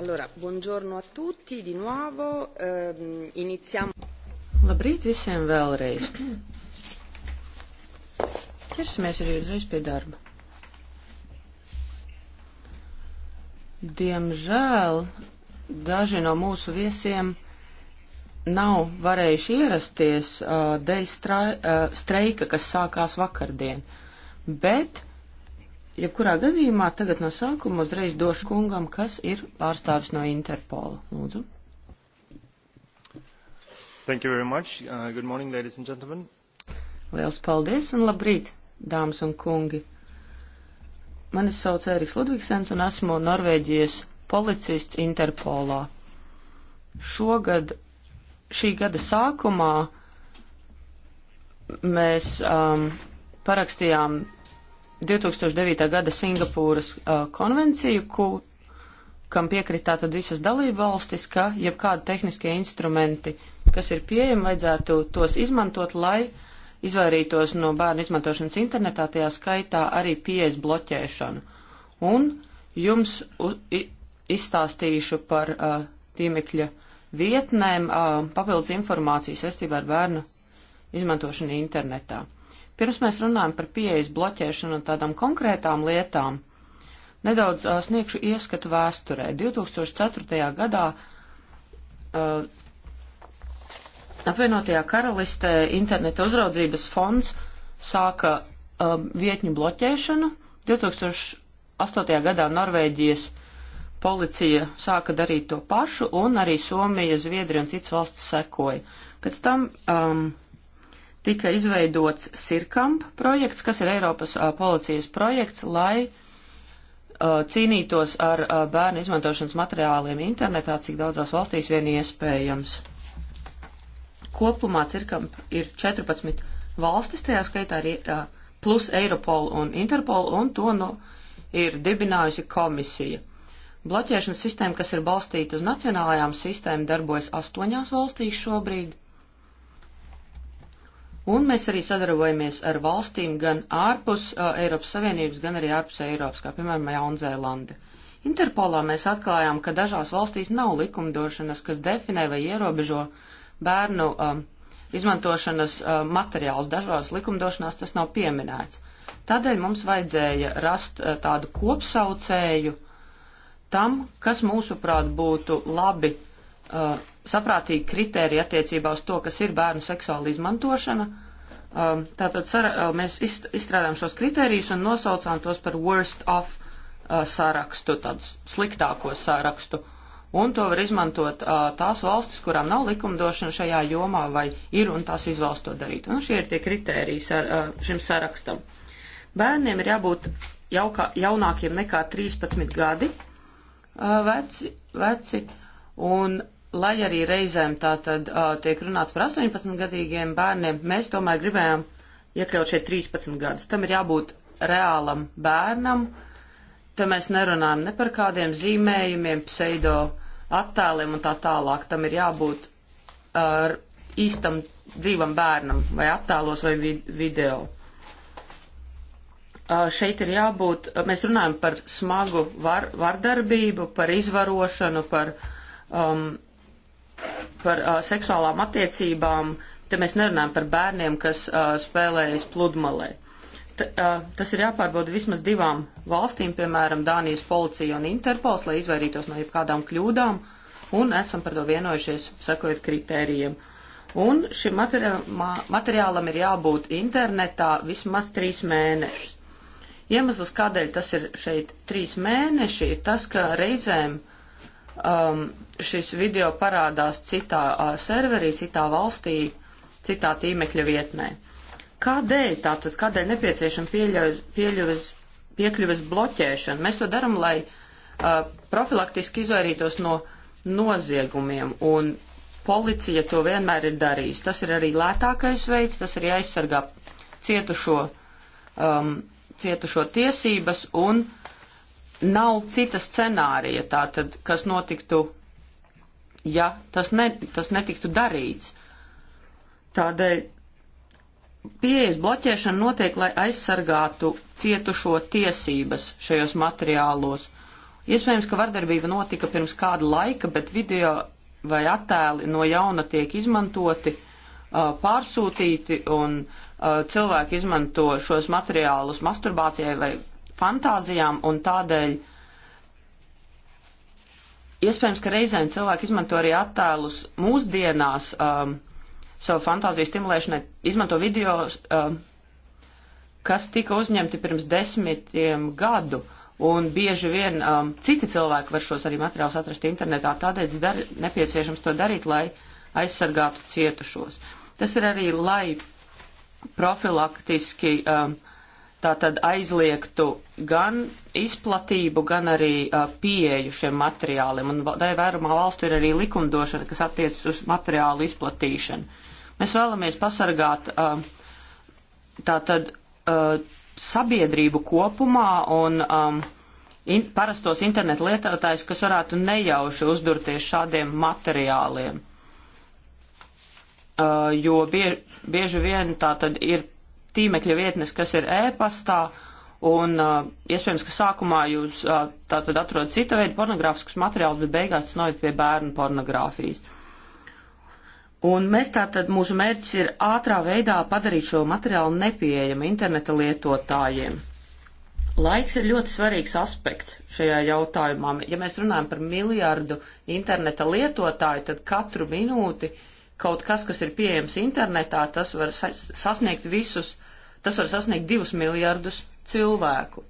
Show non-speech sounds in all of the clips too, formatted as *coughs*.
Allora, buongiorno a tutti di nuovo. Ehm, iniziamo. Labrīt visiem vēlreiz. Ķersimies arī uzreiz pie darba. Diemžēl daži no mūsu viesiem nav varējuši ierasties uh, dēļ stra, uh, streika, kas sākās vakardien. Bet Jebkurā gadījumā tagad no sākuma uzreiz došu kungam, kas ir pārstāvis no Interpola. Lūdzu. Thank you very much. Uh, good morning, ladies and gentlemen. Liels paldies un labrīt, dāmas un kungi. Mani sauc Ēriks Ludvigsens un esmu Norvēģijas policists Interpolā. Šogad, šī gada sākumā mēs um, parakstījām 2009. gada Singapūras uh, konvenciju, ku, kam piekritā tad visas dalība valstis, ka jebkādi tehniskie instrumenti, kas ir pieejami, vajadzētu tos izmantot, lai izvairītos no bērnu izmantošanas internetā, tajā skaitā arī pieejas bloķēšanu. Un jums u, i, izstāstīšu par uh, tīmekļa vietnēm uh, papildus informācijas saistībā ar bērnu izmantošanu internetā. Pirms mēs runājam par pieejas bloķēšanu un tādām konkrētām lietām, nedaudz uh, sniegšu ieskatu vēsturē. 2004. gadā uh, apvienotajā karalistē interneta uzraudzības fonds sāka uh, vietņu bloķēšanu. 2008. gadā Norvēģijas policija sāka darīt to pašu, un arī Somija, Zviedrija un citas valsts sekoja. Pēc tam um, tika izveidots Sirkamp projekts, kas ir Eiropas uh, policijas projekts, lai uh, cīnītos ar uh, bērnu izmantošanas materiāliem internetā, cik daudzās valstīs vien iespējams. Kopumā Cirkamp ir 14 valstis, tajā skaitā arī uh, plus Eiropol un Interpol, un to nu, ir dibinājusi komisija. Bloķēšanas sistēma, kas ir balstīta uz nacionālajām sistēmām, darbojas astoņās valstīs šobrīd Un mēs arī sadarbojamies ar valstīm gan ārpus uh, Eiropas Savienības, gan arī ārpus Eiropas, kā piemēram Jaunzēlande. Interpolā mēs atklājām, ka dažās valstīs nav likumdošanas, kas definē vai ierobežo bērnu um, izmantošanas um, materiāls. Dažās likumdošanās tas nav pieminēts. Tādēļ mums vajadzēja rast uh, tādu kopsaucēju tam, kas mūsuprāt būtu labi uh, uh, saprātīgi kriteriji attiecībā uz to, kas ir bērnu seksuāla izmantošana. Um, tātad sara, uh, mēs izstrādājam šos kriterijus un nosaucām tos par worst of uh, sarakstu, tādu sliktāko sarakstu. Un to var izmantot uh, tās valstis, kurām nav likumdošana šajā jomā vai ir un tās izvēlas to darīt. Un šie ir tie kriteriji sar, uh, šim sarakstam. Bērniem ir jābūt jaukā, jaunākiem nekā 13 gadi uh, veci, veci un lai arī reizēm tā tad uh, tiek runāts par 18-gadīgiem bērniem, mēs tomēr gribējām iekļaut šeit 13 gadus. Tam ir jābūt reālam bērnam. Te mēs nerunājam ne par kādiem zīmējumiem, pseido attēliem un tā tālāk. Tam ir jābūt ar īstam dzīvam bērnam vai attēlos vai vid video. Uh, šeit ir jābūt, mēs runājam par smagu var, vardarbību, par izvarošanu, par um, par uh, seksuālām attiecībām, te mēs nerunājam par bērniem, kas uh, spēlējas pludmalē. T, uh, tas ir jāpārbauda vismaz divām valstīm, piemēram, Dānijas policija un Interpols, lai izvairītos no jebkādām kļūdām, un esam par to vienojušies, sakojot kritērijiem. Un šim materiālam ir jābūt internetā vismaz trīs mēnešus. Iemesls, kādēļ tas ir šeit trīs mēneši, ir tas, ka reizēm uh, um, šis video parādās citā uh, serverī, citā valstī, citā tīmekļa vietnē. Kādēļ tātad, kādēļ nepieciešama pieļaujas, pieļaujas, piekļuves bloķēšana? Mēs to darām, lai uh, profilaktiski izvairītos no noziegumiem, un policija to vienmēr ir darījusi. Tas ir arī lētākais veids, tas arī aizsargā cietušo, um, cietušo tiesības, un nav cita scenārija, tātad, kas notiktu, ja tas, ne, tas netiktu darīts. Tādēļ pieejas bloķēšana notiek, lai aizsargātu cietušo tiesības šajos materiālos. Iespējams, ka vardarbība notika pirms kāda laika, bet video vai attēli no jauna tiek izmantoti, pārsūtīti, un cilvēki izmanto šos materiālus masturbācijai vai fantāzijām un tādēļ iespējams, ka reizēm cilvēki izmanto arī attēlus mūsdienās um, savu fantāziju stimulēšanai, izmanto video, um, kas tika uzņemti pirms desmitiem gadu. Un bieži vien um, citi cilvēki var šos arī materiālus atrast internetā, tādēļ dar, nepieciešams to darīt, lai aizsargātu cietušos. Tas ir arī, lai profilaktiski um, uh, tātad aizliegtu gan izplatību, gan arī uh, pieeju šiem materiāliem. Un vairumā valstu ir arī likumdošana, kas attiecas uz materiālu izplatīšanu. Mēs vēlamies pasargāt uh, tātad uh, sabiedrību kopumā un um, in, parastos internetu lietotājus, kas varētu nejauši uzdurties šādiem materiāliem. Uh, jo bie, bieži vien tā tad ir tīmekļa vietnes, kas ir ēpastā, un uh, iespējams, ka sākumā jūs uh, tātad atrodat cita veida pornogrāfiskus materiālus, bet beigās tas noved pie bērnu pornogrāfijas. Un mēs tātad, mūsu mērķis ir ātrā veidā padarīt šo materiālu nepieejamu interneta lietotājiem. Laiks ir ļoti svarīgs aspekts šajā jautājumā. Ja mēs runājam par miljardu interneta lietotāju, tad katru minūti uh, kaut kas, kas ir pieejams internetā, tas var sasniegt visus, tas var sasniegt divus miljardus cilvēku.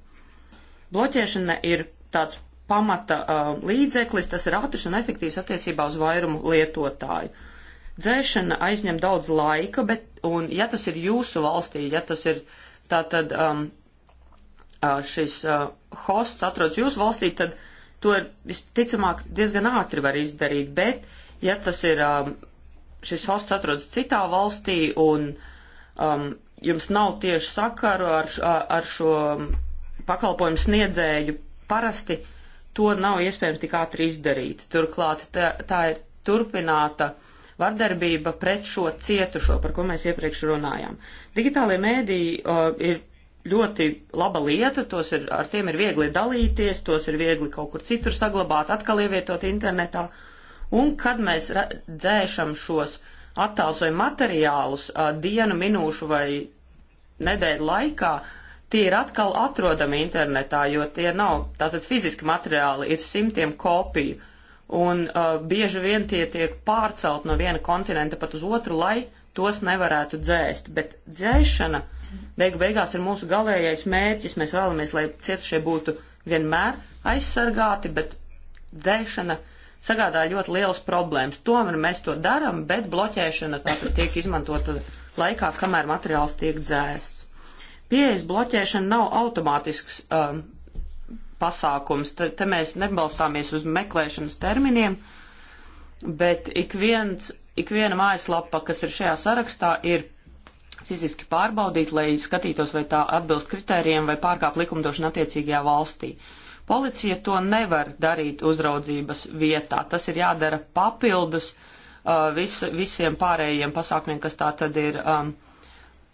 Bloķēšana ir tāds pamata uh, līdzeklis, tas ir ātrs un efektīvs attiecībā uz vairumu lietotāju. Dzēšana aizņem daudz laika, bet, un ja tas ir jūsu valstī, ja tas ir tātad um, uh, šis uh, hosts atrodas jūsu valstī, tad to ir visticamāk diezgan ātri var izdarīt, bet, ja tas ir um, šis hosts atrodas citā valstī un um, jums nav tieši sakaru ar, ar šo um, pakalpojumu sniedzēju, parasti to nav iespējams tik ātri izdarīt. Turklāt tā, tā ir turpināta vardarbība pret šo cietušo, par ko mēs iepriekš runājām. Digitālie mēdīji uh, ir ļoti laba lieta, tos ir, ar tiem ir viegli dalīties, tos ir viegli kaut kur citur saglabāt, atkal ievietot internetā. Uh, Un kad mēs dzēšam šos attēlus vai materiālus a, dienu, minūšu vai nedēļu laikā, tie ir atkal atrodami internetā, jo tie nav tātad fiziski materiāli, ir simtiem kopiju. Un uh, bieži vien tie tiek pārcelt no viena kontinenta pat uz otru, lai tos nevarētu dzēst. Bet dzēšana beigu beigās ir mūsu galējais mērķis. Mēs vēlamies, lai cietušie būtu vienmēr aizsargāti, bet dzēšana uh, sagādā ļoti liels problēmas. Tomēr mēs to darām, bet bloķēšana tātad tiek izmantota laikā, kamēr materiāls tiek dzēsts. Pieejas bloķēšana nav automātisks um, pasākums. Te, te mēs nebalstāmies uz meklēšanas terminiem, bet ik viens, ik viena mājaslapa, kas ir šajā sarakstā, ir fiziski pārbaudīt, lai skatītos, vai tā atbilst kritērijiem vai pārkāp likumdošana attiecīgajā valstī. Uh, Policija to nevar darīt uzraudzības vietā. Tas ir jādara papildus uh, vis, visiem pārējiem pasākumiem, kas tā tad ir um,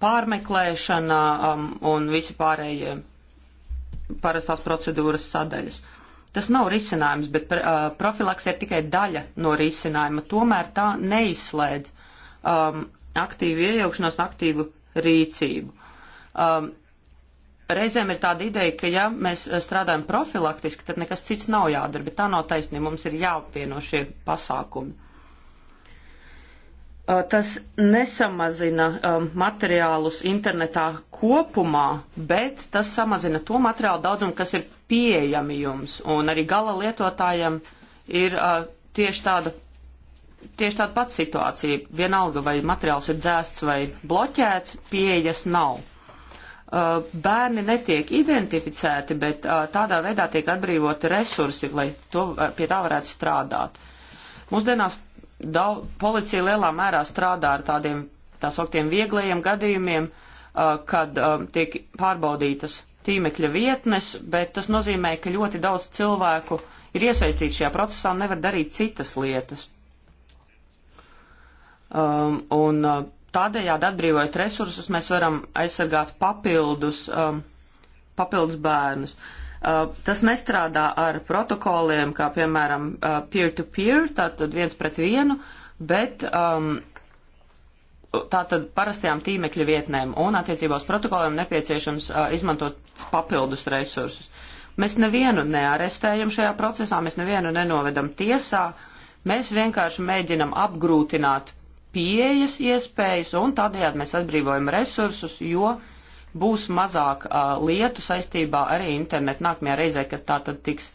pārmeklēšana um, un visi pārējie parastās procedūras sadaļas. Tas nav risinājums, bet uh, profilaks ir tikai daļa no risinājuma. Tomēr tā neizslēdz um, aktīvu iejaukšanos un aktīvu rīcību. Um, reizēm ir tāda ideja, ka ja mēs eh, strādājam profilaktiski, tad nekas cits nav jādara, bet tā nav taisnība. Mums ir jāapvieno šie pasākumi. Eh, tas nesamazina um, materiālus internetā kopumā, bet tas samazina to materiālu daudzumu, kas ir pieejami jums. Un arī gala lietotājiem ir uh, tieši tāda tieši tāda pati situācija. Vienalga, vai materiāls ir dzēsts vai bloķēts, pieejas nav bērni netiek identificēti, bet tādā veidā tiek atbrīvoti resursi, lai to, pie tā varētu strādāt. Mūsdienās daudz, policija lielā mērā strādā ar tādiem tā sauktiem vieglajiem gadījumiem, kad tiek pārbaudītas tīmekļa vietnes, bet tas nozīmē, ka ļoti daudz cilvēku ir iesaistīti šajā procesā un nevar darīt citas lietas. Um, un uh, tādējādi atbrīvojot resursus, mēs varam aizsargāt papildus, um, papildus bērnus. Uh, tas nestrādā ar protokoliem, kā piemēram uh, peer-to-peer, uh, -peer, tātad viens pret vienu, bet um, tātad parastajām tīmekļa vietnēm un attiecībā uz protokoliem nepieciešams uh, izmantot papildus resursus. Mēs nevienu nearestējam šajā procesā, mēs nevienu nenovedam tiesā, mēs vienkārši mēģinam apgrūtināt pieejas iespējas, un tādējādi mēs atbrīvojam resursus, jo būs mazāk uh, lietu saistībā arī internetu nākamajā reizē, kad tā tad tiks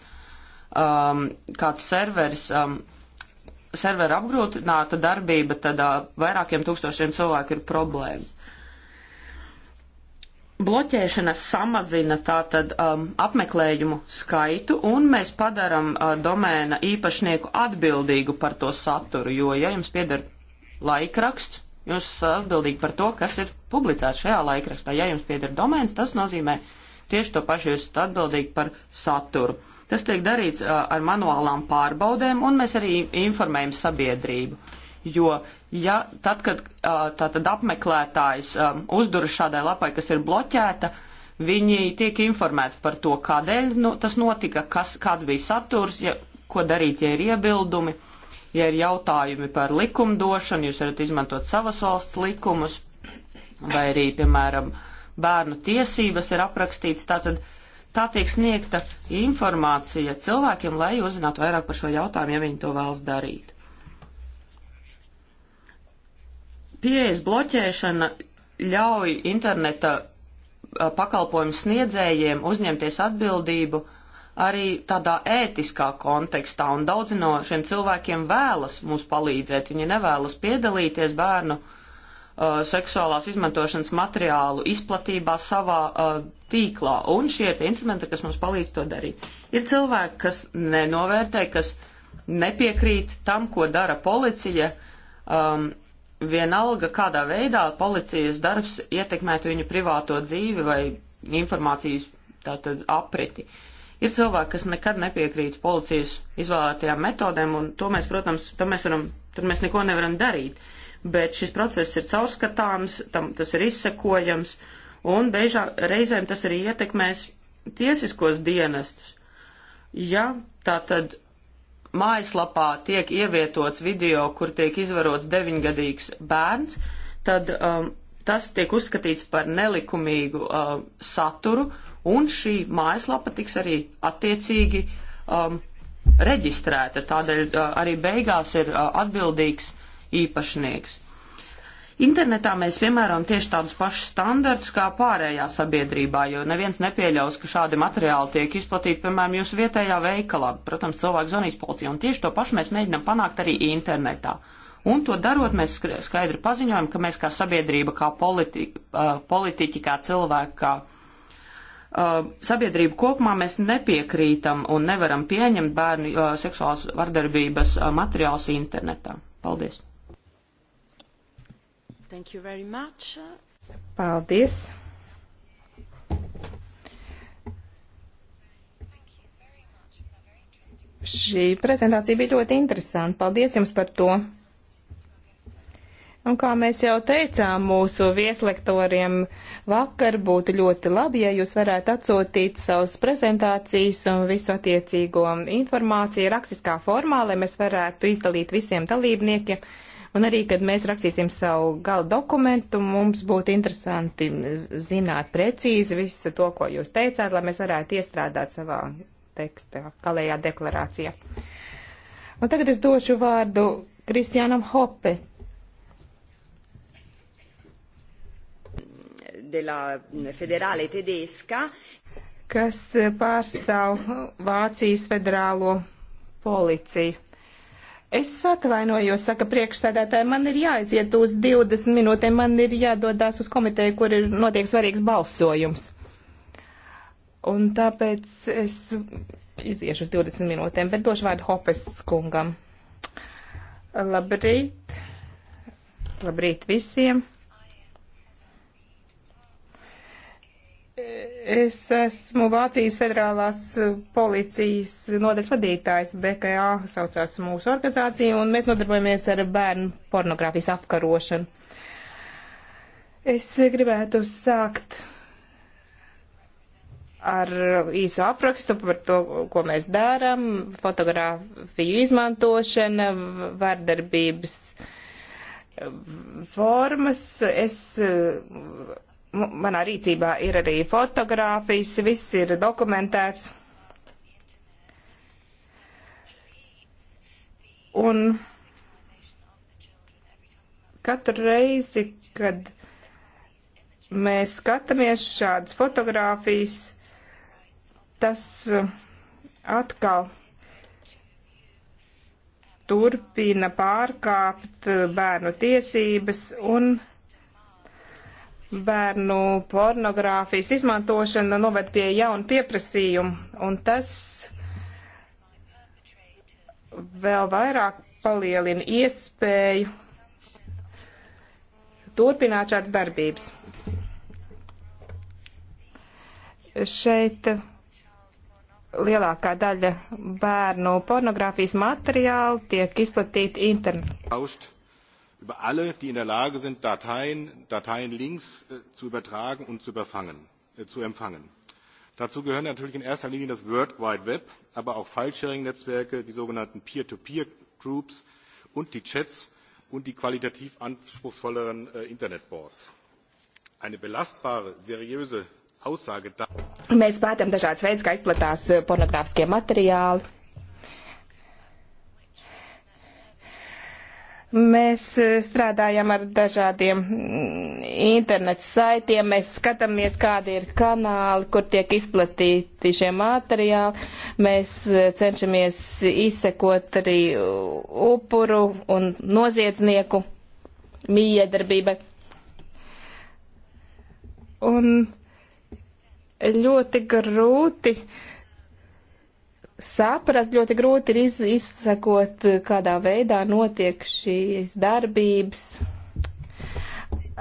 um, kāds serveris, um, servera apgrūtināta darbība, tad uh, vairākiem tūkstošiem cilvēku ir problēmas. Bloķēšana samazina tātad um, apmeklējumu skaitu, un mēs padaram uh, domēna īpašnieku atbildīgu par to saturu, jo, ja jums pieder laikraksts, jūs atbildīgi par to, kas ir publicēts šajā laikrakstā. Ja jums pieder domēns, tas nozīmē tieši to pašu, jūs esat atbildīgi par saturu. Tas tiek darīts ar manuālām pārbaudēm, un mēs arī informējam sabiedrību. Jo, ja tad, kad tātad apmeklētājs uzduras šādai lapai, kas ir bloķēta, viņi tiek informēti par to, kādēļ nu, tas notika, kas, kāds bija saturs, ja, ko darīt, ja ir iebildumi. Ja ir jautājumi par likumdošanu, jūs varat izmantot savas valsts likumus, vai arī, piemēram, bērnu tiesības ir aprakstīts. Tātad tā tiek sniegta informācija cilvēkiem, lai uzzinātu vairāk par šo jautājumu, ja viņi to vēlas darīt. Pieejas bloķēšana ļauj interneta pakalpojumu sniedzējiem uzņemties atbildību uh, arī tādā ētiskā kontekstā, un daudzi no šiem cilvēkiem vēlas mums palīdzēt. Viņi nevēlas piedalīties bērnu uh, seksuālās izmantošanas materiālu izplatībā savā uh, tīklā, un šie ir tie instrumenti, kas mums palīdz to darīt. Ir cilvēki, kas nenovērtē, kas nepiekrīt tam, ko dara policija, um, vienalga, kādā veidā policijas darbs ietekmētu viņu privāto dzīvi vai informācijas tātad apriti. Uh, Ir cilvēki, kas nekad nepiekrīt policijas izvēlētajām metodēm, un to mēs, protams, tam mēs varam, tur mēs neko nevaram darīt. Bet šis process ir caurskatāms, tam tas ir izsekojams, un beižā, reizēm tas arī ietekmēs tiesiskos dienestus. Ja tā tad mājaslapā tiek ievietots video, kur tiek izvarots deviņgadīgs bērns, tad um, tas tiek uzskatīts par nelikumīgu uh, saturu, un šī mājaslapa tiks arī attiecīgi um, reģistrēta, tādēļ uh, arī beigās ir uh, atbildīgs īpašnieks. Internetā mēs piemēram tieši tādus pašus standartus kā pārējā sabiedrībā, jo neviens nepieļaus, ka šādi materiāli tiek izplatīti, piemēram, jūsu vietējā veikalā. Protams, cilvēks zvanīs policijai, un tieši to pašu mēs mēģinām panākt arī internetā. Un to darot, mēs skaidri paziņojam, ka mēs kā sabiedrība, kā politi uh, politiķi, kā cilvēki, kā Uh, sabiedrību kopumā mēs nepiekrītam un nevaram pieņemt bērnu uh, seksuālas vardarbības uh, materiālus internetā. Paldies! Thank you very much. Paldies! Šī prezentācija bija ļoti interesanta. Paldies jums par to! Un kā mēs jau teicām mūsu vieslektoriem vakar, būtu ļoti labi, ja jūs varētu atsūtīt savus prezentācijas un visu attiecīgo informāciju rakstiskā formā, lai mēs varētu izdalīt visiem dalībniekiem. Un arī, kad mēs rakstīsim savu gala dokumentu, mums būtu interesanti zināt precīzi visu to, ko jūs teicāt, lai mēs varētu iestrādāt savā tekstā, kalējā deklarācijā. Un tagad es došu vārdu Kristianam Hoppe della mm, federale tedesca, kas eh, pārstāv Vācijas federālo policiju. Es atvainojos, saka priekšsēdētāji, man ir jāiziet uz 20 minūtēm, man ir jādodās uz komiteju, kur ir notiek svarīgs balsojums. Un tāpēc es iziešu uz 20 minūtēm, bet došu vārdu Hopes kungam. Labrīt! Labrīt visiem! Es esmu Vācijas federālās policijas nodeļas vadītājs, BKA saucās mūsu organizācija, un mēs nodarbojamies ar bērnu pornogrāfijas apkarošanu. Es gribētu sākt ar īsu aprakstu par to, ko mēs darām, fotografiju izmantošana, vardarbības formas. Es manā rīcībā ir arī fotogrāfijas, viss ir dokumentēts. Un katru reizi, kad mēs skatāmies šādas fotogrāfijas, tas uh, atkal turpina pārkāpt uh, bērnu tiesības un bērnu pornogrāfijas izmantošana noved pie jaunu pieprasījumu, un tas vēl vairāk palielina iespēju turpināt šādas darbības. Šeit lielākā daļa bērnu pornogrāfijas materiālu tiek izplatīta internetā über alle, die in der Lage sind, Dateien, Dateienlinks äh, zu übertragen und zu, überfangen, äh, zu empfangen. Dazu gehören natürlich in erster Linie das World Wide Web, aber auch File-Sharing-Netzwerke, die sogenannten Peer-to-Peer-Groups und die Chats und die qualitativ anspruchsvolleren äh, Internetboards. Eine belastbare, seriöse Aussage. Mēs pētām dažādas veids, kā izplatās äh, pornogrāfiskie materiāli Mēs e, strādājam ar dažādiem internetu saitiem, mēs skatāmies, kādi ir kanāli, kur tiek izplatīti šie materiāli. Mēs e, cenšamies izsekot arī upuru un noziedznieku mījiedarbībai. Un ļoti grūti uh, saprast, ļoti grūti ir iz, izsakot, kādā veidā notiek šīs darbības.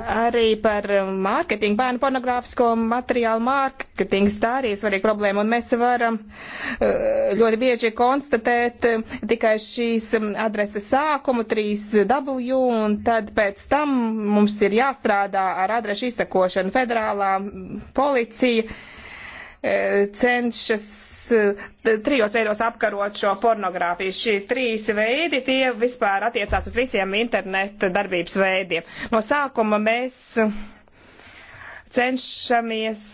Arī par mārketingu, bērnu pornogrāfisko materiālu mārketings, tā arī ir svarīga problēma, un mēs varam eh, ļoti bieži konstatēt eh, tikai šīs mm, adreses sākumu, 3W, un tad pēc tam mums ir jāstrādā ar adrešu izsakošanu. Federālā mm, policija eh, cenšas Eh, trijos veidos apkarot šo pornogrāfiju. Šie trīs veidi, tie vispār attiecās uz visiem interneta darbības veidiem. No sākuma mēs cenšamies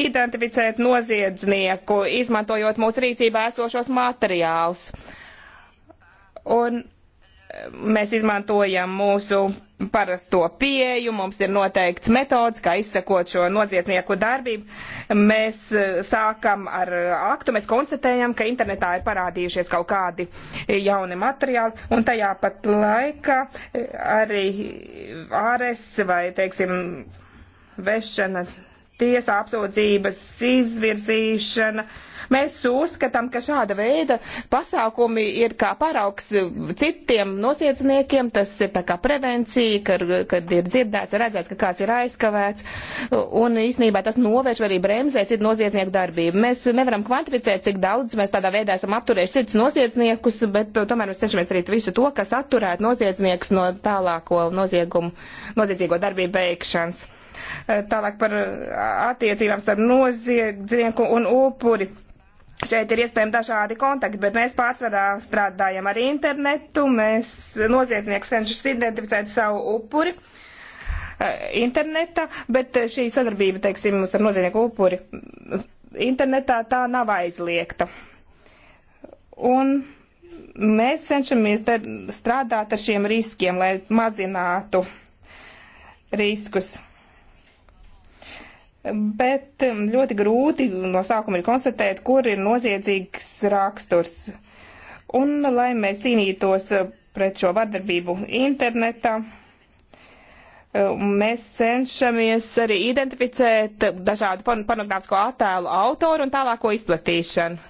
identificēt noziedznieku, izmantojot mūsu rīcībā esošos materiālus. Un mēs izmantojam mūsu parasto pieju, mums ir noteikts metods, kā izsekot šo noziedznieku darbību. Mēs eh, sākam ar aktu, mēs konstatējam, ka internetā ir parādījušies kaut kādi jauni materiāli, un tajā pat laika eh, arī āres vai, teiksim, vešana tiesā apsūdzības izvirzīšana. Mēs uzskatām, ka šāda veida pasākumi ir kā paraugs citiem nosiedzniekiem, tas ir tā kā prevencija, kad, kad ir dzirdēts, redzēts, ka kāds ir aizkavēts, un īsnībā tas novērš vai arī bremzē citu noziedznieku darbību. Mēs nevaram kvantificēt, cik daudz mēs tādā veidā esam apturējuši citus noziedzniekus, bet nu, tomēr mēs cenšamies darīt visu to, kas atturētu noziedzniekus no tālāko noziegumu, noziedzīgo darbību veikšanas. Tālāk par attiecībām starp noziedznieku un upuri. Šeit ir iespējami dažādi kontakti, bet mēs pārsvarā strādājam ar internetu. Mēs noziedznieks cenšas identificēt savu upuri internetā, bet šī sadarbība, teiksim, ar noziedznieku upuri internetā tā nav aizliegta. Un mēs cenšamies strādāt ar šiem riskiem, lai mazinātu riskus bet um, ļoti grūti no sākuma ir konstatēt, kur ir noziedzīgs raksturs. Un, lai mēs cīnītos uh, pret šo vardarbību internetā, uh, mēs cenšamies arī identificēt uh, dažādu pornogrāfisko attēlu autoru un tālāko izplatīšanu.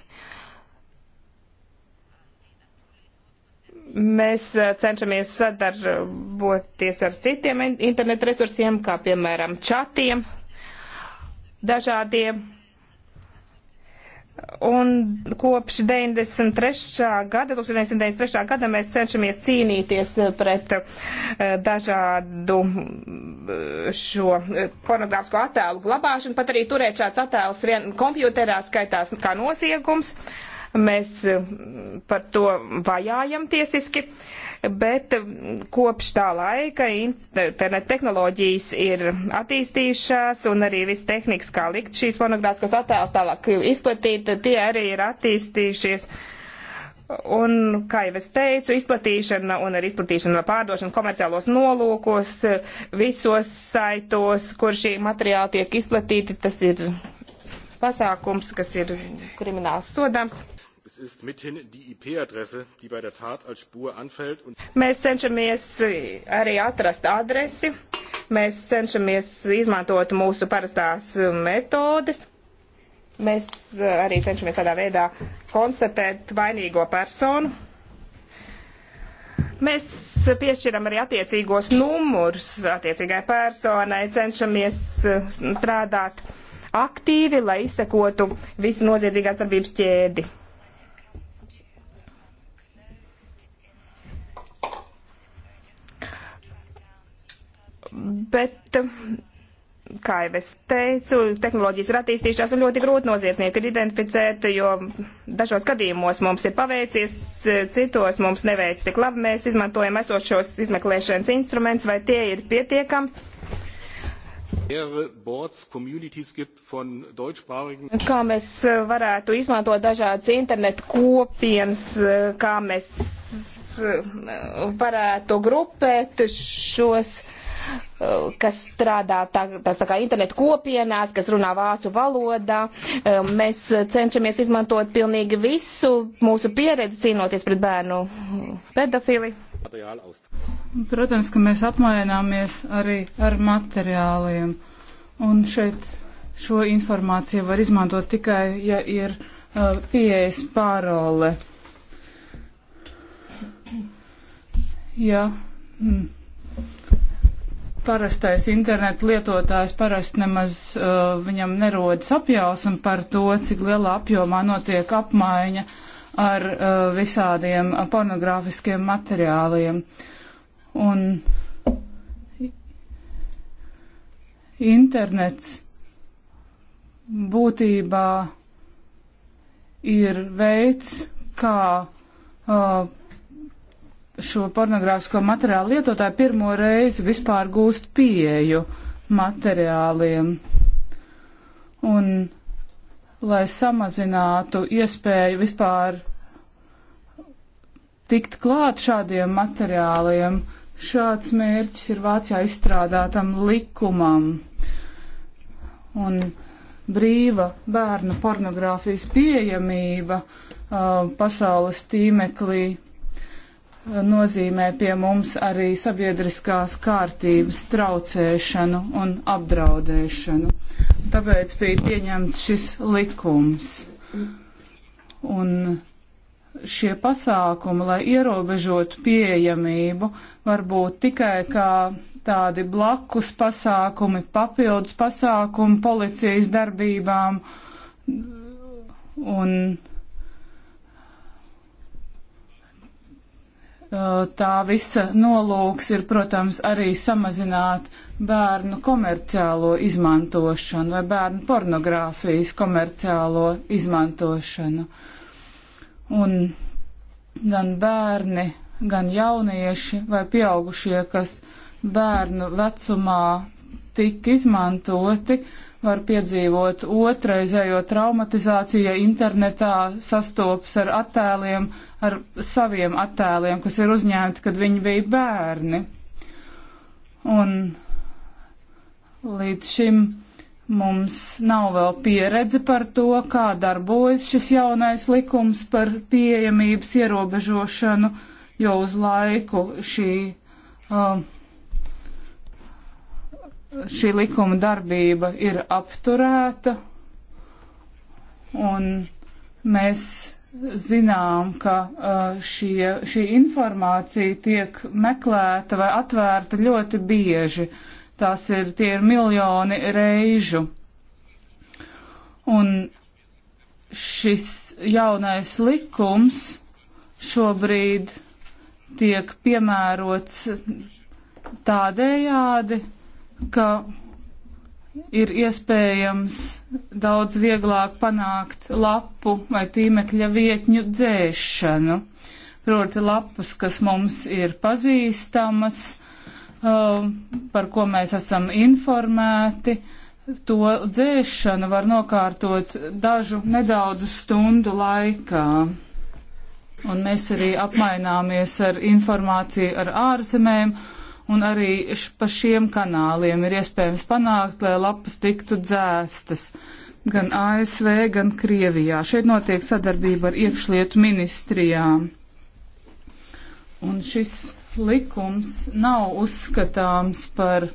mēs cenšamies sadarboties ar citiem internetu resursiem, kā piemēram čatiem dažādiem. Un kopš 93. gada, 1993. gada mēs cenšamies cīnīties eh, pret eh, dažādu eh, šo pornogrāfisko attēlu glabāšanu, pat arī turēt šāds attēls vien kompjuterā skaitās kā noziegums. Mēs par to vajājam tiesiski. Uh, bet um, kopš tā laika internet tehnoloģijas ir attīstījušās un arī viss tehnikas, kā likt šīs pornogrāfiskos attēlus tālāk izplatīt, tie arī ir attīstījušies. Un, kā jau es teicu, izplatīšana un arī izplatīšana vai pārdošana komerciālos nolūkos, visos saitos, kur šī materiāla tiek izplatīti, tas ir pasākums, kas ir krimināls sodams. Es ist mithin die IP-Adresse, die bei der Tat als Spur anfällt. Un... Mēs cenšamies e, arī atrast adresi. Mēs cenšamies izmantot mūsu parastās e, metodes. Mēs e, arī cenšamies tādā veidā konstatēt vainīgo personu. Mēs piešķiram arī attiecīgos numurus attiecīgai personai, cenšamies strādāt aktīvi, lai izsekotu visu noziedzīgās darbības ķēdi. Bet, kā jau es teicu, tehnoloģijas ir attīstījušās un ļoti grūti noziedznieku ir identificēt, jo dažos gadījumos mums ir paveicies, citos mums neveic tik labi. Mēs izmantojam esošos izmeklēšanas instrumentus, vai tie ir pietiekami. Kā mēs varētu izmantot dažādas internetu kopienas, kā mēs varētu grupēt šos kas strādā tā, tā kā internetu kopienās, kas runā vācu valodā. Um, mēs cenšamies izmantot pilnīgi visu mūsu pieredzi cīnoties pret bērnu pedofili. Protams, ka mēs apmaināmies arī ar materiāliem. Un šeit šo informāciju var izmantot tikai, ja ir uh, pieejas pārole. Jā. Mm parastais internetu lietotājs parasti nemaz uh, viņam nerodas apjausma par to, cik lielā apjomā notiek apmaiņa ar uh, visādiem pornogrāfiskiem materiāliem. Un internets būtībā ir veids, kā uh, šo pornogrāfisko materiālu lietotāji pirmo reizi vispār gūst pieeju materiāliem. Un, lai samazinātu iespēju vispār tikt klāt šādiem materiāliem, šāds mērķis ir Vācijā izstrādātam likumam. Un brīva bērnu pornogrāfijas pieejamība uh, pasaules tīmeklī nozīmē pie mums arī sabiedriskās kārtības traucēšanu un apdraudēšanu. Tāpēc bija pieņemts šis likums. Un šie pasākumi, lai ierobežotu pieejamību, var būt tikai kā tādi blakus pasākumi, papildus pasākumi policijas darbībām un tā visa nolūks ir, protams, arī samazināt bērnu komerciālo izmantošanu vai bērnu pornogrāfijas komerciālo izmantošanu. Un gan bērni, gan jaunieši vai pieaugušie, kas bērnu vecumā tika izmantoti, uh, var piedzīvot otraizējo traumatizāciju, ja internetā sastopas ar attēliem, ar saviem attēliem, kas ir uzņemti, kad viņi bija bērni. Un līdz šim mums nav vēl pieredze par to, kā darbojas šis jaunais likums par pieejamības ierobežošanu, jo uz laiku šī. Uh, um, šī likuma darbība ir apturēta, un mēs zinām, ka uh, šie, šī informācija tiek meklēta vai atvērta ļoti bieži. Tās ir, tie ir miljoni reižu. Un šis jaunais likums šobrīd tiek piemērots tādējādi, ka ir iespējams daudz vieglāk panākt lapu vai tīmekļa vietņu dzēšanu. Proti lapas, kas mums ir pazīstamas, um, par ko mēs esam informēti, to dzēšanu var nokārtot dažu nedaudzu stundu laikā. Un mēs arī apmaināmies ar informāciju ar ārzemēm un arī pa šiem kanāliem ir iespējams panākt, lai lapas tiktu dzēstas gan ASV, gan Krievijā. Šeit notiek sadarbība ar iekšlietu ministrijām. Un šis likums nav uzskatāms par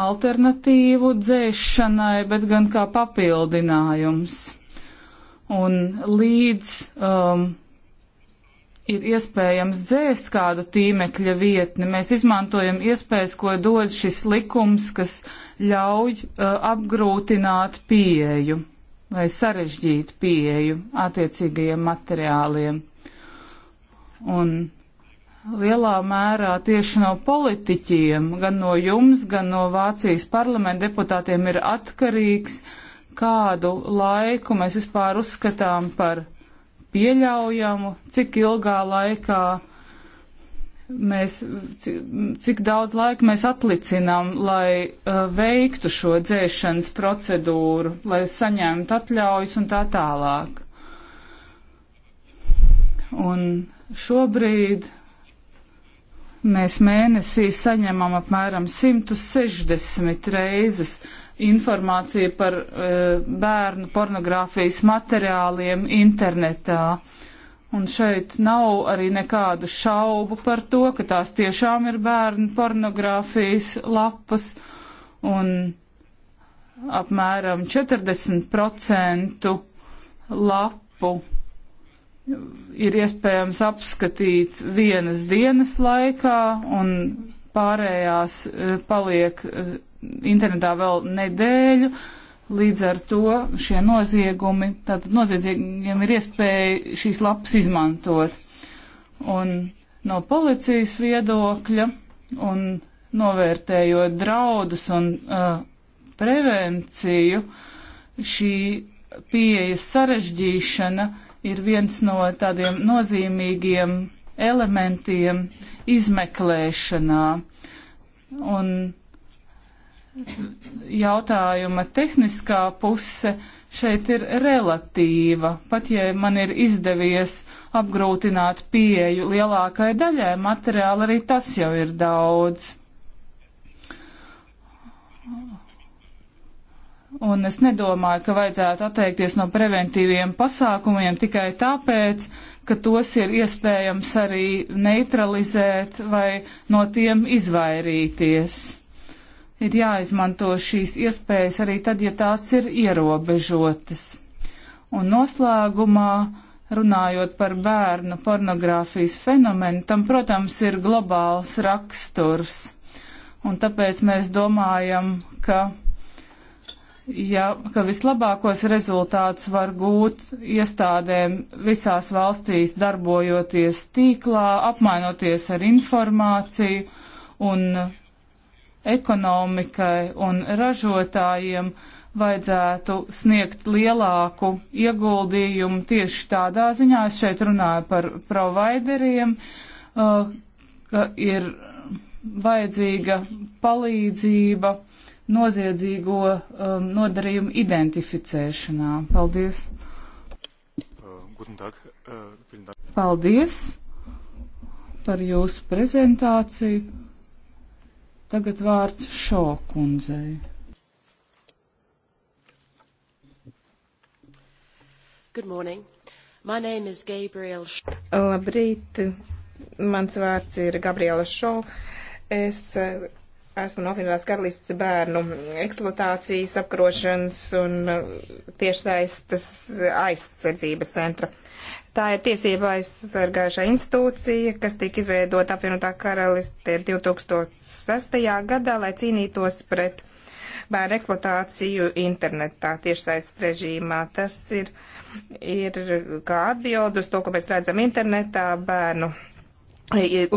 alternatīvu dzēšanai, bet gan kā papildinājums. Un līdz um, ir iespējams dzēst kādu tīmekļa vietni. Mēs izmantojam iespējas, ko dod šis likums, kas ļauj uh, apgrūtināt pieeju vai sarežģīt pieeju attiecīgajiem materiāliem. Un lielā mērā tieši no politiķiem, gan no jums, gan no Vācijas parlamenta deputātiem ir atkarīgs, kādu laiku mēs vispār uzskatām par pieļaujamu, cik ilgā laikā mēs, cik daudz laika mēs atlicinām, lai uh, veiktu šo dzēšanas procedūru, lai saņemtu atļaujas un tā tālāk. Un šobrīd mēs mēnesī saņemam apmēram 160 reizes uh, informācija par e, bērnu pornogrāfijas materiāliem internetā. Un šeit nav arī nekādu šaubu par to, ka tās tiešām ir bērnu pornogrāfijas lapas un apmēram 40% lapu ir iespējams apskatīt vienas dienas laikā un pārējās e, paliek e, internetā vēl nedēļu. Līdz ar to šie noziegumi, tātad noziedzīgiem ir iespēja šīs lapas izmantot. Un no policijas viedokļa un novērtējot draudus un uh, prevenciju, šī pieejas sarežģīšana ir viens no tādiem nozīmīgiem elementiem izmeklēšanā. Un jautājuma tehniskā puse šeit ir relatīva. Pat ja man ir izdevies apgrūtināt pieeju lielākai daļai materiāla, arī tas jau ir daudz. Un es nedomāju, ka vajadzētu atteikties no preventīviem pasākumiem tikai tāpēc, ka tos ir iespējams arī neutralizēt vai no tiem izvairīties ir jāizmanto šīs iespējas arī tad, ja tās ir ierobežotas. Un noslēgumā, runājot par bērnu pornogrāfijas fenomenu, tam, protams, ir globāls raksturs. Un tāpēc mēs domājam, ka, ja, ka vislabākos rezultātus var gūt iestādēm visās valstīs darbojoties tīklā, apmainoties ar informāciju un ekonomikai un ražotājiem vajadzētu sniegt lielāku ieguldījumu tieši tādā ziņā. Es šeit runāju par provideriem, uh, ka ir vajadzīga palīdzība noziedzīgo um, nodarījumu identificēšanā. Paldies! Uh, uh, Paldies par jūsu prezentāciju. Tagad vārds Šokundzei. Good morning. My name is Gabriel. Labrīt. Mans vārds ir Gabriela Šo. Es eh, esmu no Finlandes karalists bērnu eksploatācijas apkarošanas un eh, tiešsaistes aizsardzības centra Tā ir tiesība aizsargājušā institūcija, kas tika izveidota apvienotā karalistē 2006. gadā, lai cīnītos pret bērnu eksploatāciju internetā tiešsaistes režīmā. Tas ir, ir kā atbild uz to, ko mēs redzam internetā, bērnu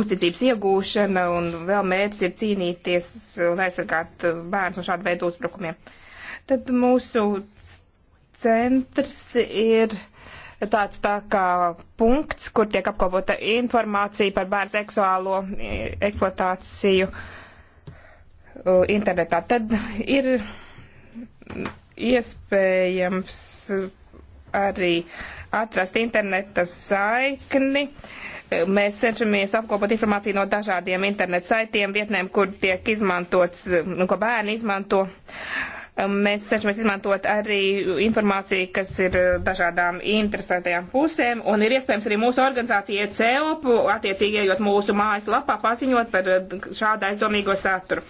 uzticības iegūšana un vēl mērķis ir cīnīties un aizsargāt bērnus no šādu veidu uzbrukumiem. Tad mūsu centrs ir tāds tā kā punkts, kur tiek apkopota informācija par bērnu seksuālo e, eksploatāciju e, internetā. Tad ir iespējams arī atrast interneta saikni. E, mēs cenšamies apkopot informāciju no dažādiem internetu saitiem, vietnēm, kur tiek izmantots, ko bērni izmanto. Uh, Mēs cenšamies izmantot arī informāciju, kas ir eh, dažādām interesantajām pusēm, un ir iespējams arī mūsu organizācija e CEOP, attiecīgi ejot mūsu mājaslapā, paziņot par eh, šādu aizdomīgo saturu.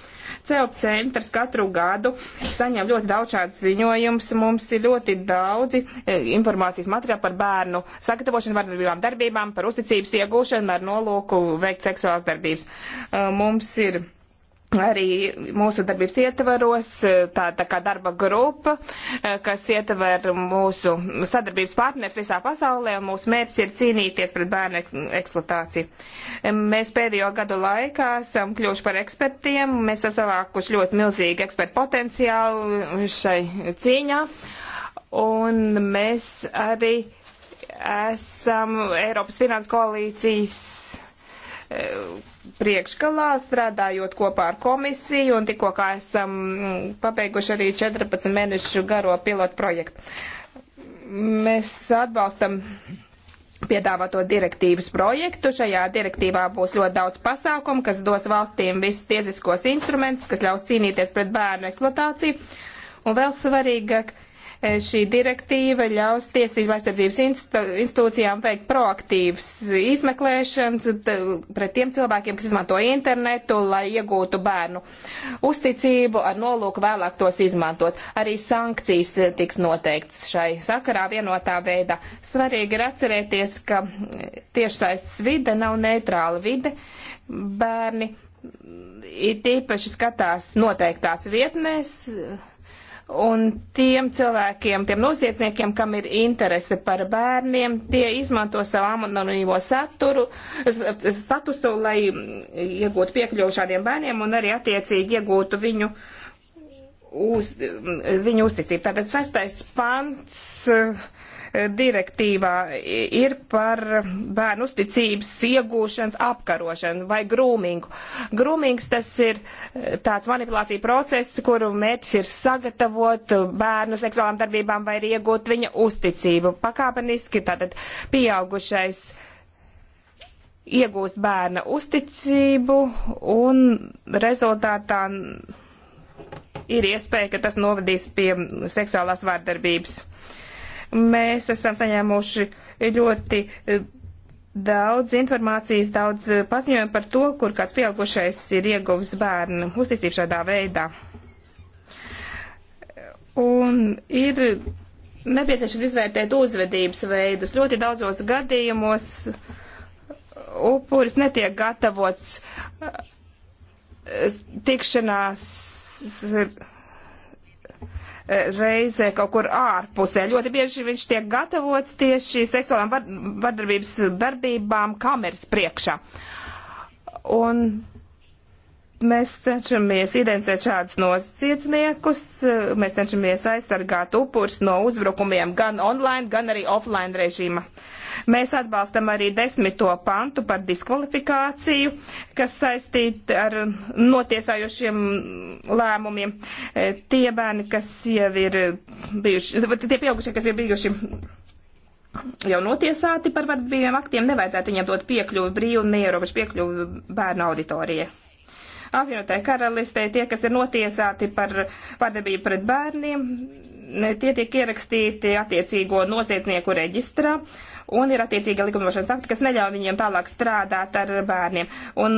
CEOP centrs katru gadu saņem ļoti daudz šādus ziņojumus. Mums ir ļoti daudzi eh, informācijas materiāli par bērnu sagatavošanu vardarbībām darbībām, par uzticības iegūšanu ar nolūku veikt seksuālas darbības. Mums ir arī mūsu darbības ietvaros, tā, tā kā darba grupa, eh, kas ietver mūsu sadarbības partners visā pasaulē, un mūsu mērķis ir cīnīties pret bērnu eksploatāciju. Mēs pēdējo gadu laikā esam kļuvuši par ekspertiem, mēs esam savākuši ļoti milzīgu ekspertu potenciālu šai cīņā, un mēs arī esam Eiropas finanses koalīcijas E, priekšgalā, strādājot kopā ar komisiju, un tikko kā esam mm, pabeiguši arī 14 mēnešu garo pilotu projektu. Mēs atbalstam piedāvāto direktīvas projektu. Šajā direktīvā būs ļoti daudz pasākumu, kas dos valstīm visus tiesiskos instrumentus, kas ļaus cīnīties pret bērnu eksploatāciju. Un vēl svarīgāk, E, šī direktīva ļaus tiesību aizsardzības institūcijām veikt proaktīvas izmeklēšanas pret tiem cilvēkiem, kas izmanto internetu, lai iegūtu bērnu uzticību ar nolūku vēlāk tos izmantot. Arī sankcijas tiks noteikts šai sakarā vienotā veidā. Svarīgi ir atcerēties, ka tiešsaists vide nav neitrāla vide. Bērni ir tīpaši skatās noteiktās vietnēs Un tiem cilvēkiem, tiem noziedzniekiem, kam ir interese par bērniem, tie izmanto savu anonīmo saturu, statusu, lai iegūtu piekļuvu šādiem bērniem un arī attiecīgi iegūtu viņu, uz, viņu uzticību. Tātad sastais pants. Uh, direktīvā ir par bērnu uzticības iegūšanas apkarošanu vai grūmingu. Grūmings tas ir eh, tāds manipulācija process, kuru mērķis ir sagatavot bērnu seksuālām darbībām vai ir iegūt viņa uzticību. Pakāpeniski tātad pieaugušais iegūst bērna uzticību un rezultātā ir iespēja, ka tas novadīs pie seksuālās vārdarbības. Uh, Mēs esam saņēmuši ļoti eh, daudz informācijas, daudz eh, paziņojumu par to, kur kāds pieaugušais ir ieguvis bērnu uzticību šādā veidā. Un ir nepieciešams izvērtēt uzvedības veidus. Ļoti daudzos gadījumos upuris netiek gatavots eh, tikšanās reizē kaut kur ārpusē. Ļoti bieži viņš tiek gatavots tieši seksuālām vardarbības darbībām kameras priekšā. Un mēs cenšamies identificēt šādus nocietniekus, mēs cenšamies aizsargāt upurs no uzbrukumiem gan online, gan arī offline režīma. Uh, Mēs atbalstam arī desmito pantu par diskvalifikāciju, kas saistīta ar notiesājošiem lēmumiem. E, tie bērni, kas jau ir bijuši, tie pieaugušie, kas ir bijuši jau notiesāti par vardarbīgiem aktiem, nevajadzētu viņiem dot piekļuvi brīvu un neierobežu piekļuvi bērnu auditorijai. Apvienotajā karalistē tie, kas ir notiesāti par vardarbību pret bērniem, tie tiek ierakstīti attiecīgo noziedznieku reģistrā, un ir attiecīgi likumdošanas akti, kas neļauj viņiem tālāk strādāt ar bērniem. Un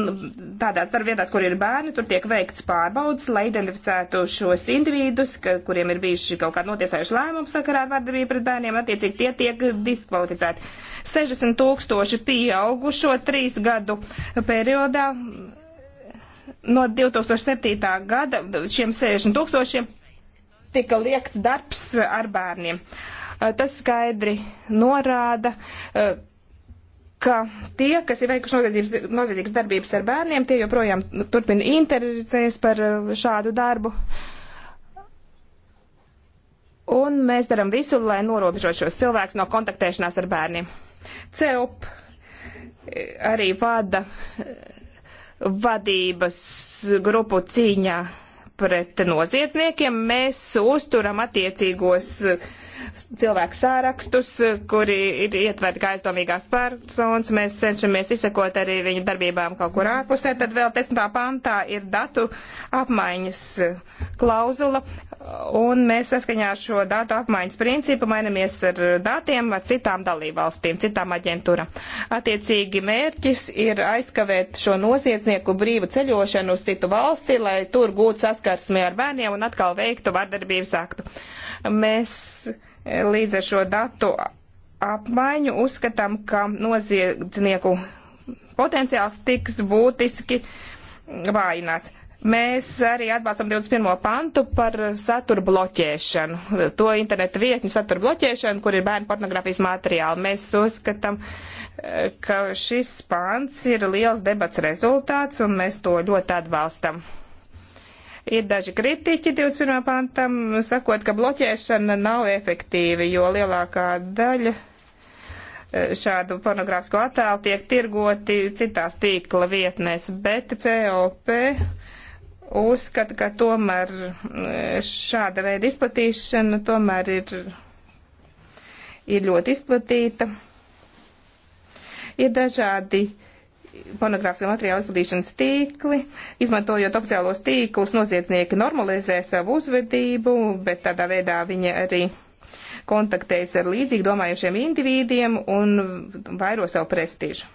tādās darbvietās, kur ir bērni, tur tiek veikts pārbaudas, lai identificētu šos individus, ka, kuriem ir bijuši kaut kādi notiesājuši lēmumi sakarā ar vardarbību pret bērniem, attiecīgi tie tiek diskvalificēti. 60 tūkstoši pieaugušo trīs gadu periodā no 2007. gada šiem 60 tūkstošiem tika liekts darbs ar bērniem. Uh, Eh, tas skaidri norāda, eh, ka tie, kas ir veikuši noziedzīgas darbības ar bērniem, tie joprojām turpina interesēs par eh, šādu darbu. Un mēs darām visu, lai norobežot šos cilvēkus no kontaktēšanās ar bērniem. CEUP arī vada vadības grupu cīņā pret noziedzniekiem. Mēs uzturam attiecīgos uh, cilvēku sārakstus, kuri ir ietverti kā aizdomīgās personas. Mēs cenšamies izsekot arī viņu darbībām kaut kur ārpusē. Tad vēl 10. pantā ir datu apmaiņas klauzula, un mēs saskaņā ar šo datu apmaiņas principu mainamies ar datiem ar citām dalībvalstīm, citām aģentūram. Attiecīgi mērķis ir aizkavēt šo noziedznieku brīvu ceļošanu uz citu valsti, lai tur gūtu saskarsmi ar bērniem un atkal veiktu vardarbības aktu. Mēs Līdz ar šo datu apmaiņu uzskatām, ka noziedznieku potenciāls tiks būtiski vājināts. Mēs arī atbalstam 21. pantu par satura bloķēšanu, to internetu vietņu satura bloķēšanu, kur ir bērnu pornogrāfijas materiāli. Mēs uzskatām, ka šis pants ir liels debats rezultāts, un mēs to ļoti atbalstam. Ir daži kritiķi 21. pantam, sakot, ka bloķēšana nav efektīva, jo lielākā daļa e, šādu pornogrāfisko attēlu tiek tirgoti citās tīkla vietnēs, bet COP uzskata, ka tomēr e, šāda veida izplatīšana tomēr ir, ir ļoti izplatīta. Ir dažādi uh, pornogrāfiskā materiāla izplatīšanas tīkli. Izmantojot oficiālos tīklus, noziedznieki normalizē savu uzvedību, bet tādā veidā viņi arī kontaktējas ar līdzīgi domājušiem indivīdiem un vairo savu prestižu.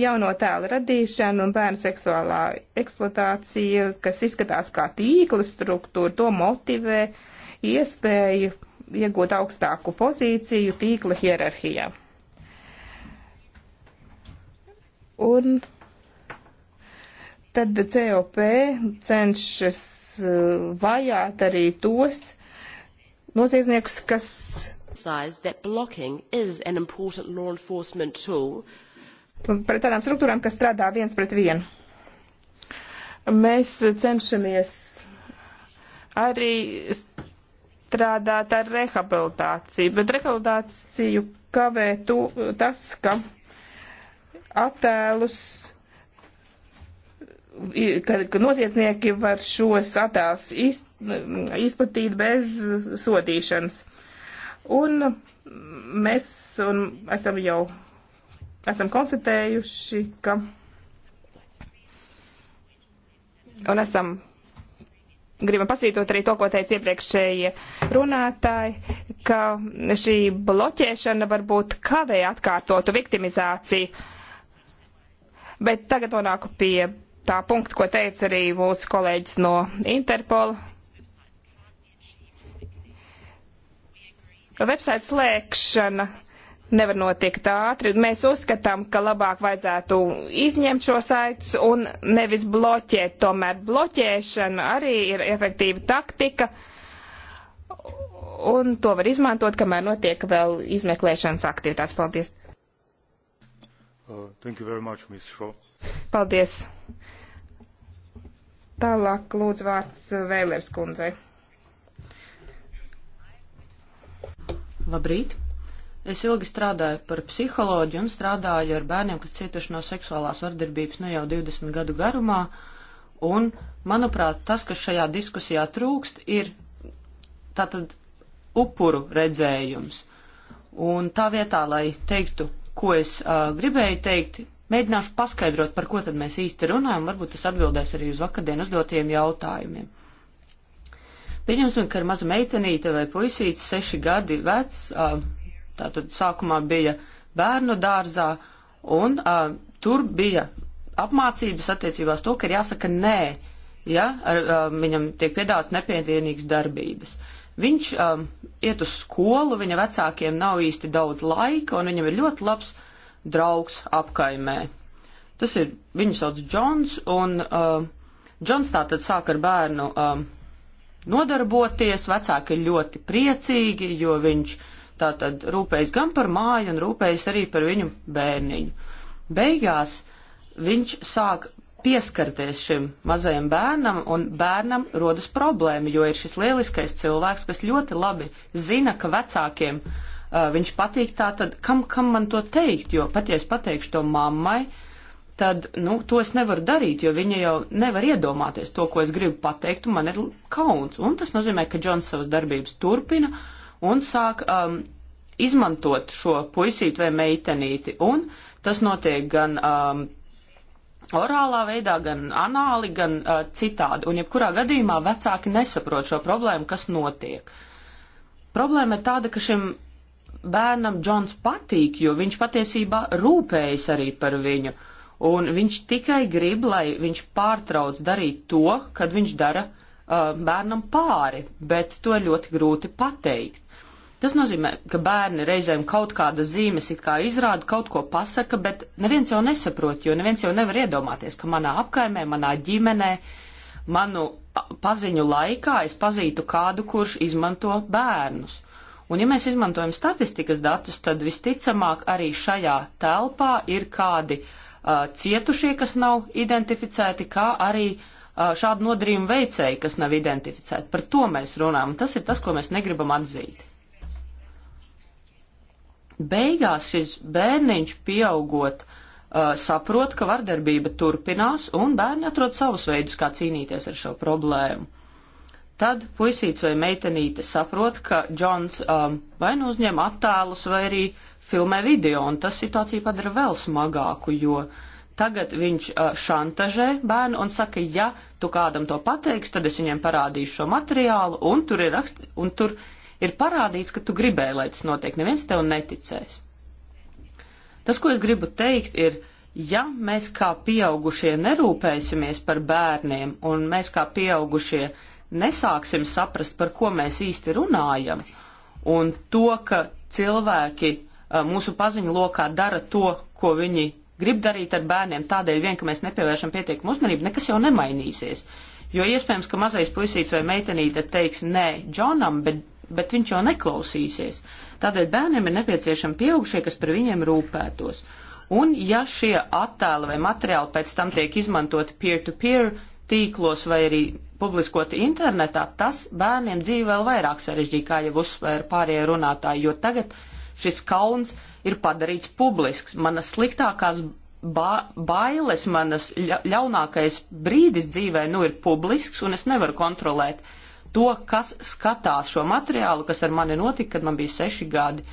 Jauno tēlu radīšana un bērnu seksuālā eksploatācija, kas izskatās kā tīkla struktūra, to motivē iespēju iegūt augstāku pozīciju tīkla hierarhijā. Un tad COP cenšas uh, vajāt arī tos noziedzniekus, kas. That blocking is an important law enforcement tool. Pret tādām struktūrām, kas strādā viens pret vienu. Mēs cenšamies arī strādāt ar rehabilitāciju, bet rehabilitāciju kavē tu, tas, ka attēlus, ka, ka noziedznieki var šos attēlus iz, izplatīt bez sodīšanas. Un mēs un esam jau esam konstatējuši, ka un esam gribam pasvītot arī to, ko teica iepriekšējie runātāji, ka šī bloķēšana varbūt kavē atkārtotu viktimizāciju. Bet tagad nonāku pie tā punkta, ko teica arī mūsu kolēģis no Interpola. Website slēgšana nevar notikt ātri. Mēs uzskatām, ka labāk vajadzētu izņemt šo saites un nevis bloķēt. Tomēr bloķēšana arī ir efektīva taktika. Un to var izmantot, kamēr notiek vēl izmeklēšanas aktivitātes. Paldies! Uh, much, Paldies. Tālāk lūdzu vārds uh, Vēlers kundzei. Labrīt! Es ilgi strādāju par psiholoģiju un strādāju ar bērniem, kas cietuši no seksuālās vardarbības nu jau 20 gadu garumā. Un, manuprāt, tas, kas šajā diskusijā trūkst, ir tātad upuru redzējums. Un tā vietā, lai teiktu, ko es uh, gribēju teikt, mēģināšu paskaidrot, par ko tad mēs īsti runājam, varbūt tas atbildēs arī uz vakardien uzdotiem jautājumiem. Pieņemsim, ka ir maza meitenīte vai puisīts, seši gadi vecs, uh, tātad sākumā bija bērnu dārzā, un uh, tur bija apmācības attiecībās to, ka ir jāsaka nē, ja ar, uh, viņam tiek piedāts nepiedienīgas darbības. Uh, Viņš um, iet uz skolu, viņa vecākiem nav īsti daudz laika, un viņam ir ļoti labs draugs apkaimē. Tas ir, viņu sauc Džons, un uh, Džons tātad sāk ar bērnu um, nodarboties, vecāki ir ļoti priecīgi, jo viņš tātad rūpējas gan par māju, un rūpējas arī par viņu bērniņu. Beigās viņš sāk pieskarties šim mazajam bērnam, un bērnam rodas problēma, jo ir šis lieliskais cilvēks, kas ļoti labi zina, ka vecākiem uh, viņš patīk tā, tad kam, kam man to teikt, jo pat ja es pateikšu to mammai, tad, nu, to es nevaru darīt, jo viņa jau nevar iedomāties to, ko es gribu pateikt, un man ir kauns. Un tas nozīmē, ka Džons savas darbības turpina un sāk um, izmantot šo puisīti vai meitenīti, un tas notiek gan um, orālā veidā, gan anāli, gan uh, citādi. Un jebkurā gadījumā vecāki nesaprot šo problēmu, kas notiek. Problēma ir tāda, ka šim bērnam Džons patīk, jo viņš patiesībā rūpējas arī par viņu. Un viņš tikai grib, lai viņš pārtrauc darīt to, kad viņš dara uh, bērnam pāri, bet to ir ļoti grūti pateikt. Tas nozīmē, ka bērni reizēm kaut kādas zīmes it kā izrāda, kaut ko pasaka, bet neviens jau nesaprot, jo neviens jau nevar iedomāties, ka manā apkaimē, manā ģimenē, manu paziņu laikā es pazītu kādu, kurš izmanto bērnus. Un ja mēs izmantojam statistikas datus, tad visticamāk arī šajā telpā ir kādi uh, cietušie, kas nav identificēti, kā arī uh, šādu nodarījumu veicēji, kas nav identificēti. Par to mēs runājam, un tas ir tas, ko mēs negribam atzīt beigās šis bērniņš pieaugot uh, saprot, ka vardarbība turpinās un bērni atrod savus veidus, kā cīnīties ar šo problēmu. Tad puisīts vai meitenīte saprot, ka Džons um, vai nu uzņem attēlus, vai arī filmē video, un tas situāciju padara vēl smagāku, jo tagad viņš uh, šantažē bērnu un saka, ja tu kādam to pateiksi, tad es viņiem parādīšu šo materiālu, un tur ir, rakst, un tur ir parādījis, ka tu gribēji, lai tas notiek. Neviens tev neticēs. Tas, ko es gribu teikt, ir, ja mēs kā pieaugušie nerūpēsimies par bērniem un mēs kā pieaugušie nesāksim saprast, par ko mēs īsti runājam, un to, ka cilvēki mūsu paziņu lokā dara to, ko viņi grib darīt ar bērniem, tādēļ vien, ka mēs nepievēršam pietiekumu uzmanību, nekas jau nemainīsies. Jo iespējams, ka mazais puisīts vai meitenīte teiks nē Džonam, bet bet viņš jau neklausīsies. Tādēļ bērniem ir nepieciešami pieaugušie, kas par viņiem rūpētos. Un ja šie attēli vai materiāli pēc tam tiek izmantoti peer-to-peer -peer tīklos vai arī publiskoti internetā, tas bērniem dzīvi vēl vairāk sarežģīja, kā jau uzsvēra pārējie runātāji, jo tagad šis kauns ir padarīts publisks. Manas sliktākās ba bailes, manas ļaunākais brīdis dzīvē nu ir publisks un es nevaru kontrolēt uh, to, kas skatās šo materiālu, kas ar mani notika, kad man bija seši gadi.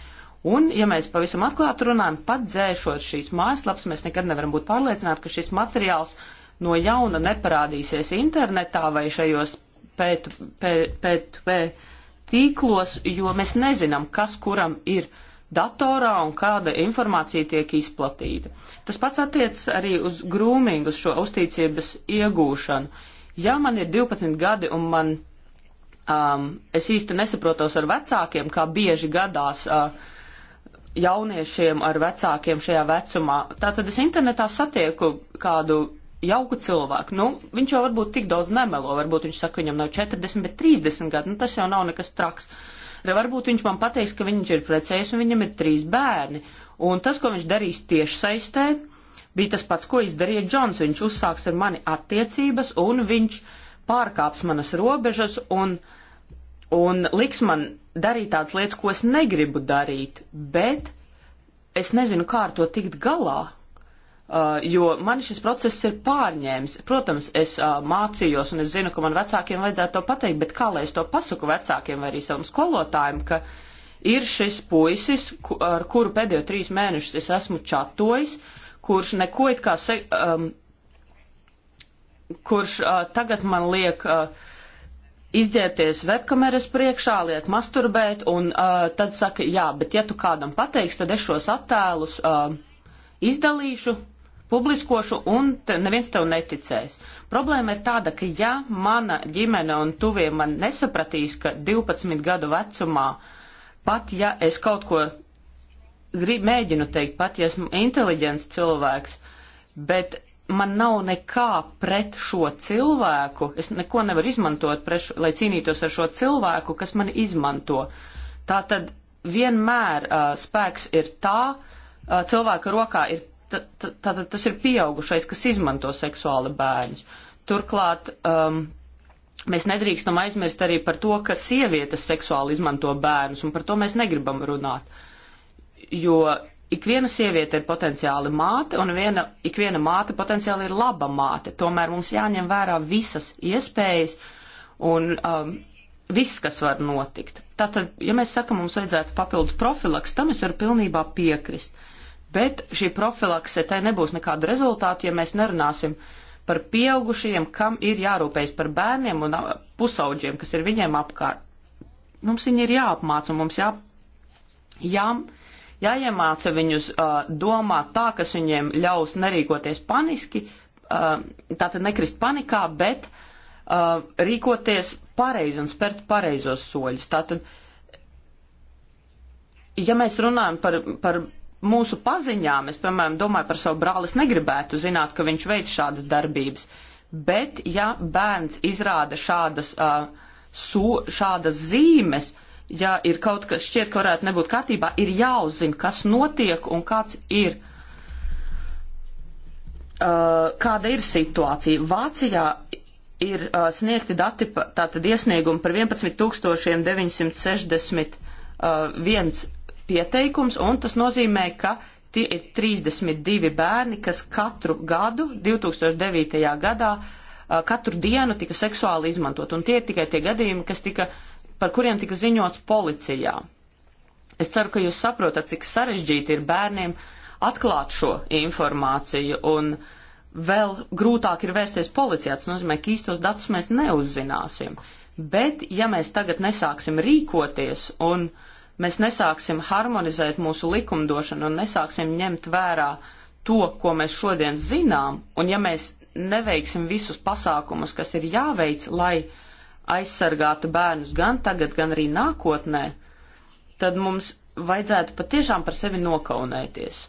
Un, ja mēs pavisam atklāti runājam, pat dzēšot šīs mājaslapas, mēs nekad nevaram būt pārliecināti, ka šis materiāls no jauna neparādīsies internetā vai šajos pēt, pēt, pēt, pēt tīklos, jo mēs nezinām, kas kuram ir datorā un kāda informācija tiek izplatīta. Tas pats attiecas arī uz grūmīgu, uz šo uzticības iegūšanu. Ja man ir 12 gadi un man Um, es īsti nesaprotos ar vecākiem, kā bieži gadās uh, jauniešiem ar vecākiem šajā vecumā. Tātad es internetā satieku kādu jauku cilvēku. Nu, viņš jau varbūt tik daudz nemelo, varbūt viņš saka, viņam nav 40, bet 30 gadu, nu tas jau nav nekas traks. Vai varbūt viņš man pateiks, ka viņš ir precējies un viņam ir trīs bērni. Un tas, ko viņš darīs tieši saistē, bija tas pats, ko izdarīja Džons. Viņš uzsāks ar mani attiecības un viņš pārkāps manas robežas un uh, un liks man darīt tādas lietas, ko es negribu darīt, bet es nezinu, kā ar to tikt galā. Uh, jo man šis process ir pārņēmis. Protams, es uh, mācījos un es zinu, ka man vecākiem vajadzētu to pateikt, bet kā lai es to pasaku vecākiem vai arī savam skolotājiem, ka ir šis puisis, ku, ar kuru pēdējo trīs mēnešus es esmu čatojis, kurš neko it kā, se, um, kurš uh, tagad man liek uh, izģērties webkameras priekšā, liek masturbēt, un uh, tad saka, jā, bet ja tu kādam pateiks, tad es šos attēlus uh, izdalīšu, publiskošu, un te, neviens tev neticēs. Problēma ir tāda, ka ja mana ģimene un tuvie man nesapratīs, ka 12 gadu vecumā, pat ja es kaut ko grib, mēģinu teikt, pat ja esmu inteliģents cilvēks, bet man nav nekā pret šo cilvēku, es neko nevaru izmantot, preš, lai cīnītos ar šo cilvēku, kas mani izmanto. Tā tad vienmēr uh, spēks ir tā, uh, cilvēka rokā ir, tātad tas ir pieaugušais, kas izmanto seksuāli bērnus. Turklāt um, mēs nedrīkstam aizmirst arī par to, ka sievietes seksuāli izmanto bērnus, un par to mēs negribam runāt. Jo ikviena sieviete ir potenciāli māte, un viena, ikviena māte potenciāli ir laba māte. Tomēr mums jāņem vērā visas iespējas un um, viss, kas var notikt. Tātad, ja mēs sakam, mums vajadzētu papildus profilaks, tam es varu pilnībā piekrist. Bet šī profilakse, tai nebūs nekādu rezultātu, ja mēs nerunāsim par pieaugušajiem, kam ir jārūpējas par bērniem un uh, pusauģiem, kas ir viņiem apkārt. Mums viņi ir jāapmāca un mums jā, jām jāiemāca viņus uh, domāt tā, kas viņiem ļaus nerīkoties paniski, uh, tātad nekrist panikā, bet uh, rīkoties pareizi un spērt pareizos soļus. Tātad, ja mēs runājam par, par mūsu paziņām, es, piemēram, domāju par savu brāli, es negribētu zināt, ka viņš veic šādas darbības, bet ja bērns izrāda šādas, uh, so, šādas zīmes, uh, ja ir kaut kas šķiet, ka varētu nebūt kārtībā, ir jāuzzina, kas notiek un kāds ir. Uh, kāda ir situācija? Vācijā ir uh, sniegti dati, tātad iesniegumi par 11961 uh, pieteikums, un tas nozīmē, ka tie ir 32 bērni, kas katru gadu, 2009. gadā, uh, katru dienu tika seksuāli izmantot, un tie ir tikai tie gadījumi, kas tika uh, par kuriem tika ziņots policijā. Es ceru, ka jūs saprotat, cik sarežģīti ir bērniem atklāt šo informāciju un vēl grūtāk ir vērsties policijā. Tas nozīmē, ka īstos datus mēs neuzzināsim. Bet, ja mēs tagad nesāksim rīkoties un mēs nesāksim harmonizēt mūsu likumdošanu un nesāksim ņemt vērā to, ko mēs šodien zinām, un ja mēs neveiksim visus pasākumus, kas ir jāveic, lai uh, aizsargātu bērnus gan tagad, gan arī nākotnē, tad mums vajadzētu patiešām par sevi nokaunēties.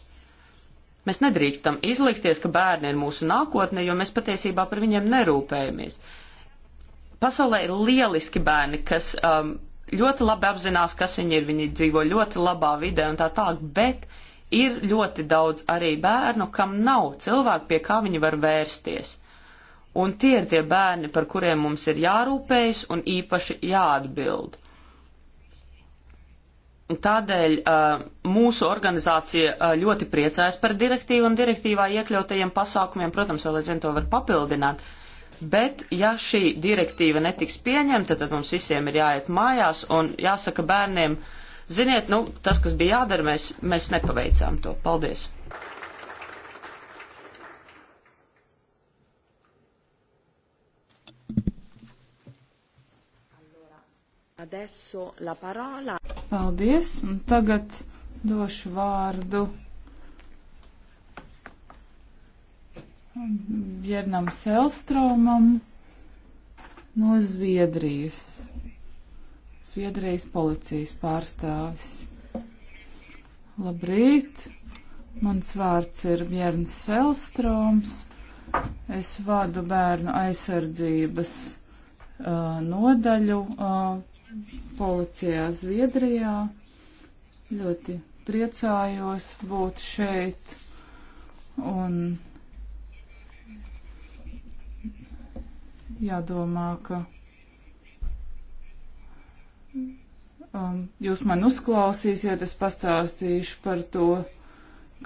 Mēs nedrīkstam izlikties, ka bērni ir mūsu nākotne, jo mēs patiesībā par viņiem nerūpējamies. Pasaulē ir lieliski bērni, kas um, ļoti labi apzinās, kas viņi ir, viņi dzīvo ļoti labā vidē un tā tālāk, bet ir ļoti daudz arī bērnu, kam nav cilvēku, pie kā viņi var vērsties. Un tie ir tie bērni, par kuriem mums ir jārūpējas un īpaši jāatbild. Tādēļ uh, mūsu organizācija uh, ļoti priecājas par direktīvu un direktīvā iekļautajiem pasākumiem. Protams, vēl aizvien to var papildināt. Bet, ja šī direktīva netiks pieņemta, tad mums visiem ir jāiet mājās un jāsaka bērniem, ziniet, nu, tas, kas bija jādara, mēs, mēs nepaveicām to. Paldies! Adesso la parola. Paldies, un tagad došu vārdu Jernam Selstromam no Zviedrijas. Zviedrijas policijas pārstāvis. Labrīt, mans vārds ir Jerns Selstroms. Es vādu bērnu aizsardzības uh, nodaļu uh, policijā Zviedrijā. Ļoti priecājos būt šeit. Un jādomā, ka um, jūs man uzklausīsiet, es pastāstīšu par to,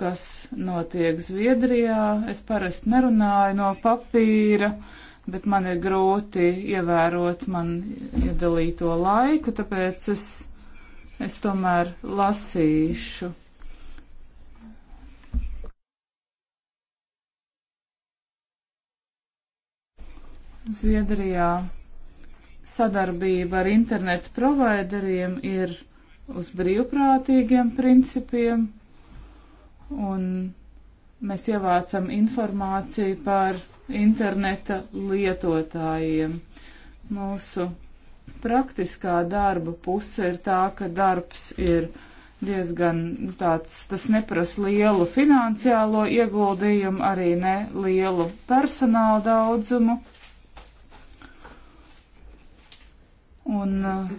kas notiek Zviedrijā. Es parasti nerunāju no papīra. Uh, bet man ir grūti ievērot man iedalīto laiku, tāpēc es, es tomēr lasīšu. Zviedrijā sadarbība ar internetu provideriem ir uz brīvprātīgiem principiem, un mēs ievācam informāciju par interneta lietotājiem. Mūsu praktiskā darba puse ir tā, ka darbs ir diezgan nu, tāds, tas neprasa lielu finansiālo ieguldījumu, arī ne lielu personāla daudzumu. Un uh,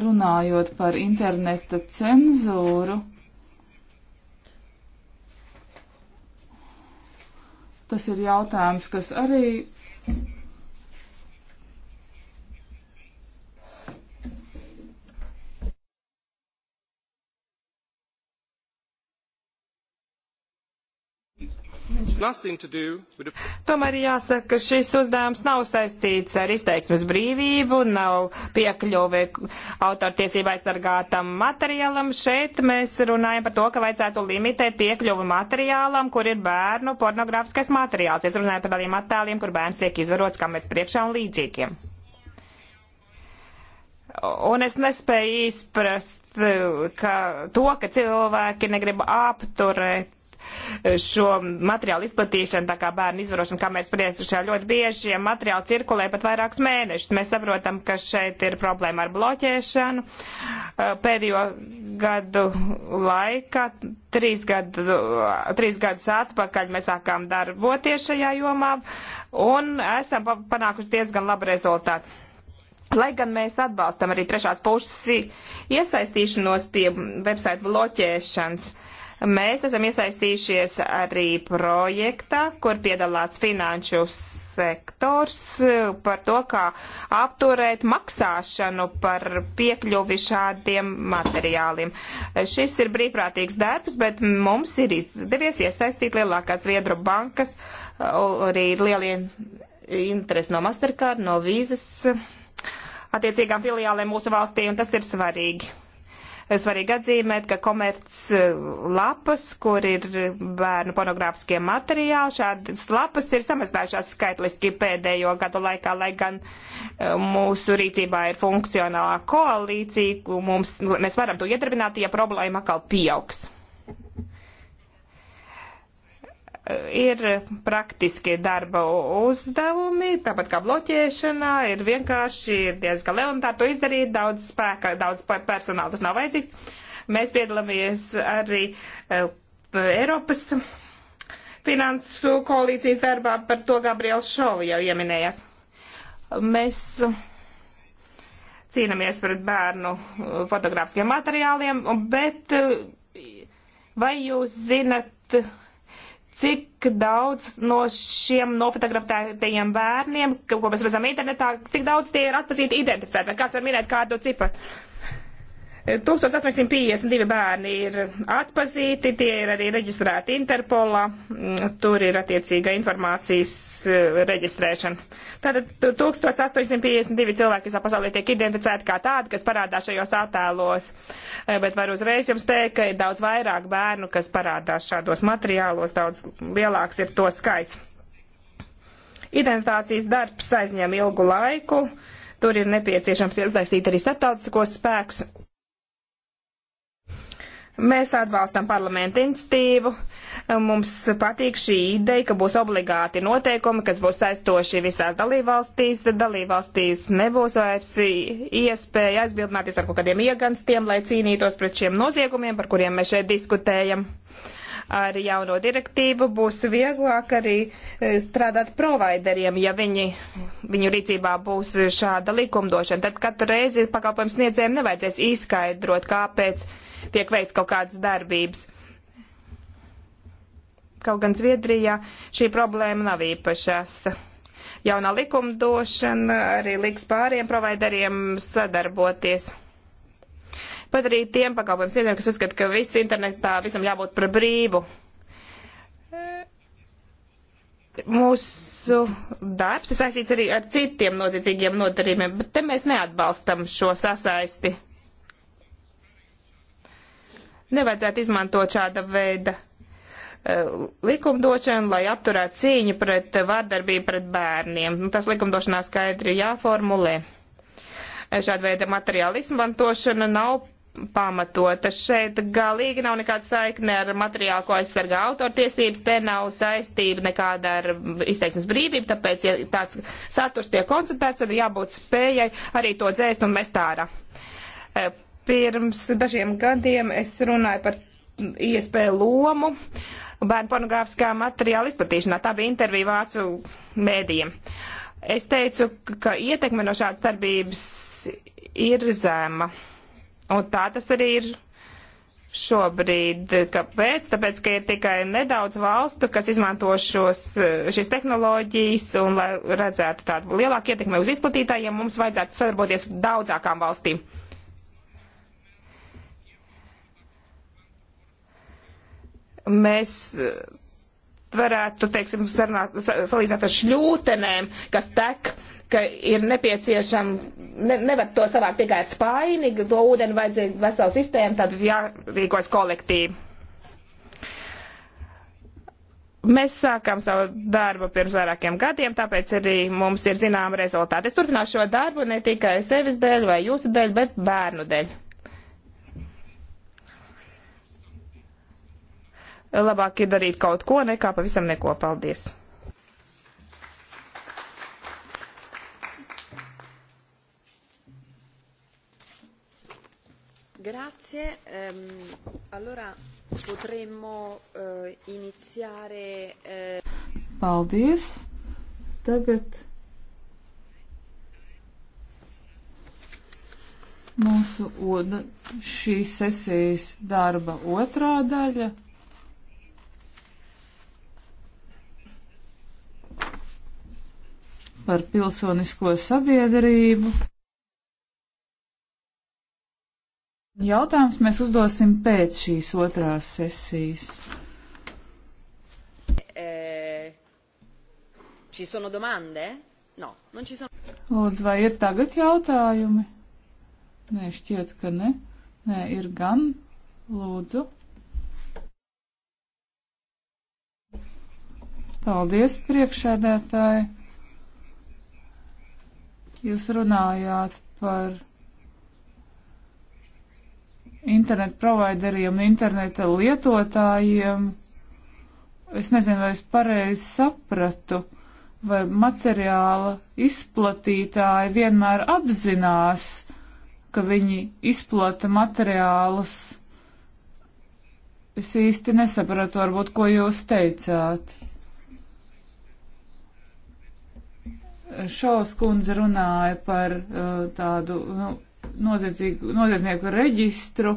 runājot par interneta cenzūru, Tas ir jautājums, kas arī Tomēr jāsaka, ka šis uzdevums nav saistīts ar izteiksmes brīvību, nav piekļuve autortiesībai sargātam materiālam. Šeit mēs runājam par to, ka vajadzētu limitēt piekļuvu materiālam, kur ir bērnu pornogrāfiskais materiāls. Es runāju par tādiem attēliem, kur bērns tiek izvarots kameras priekšā un līdzīgiem. Un es nespēju izprast ka, to, ka cilvēki negrib apturēt šo materiālu izplatīšanu, tā kā bērnu izvarošanu, kā mēs priekšā ļoti bieži šie materiāli cirkulē pat vairākus mēnešus. Mēs saprotam, ka šeit ir problēma ar bloķēšanu. Eh, pēdējo gadu laikā, trīs, gadu, trīs gadus atpakaļ, mēs sākām darboties šajā jomā un esam panākuši diezgan labu rezultātu. Lai gan mēs atbalstam arī trešās puses iesaistīšanos pie websaitu bloķēšanas, uh, Mēs esam iesaistījušies arī projektā, kur piedalās finanšu sektors par to, kā apturēt maksāšanu par piekļuvi šādiem materiāliem. Šis ir brīvprātīgs darbs, bet mums ir izdevies iesaistīt lielākās Viedru bankas, arī ir lielie interesi no Mastercard, no vīzas attiecīgām filiālēm mūsu valstī, un tas ir svarīgi svarīgi atzīmēt, ka komerc e, lapas, kur ir bērnu pornogrāfiskie materiāli, šādas lapas ir samazinājušās skaitliski pēdējo gadu laikā, lai gan e, mūsu rīcībā ir funkcionālā koalīcija, mums, mēs varam to iedarbināt, ja problēma atkal pieaugs ir praktiskie darba uzdevumi, tāpat kā bloķēšanā, ir vienkārši ir diezgan leontāri to izdarīt, daudz spēka, daudz personāla tas nav vajadzīgs. Mēs piedalāmies arī uh, Eiropas finansu koalīcijas darbā, par to Gabriels Šovi jau ieminējās. Mēs cīnāmies pret bērnu eh, fotogrāfiskiem materiāliem, bet eh, vai jūs zinat, cik daudz no šiem nofotografētajiem bērniem, ko mēs redzam internetā, cik daudz tie ir atpazīti, identificēti, vai kāds var minēt kādu ciparu? 1852 bērni ir atpazīti, tie ir arī reģistrēti Interpolā, mm, tur ir attiecīga informācijas eh, reģistrēšana. Tātad 1852 cilvēki visā pasaulē tiek identificēti kā tādi, kas parādās šajos attēlos, eh, bet var uzreiz jums teikt, ka ir daudz vairāk bērnu, kas parādās šādos materiālos, daudz lielāks ir to skaits. Identitācijas darbs aizņem ilgu laiku, tur ir nepieciešams iesaistīt arī starptautiskos spēkus. Mēs atbalstam parlamentu institīvu. Mums patīk šī ideja, ka būs obligāti noteikumi, kas būs saistoši visās dalībvalstīs. Dalībvalstīs nebūs vairs iespēja aizbildināties ar kaut kādiem ieganstiem, lai cīnītos pret šiem noziegumiem, par kuriem mēs šeit diskutējam. Uh, ar jauno direktīvu būs vieglāk arī e, strādāt provideriem, ja viņi, viņu rīcībā būs šāda likumdošana. Tad katru reizi pakalpojumu sniedzējiem nevajadzēs izskaidrot, kāpēc tiek veikts kaut kādas darbības. Kaut gan Zviedrijā šī problēma nav īpašās jaunā likumdošana arī liks pāriem provideriem sadarboties pat arī tiem pakalpojumu sniedzējiem, kas uzskata, ka viss internetā visam jābūt par brīvu. Mūsu darbs ir saistīts arī ar citiem noziedzīgiem notarījumiem, bet te mēs neatbalstam šo sasaisti. Nevajadzētu izmantot šāda veida e, likumdošanu, lai apturētu cīņu pret vārdarbību pret bērniem. Nu, tas likumdošanā skaidri jāformulē. E, šāda veida materiāla izmantošana nav pamatota. Šeit galīgi nav nekāda saikne ar materiālu, ko aizsargā autortiesības, te nav saistība nekāda ar izteiksmes brīvību, tāpēc, ja tāds saturs tiek koncentrēts, tad jābūt spējai arī to dzēst un mest ārā. E, pirms dažiem gadiem es runāju par iespēju lomu bērnu pornogrāfiskā materiāla izplatīšanā. Tā bija intervija vācu mēdījiem. Es teicu, ka ietekme no šādas darbības ir zema. Un tā tas arī ir šobrīd. Kāpēc? Tāpēc, ka ir tikai nedaudz valstu, kas izmanto šos, šīs tehnoloģijas, un, lai redzētu tādu lielāku ietekmi uz izplatītājiem, mums vajadzētu sadarboties daudzākām valstīm. Mēs varētu, teiksim, sarunāt, salīdzināt ar šļūtenēm, kas tek, ka ir nepieciešama, ne, nevar to savākt tikai ar spaini, to ūdeni vajadzīga vesela sistēma, tad jārīkojas kolektīvi. Mēs sākām savu darbu pirms vairākiem gadiem, tāpēc arī mums ir zināma rezultāti. Es turpināšu šo darbu ne tikai sevis dēļ vai jūsu dēļ, bet bērnu dēļ. Labāk ir darīt kaut ko, nekā pavisam neko. Paldies! Grazie. Um, allora potremmo uh, iniziare. Uh... Paldies. Tagad mūsu od, šīs sesijas darba otrā daļa. par pilsonisko sabiedrību. Jautājums mēs uzdosim pēc šīs otrās sesijas. E, ci sono domande? No, non ci sono. Lūdzu, vai ir tagad jautājumi? Nē, šķiet, ka ne. Nē, ir gan. Lūdzu. Paldies, priekšēdētāji. Jūs runājāt par internetu provideriem un interneta lietotājiem. Es nezinu, vai es pareizi sapratu, vai materiāla izplatītāji vienmēr apzinās, ka viņi izplata materiālus. Es īsti nesapratu, varbūt, ko jūs teicāt. Šaus kundze runāja par uh, tādu nu, noziedznieku reģistru,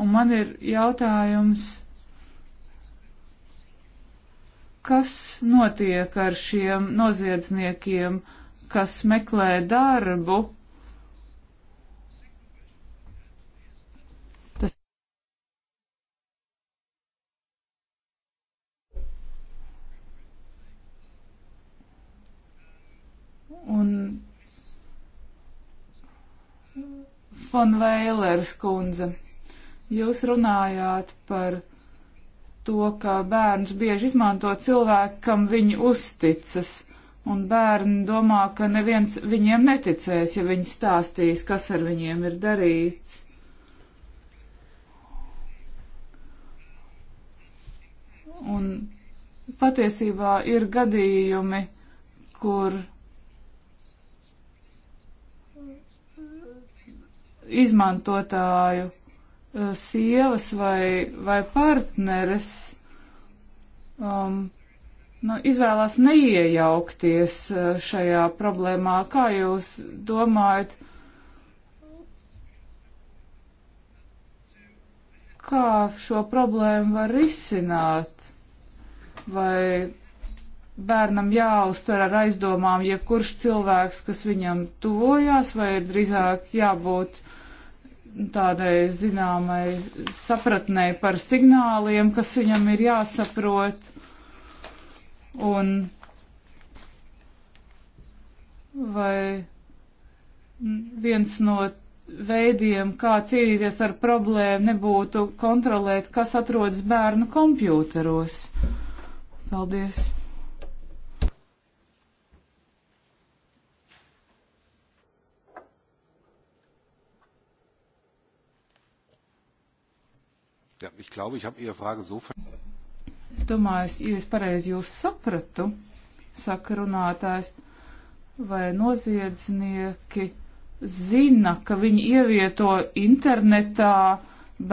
un man ir jautājums, kas notiek ar šiem noziedzniekiem, kas meklē darbu Un Fon Veilers kundze, jūs runājāt par to, ka bērns bieži izmanto cilvēku, kam viņi uzticas, un bērni domā, ka neviens viņiem neticēs, ja viņi stāstīs, kas ar viņiem ir darīts. Un patiesībā ir gadījumi, kur izmantotāju eh, sievas vai, vai partneres um, nu, izvēlās neiejaukties eh, šajā problēmā. Kā jūs domājat, kā šo problēmu var risināt? Vai bērnam jāuztver ar aizdomām jebkurš cilvēks, kas viņam tuvojās, vai ir drīzāk jābūt tādai zināmai sapratnē par signāliem, kas viņam ir jāsaprot. Un vai viens no veidiem, kā cīnīties ar problēmu, nebūtu kontrolēt, kas atrodas bērnu kompjūteros. Paldies! Ja, ich glaube, ich habe Ihre Frage so verstanden. Es domāju, es, ja es pareizi jūs sapratu, saka runātājs, vai noziedznieki zina, ka viņi ievieto internetā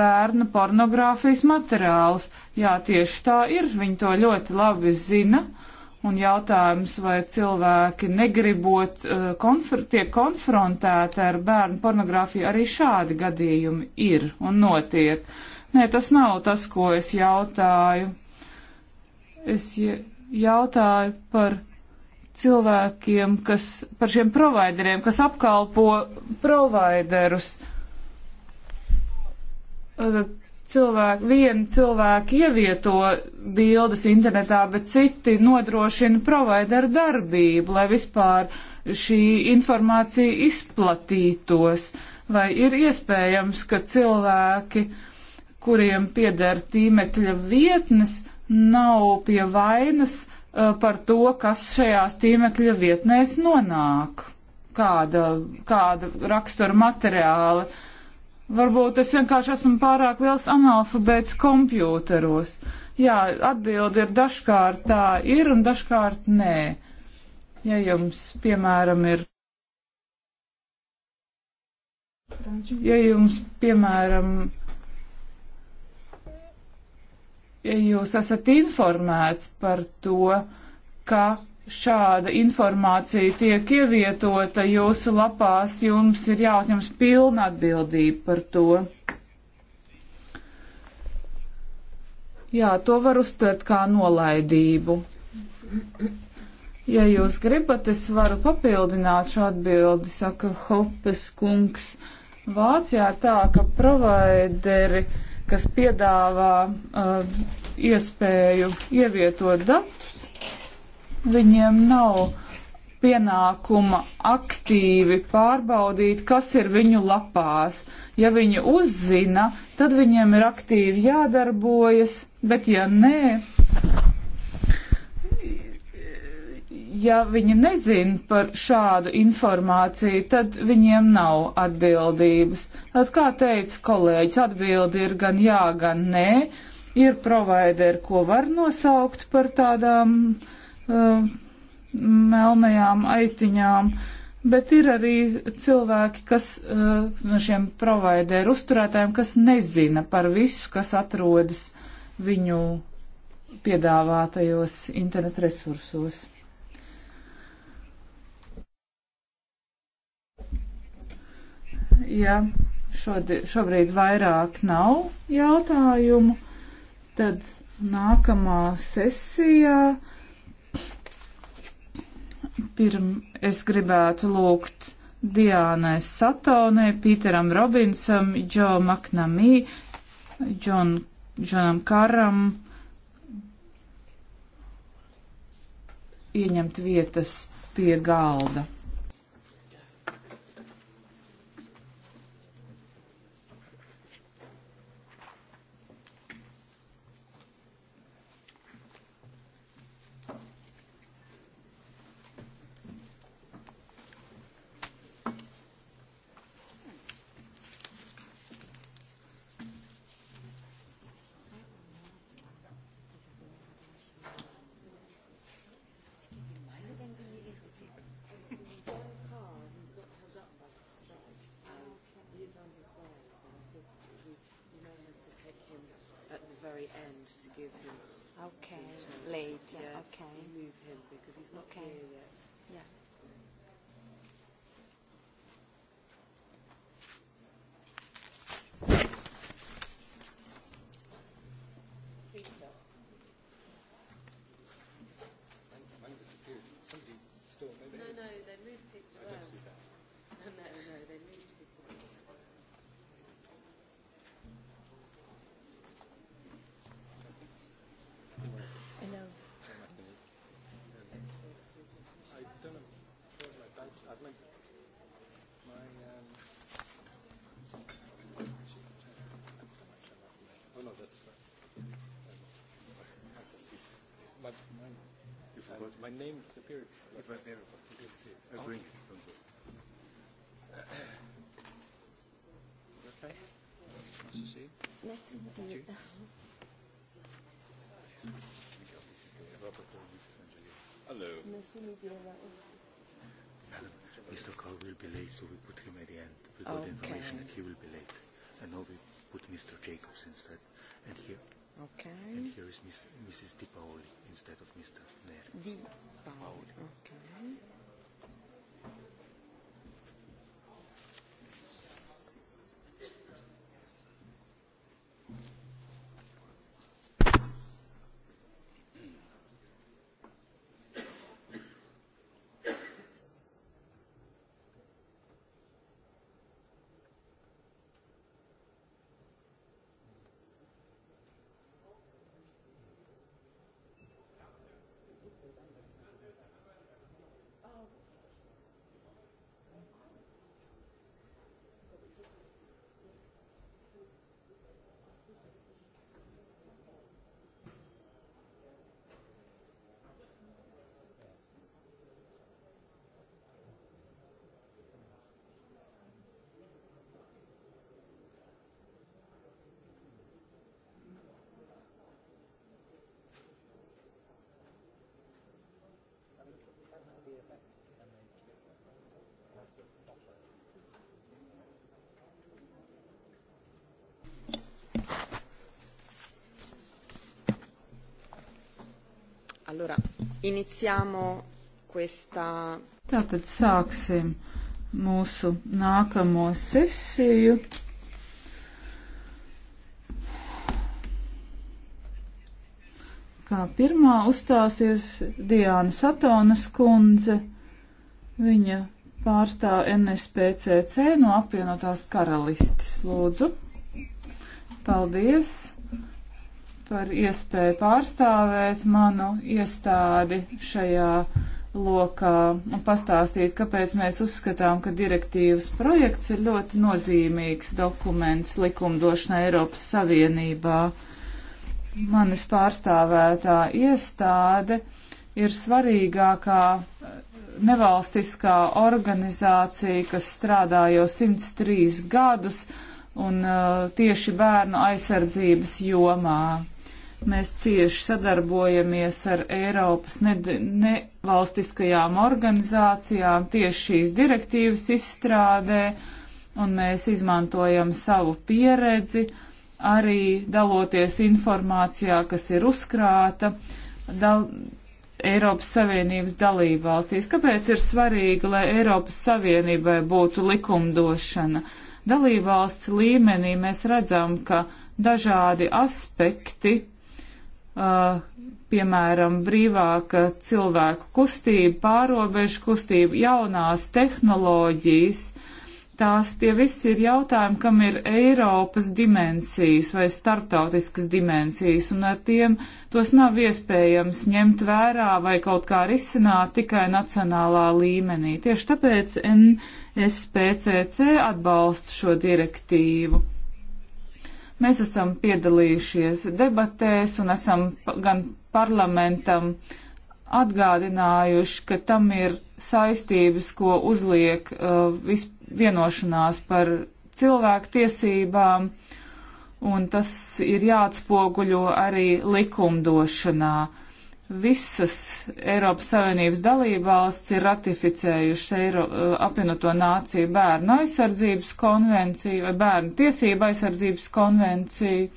bērnu pornogrāfijas materiālus. Jā, tieši tā ir, viņi to ļoti labi zina. Un jautājums, vai cilvēki negribot eh, konfr tiek konfrontēti ar bērnu pornogrāfiju, arī šādi gadījumi ir un notiek. Uh, Nē, tas nav tas, ko es jautāju. Es jautāju par cilvēkiem, kas par šiem provideriem, kas apkalpo providerus. Cilvēki, vieni cilvēki ievieto bildes internetā, bet citi nodrošina provideru darbību, lai vispār šī informācija izplatītos. Vai ir iespējams, ka cilvēki uh, kuriem pieder tīmekļa vietnes, nav pie vainas uh, par to, kas šajās tīmekļa vietnēs nonāk, kāda, kāda rakstura materiāla. Varbūt es vienkārši esmu pārāk liels analfabēts kompjūteros. Jā, atbildi ir dažkārt tā ir un dažkārt nē. Ja jums, piemēram, ir. Ja jums, piemēram, jūs esat informēts par to, ka šāda informācija tiek ievietota jūsu lapās, jums ir jāuzņems pilna atbildība par to. Jā, to var uztvert kā nolaidību. Ja jūs gribat, es varu papildināt šo atbildi, saka Hopes kungs. Vācijā ir tā, ka provaideri kas piedāvā uh, iespēju ievietot datus, viņiem nav pienākuma aktīvi pārbaudīt, kas ir viņu lapās. Ja viņi uzzina, tad viņiem ir aktīvi jādarbojas, bet ja nē, ja viņi nezin par šādu informāciju, tad viņiem nav atbildības. Tad, kā teica kolēģis, atbildi ir gan jā, gan nē. Ir provideri, ko var nosaukt par tādām uh, melnajām aitiņām, bet ir arī cilvēki, kas uh, no šiem provideru uzturētājiem, kas nezina par visu, kas atrodas viņu piedāvātajos internet resursos. ja šodi, šobrīd vairāk nav jautājumu, tad nākamā sesijā pirm es gribētu lūgt Diānai Sataunai, Pīteram Robinsam, Džo Maknamī, Džon, Džonam Karam ieņemt vietas pie galda. give him. Okay, later. Yeah, okay. Move him because he's not okay. here yet. Yeah. it's my, my, you forgot. my name disappeared. It was there. You didn't see it. I'll okay. bring it. Don't worry. okay. Nice to see you. Nice to meet you. Hello. Nice to meet you. Mr. Carr will be late, so we put him at the end. We got okay. information that he will be late. And now we put Mr. Jacobs instead. And here. Okay. And here is Miss, Mrs. Di Paoli instead of Mr. Neri. Di Paoli. Paoli. Okay. Allora, iniziamo questa... Tātad sāksim mūsu nākamo sesiju. Kā pirmā uzstāsies Diāna Satonas kundze. Viņa pārstāv NSPCC no apvienotās karalistes. Lūdzu. Paldies par iespēju pārstāvēt manu iestādi šajā lokā un pastāstīt, kāpēc mēs uzskatām, ka direktīvas projekts ir ļoti nozīmīgs dokuments likumdošanai Eiropas Savienībā. Manis pārstāvētā iestāde ir svarīgākā eh, nevalstiskā organizācija, kas strādā jau 103 gadus un uh, tieši bērnu aizsardzības jomā. Mēs cieši sadarbojamies ar Eiropas nevalstiskajām organizācijām tieši šīs direktīvas izstrādē, un mēs izmantojam savu pieredzi, arī daloties informācijā, kas ir uzkrāta. Dal Eiropas Savienības dalību valstīs. Kāpēc ir svarīgi, lai Eiropas Savienībai būtu likumdošana? Dalību valsts līmenī mēs redzam, ka dažādi aspekti Uh, piemēram, brīvāka cilvēku kustība, pārobežu kustība, jaunās tehnoloģijas. Tās tie visi ir jautājumi, kam ir Eiropas dimensijas vai starptautiskas dimensijas, un ar tiem tos nav iespējams ņemt vērā vai kaut kā risināt tikai nacionālā līmenī. Tieši tāpēc NSPCC atbalsta šo direktīvu. Mēs esam piedalījušies debatēs un esam gan parlamentam atgādinājuši, ka tam ir saistības, ko uzliek uh, vienošanās par cilvēku tiesībām, un tas ir jāatspoguļo arī likumdošanā. Uh, visas Eiropas Savienības dalībvalsts ir ratificējušas Eiro, eh, apvienoto nāciju bērnu aizsardzības konvenciju vai bērnu tiesību aizsardzības konvenciju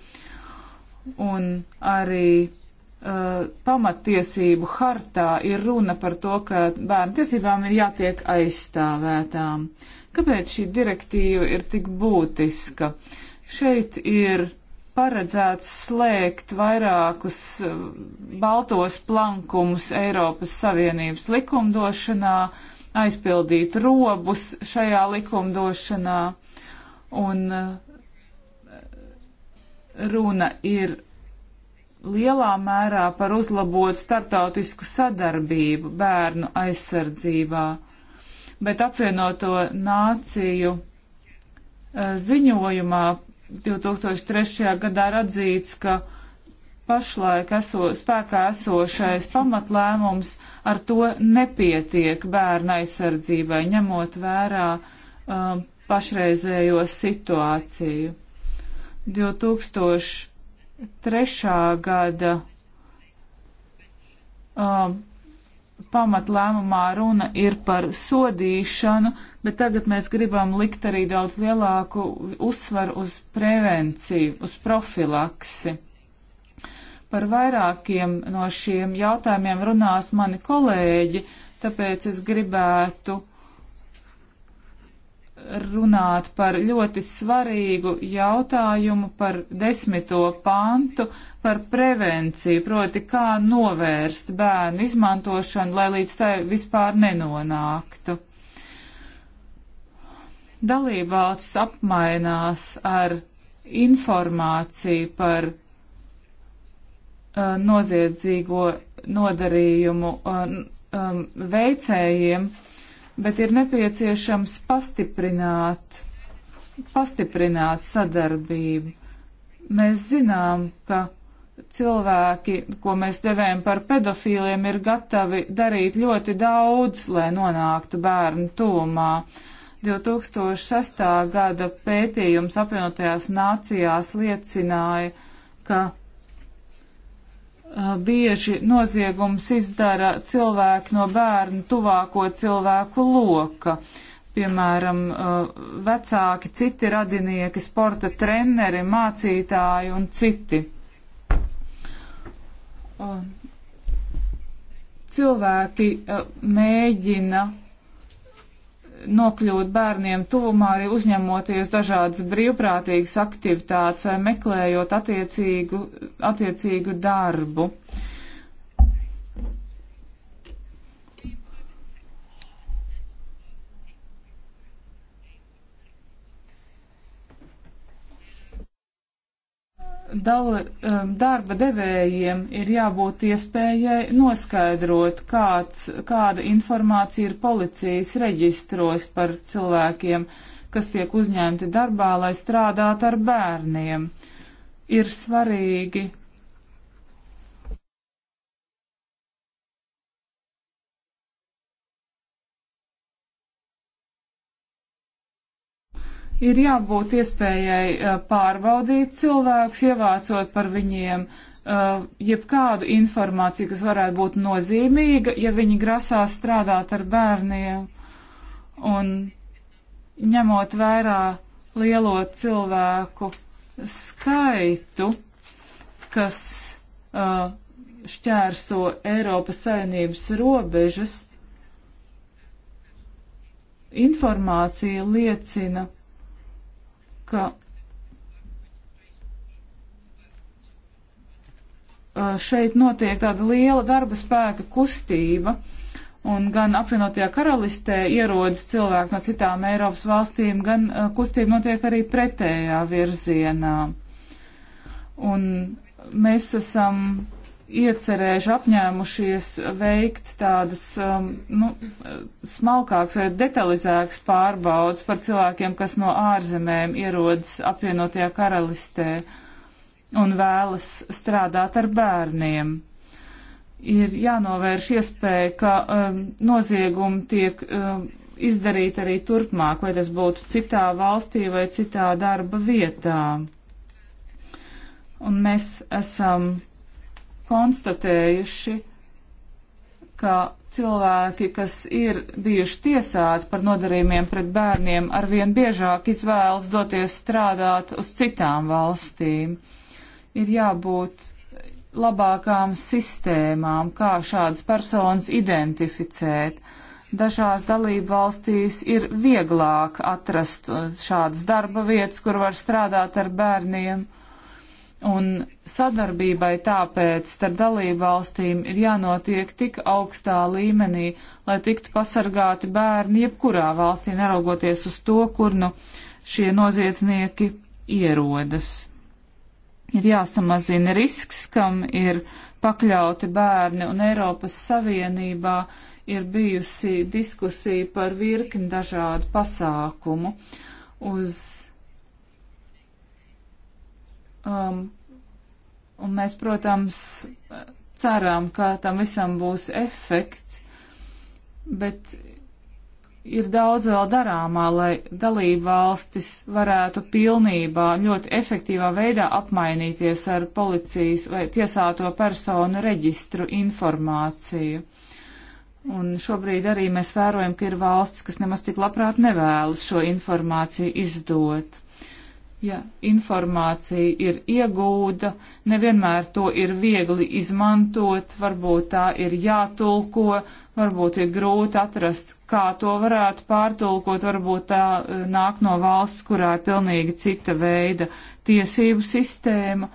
un arī uh, pamatiesību hartā ir runa par to, ka bērnu tiesībām ir jātiek aizstāvētām. Kāpēc šī direktīva ir tik būtiska? Šeit ir paredzēts slēgt vairākus eh, baltos plankumus Eiropas Savienības likumdošanā, aizpildīt robus šajā likumdošanā. Un eh, runa ir lielā mērā par uzlabotu startautisku sadarbību bērnu aizsardzībā, bet apvienoto nāciju eh, ziņojumā 2003. gadā ir atzīts, ka pašlaik eso, spēkā esošais pamatlēmums ar to nepietiek bērna aizsardzībai, ņemot vērā um, pašreizējo situāciju. 2003. gada um, pamatlēmumā runa ir par sodīšanu, bet tagad mēs gribam likt arī daudz lielāku uzsvaru uz prevenciju, uz profilaksi. Par vairākiem no šiem jautājumiem runās mani kolēģi, tāpēc es gribētu runāt par ļoti svarīgu jautājumu par desmito pantu, par prevenciju, proti kā novērst bērnu izmantošanu, lai līdz tai vispār nenonāktu. Dalībvalsts apmainās ar informāciju par uh, noziedzīgo nodarījumu uh, um, veicējiem, uh, bet ir nepieciešams pastiprināt, pastiprināt sadarbību. Mēs zinām, ka cilvēki, ko mēs devējam par pedofīliem, ir gatavi darīt ļoti daudz, lai nonāktu bērnu tūmā. 2006. gada pētījums apvienotajās nācijās liecināja, ka Uh, bieži noziegums izdara cilvēku no bērnu tuvāko cilvēku loka. Piemēram, uh, vecāki, citi radinieki, sporta treneri, mācītāji un citi. Uh, cilvēki mēģina nokļūt bērniem tuvumā, arī uzņemoties dažādas brīvprātīgas aktivitātes vai meklējot attiecīgu, attiecīgu darbu. Uh, Dala, um, darba devējiem ir jābūt iespējai noskaidrot, kāds, kāda informācija ir policijas reģistros par cilvēkiem, kas tiek uzņemti darbā, lai strādātu ar bērniem. Ir svarīgi ir jābūt iespējai eh, pārbaudīt cilvēkus, ievācot par viņiem eh, jebkādu informāciju, kas varētu būt nozīmīga, ja viņi grasās strādāt ar bērniem. Un ņemot vērā lielo cilvēku skaitu, kas uh, šķērso Eiropas Savienības robežas, informācija liecina ka šeit notiek tāda liela darba spēka kustība, un gan apvienotajā karalistē ierodas cilvēki no citām Eiropas valstīm, gan kustība notiek arī pretējā virzienā. Un mēs esam iecerējuši, apņēmušies veikt tādas um, nu, smalkākas vai detalizētas pārbaudas par cilvēkiem, kas no ārzemēm ierodas apvienotajā karalistē un vēlas strādāt ar bērniem. Ir jānovērš iespēja, ka um, noziegumi tiek um, izdarīti arī turpmāk, vai tas būtu citā valstī vai citā darba vietā. Un mēs esam konstatējuši, ka cilvēki, kas ir bijuši tiesāti par nodarījumiem pret bērniem, arvien biežāk izvēlas doties strādāt uz citām valstīm. Ir jābūt labākām sistēmām, kā šādas personas identificēt. Dažās dalību valstīs ir vieglāk atrast šādas darba vietas, kur var strādāt ar bērniem. Uh, Un sadarbībai tāpēc starp dalību valstīm ir jānotiek tik augstā līmenī, lai tiktu pasargāti bērni jebkurā valstī, neraugoties uz to, kur nu šie noziedznieki ierodas. Ir jāsamazina risks, kam ir pakļauti bērni, un Eiropas Savienībā ir bijusi diskusija par virkni dažādu pasākumu. Uz Um, un mēs, protams, ceram, ka tam visam būs efekts, bet ir daudz vēl darāmā, lai dalība valstis varētu pilnībā, ļoti efektīvā veidā apmainīties ar policijas vai tiesāto personu reģistru informāciju. Un šobrīd arī mēs vērojam, ka ir valsts, kas nemaz tik labprāt nevēlas šo informāciju izdot ja informācija ir iegūda, nevienmēr to ir viegli izmantot, varbūt tā ir jātulko, varbūt ir grūti atrast, kā to varētu pārtulkot, varbūt tā eh, nāk no valsts, kurā ir pilnīgi cita veida tiesību sistēma.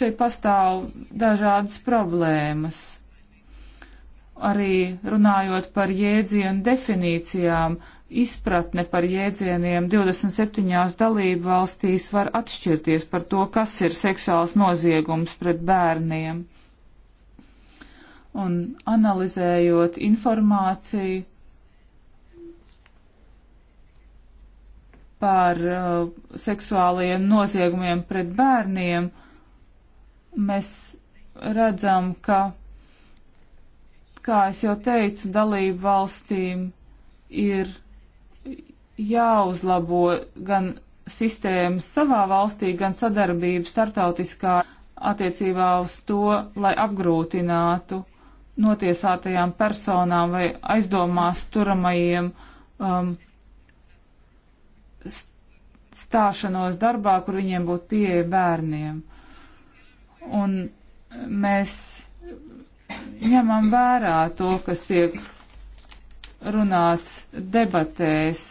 Šeit pastāv dažādas problēmas. Arī runājot par jēdzienu definīcijām, izpratne par jēdzieniem 27 dalību valstīs var atšķirties par to, kas ir seksuāls noziegums pret bērniem. Un analizējot informāciju par uh, seksuālajiem noziegumiem pret bērniem, mēs redzam, ka, kā es jau teicu, dalību valstīm ir jāuzlabo gan sistēmas savā valstī, gan sadarbība startautiskā attiecībā uz to, lai apgrūtinātu notiesātajām personām vai aizdomās turamajiem um, stāšanos darbā, kur viņiem būtu pieeja bērniem. Un mēs ņemam vērā to, kas tiek runāts debatēs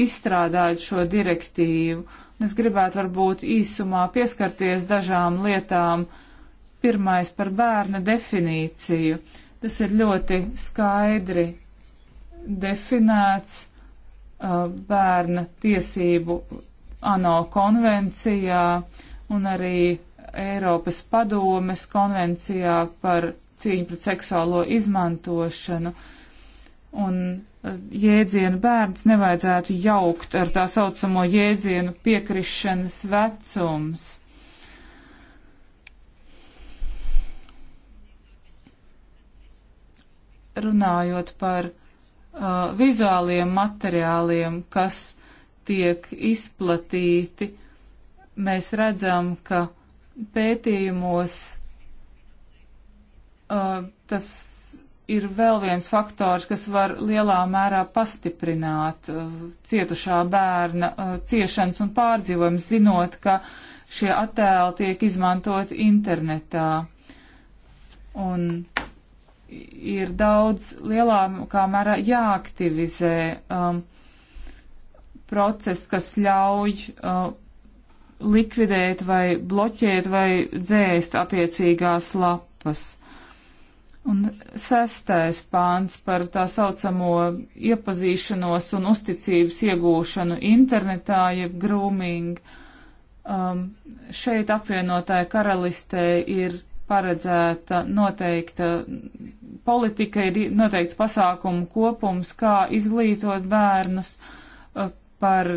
izstrādājot šo direktīvu. Un es gribētu varbūt īsumā pieskarties dažām lietām. Pirmais par bērna definīciju. Tas ir ļoti skaidri definēts uh, bērna tiesību ANO konvencijā un arī Eiropas padomes konvencijā par cīņu pret seksuālo izmantošanu. Un jēdzienu bērns nevajadzētu jaukt ar tā saucamo jēdzienu piekrišanas vecums. Runājot par uh, vizuāliem materiāliem, kas tiek izplatīti, mēs redzam, ka pētījumos uh, tas ir vēl viens faktors, kas var lielā mērā pastiprināt uh, cietušā bērna uh, ciešanas un pārdzīvojums, zinot, ka šie attēli tiek izmantot internetā. Un ir daudz lielākā mērā jāaktivizē um, process, kas ļauj uh, likvidēt vai bloķēt vai dzēst attiecīgās lapas. Un sestais pāns par tā saucamo iepazīšanos un uzticības iegūšanu internetā, jeb grooming. Um, šeit apvienotāja karalistē ir paredzēta noteikta politika, ir noteikts pasākumu kopums, kā izglītot bērnus uh, par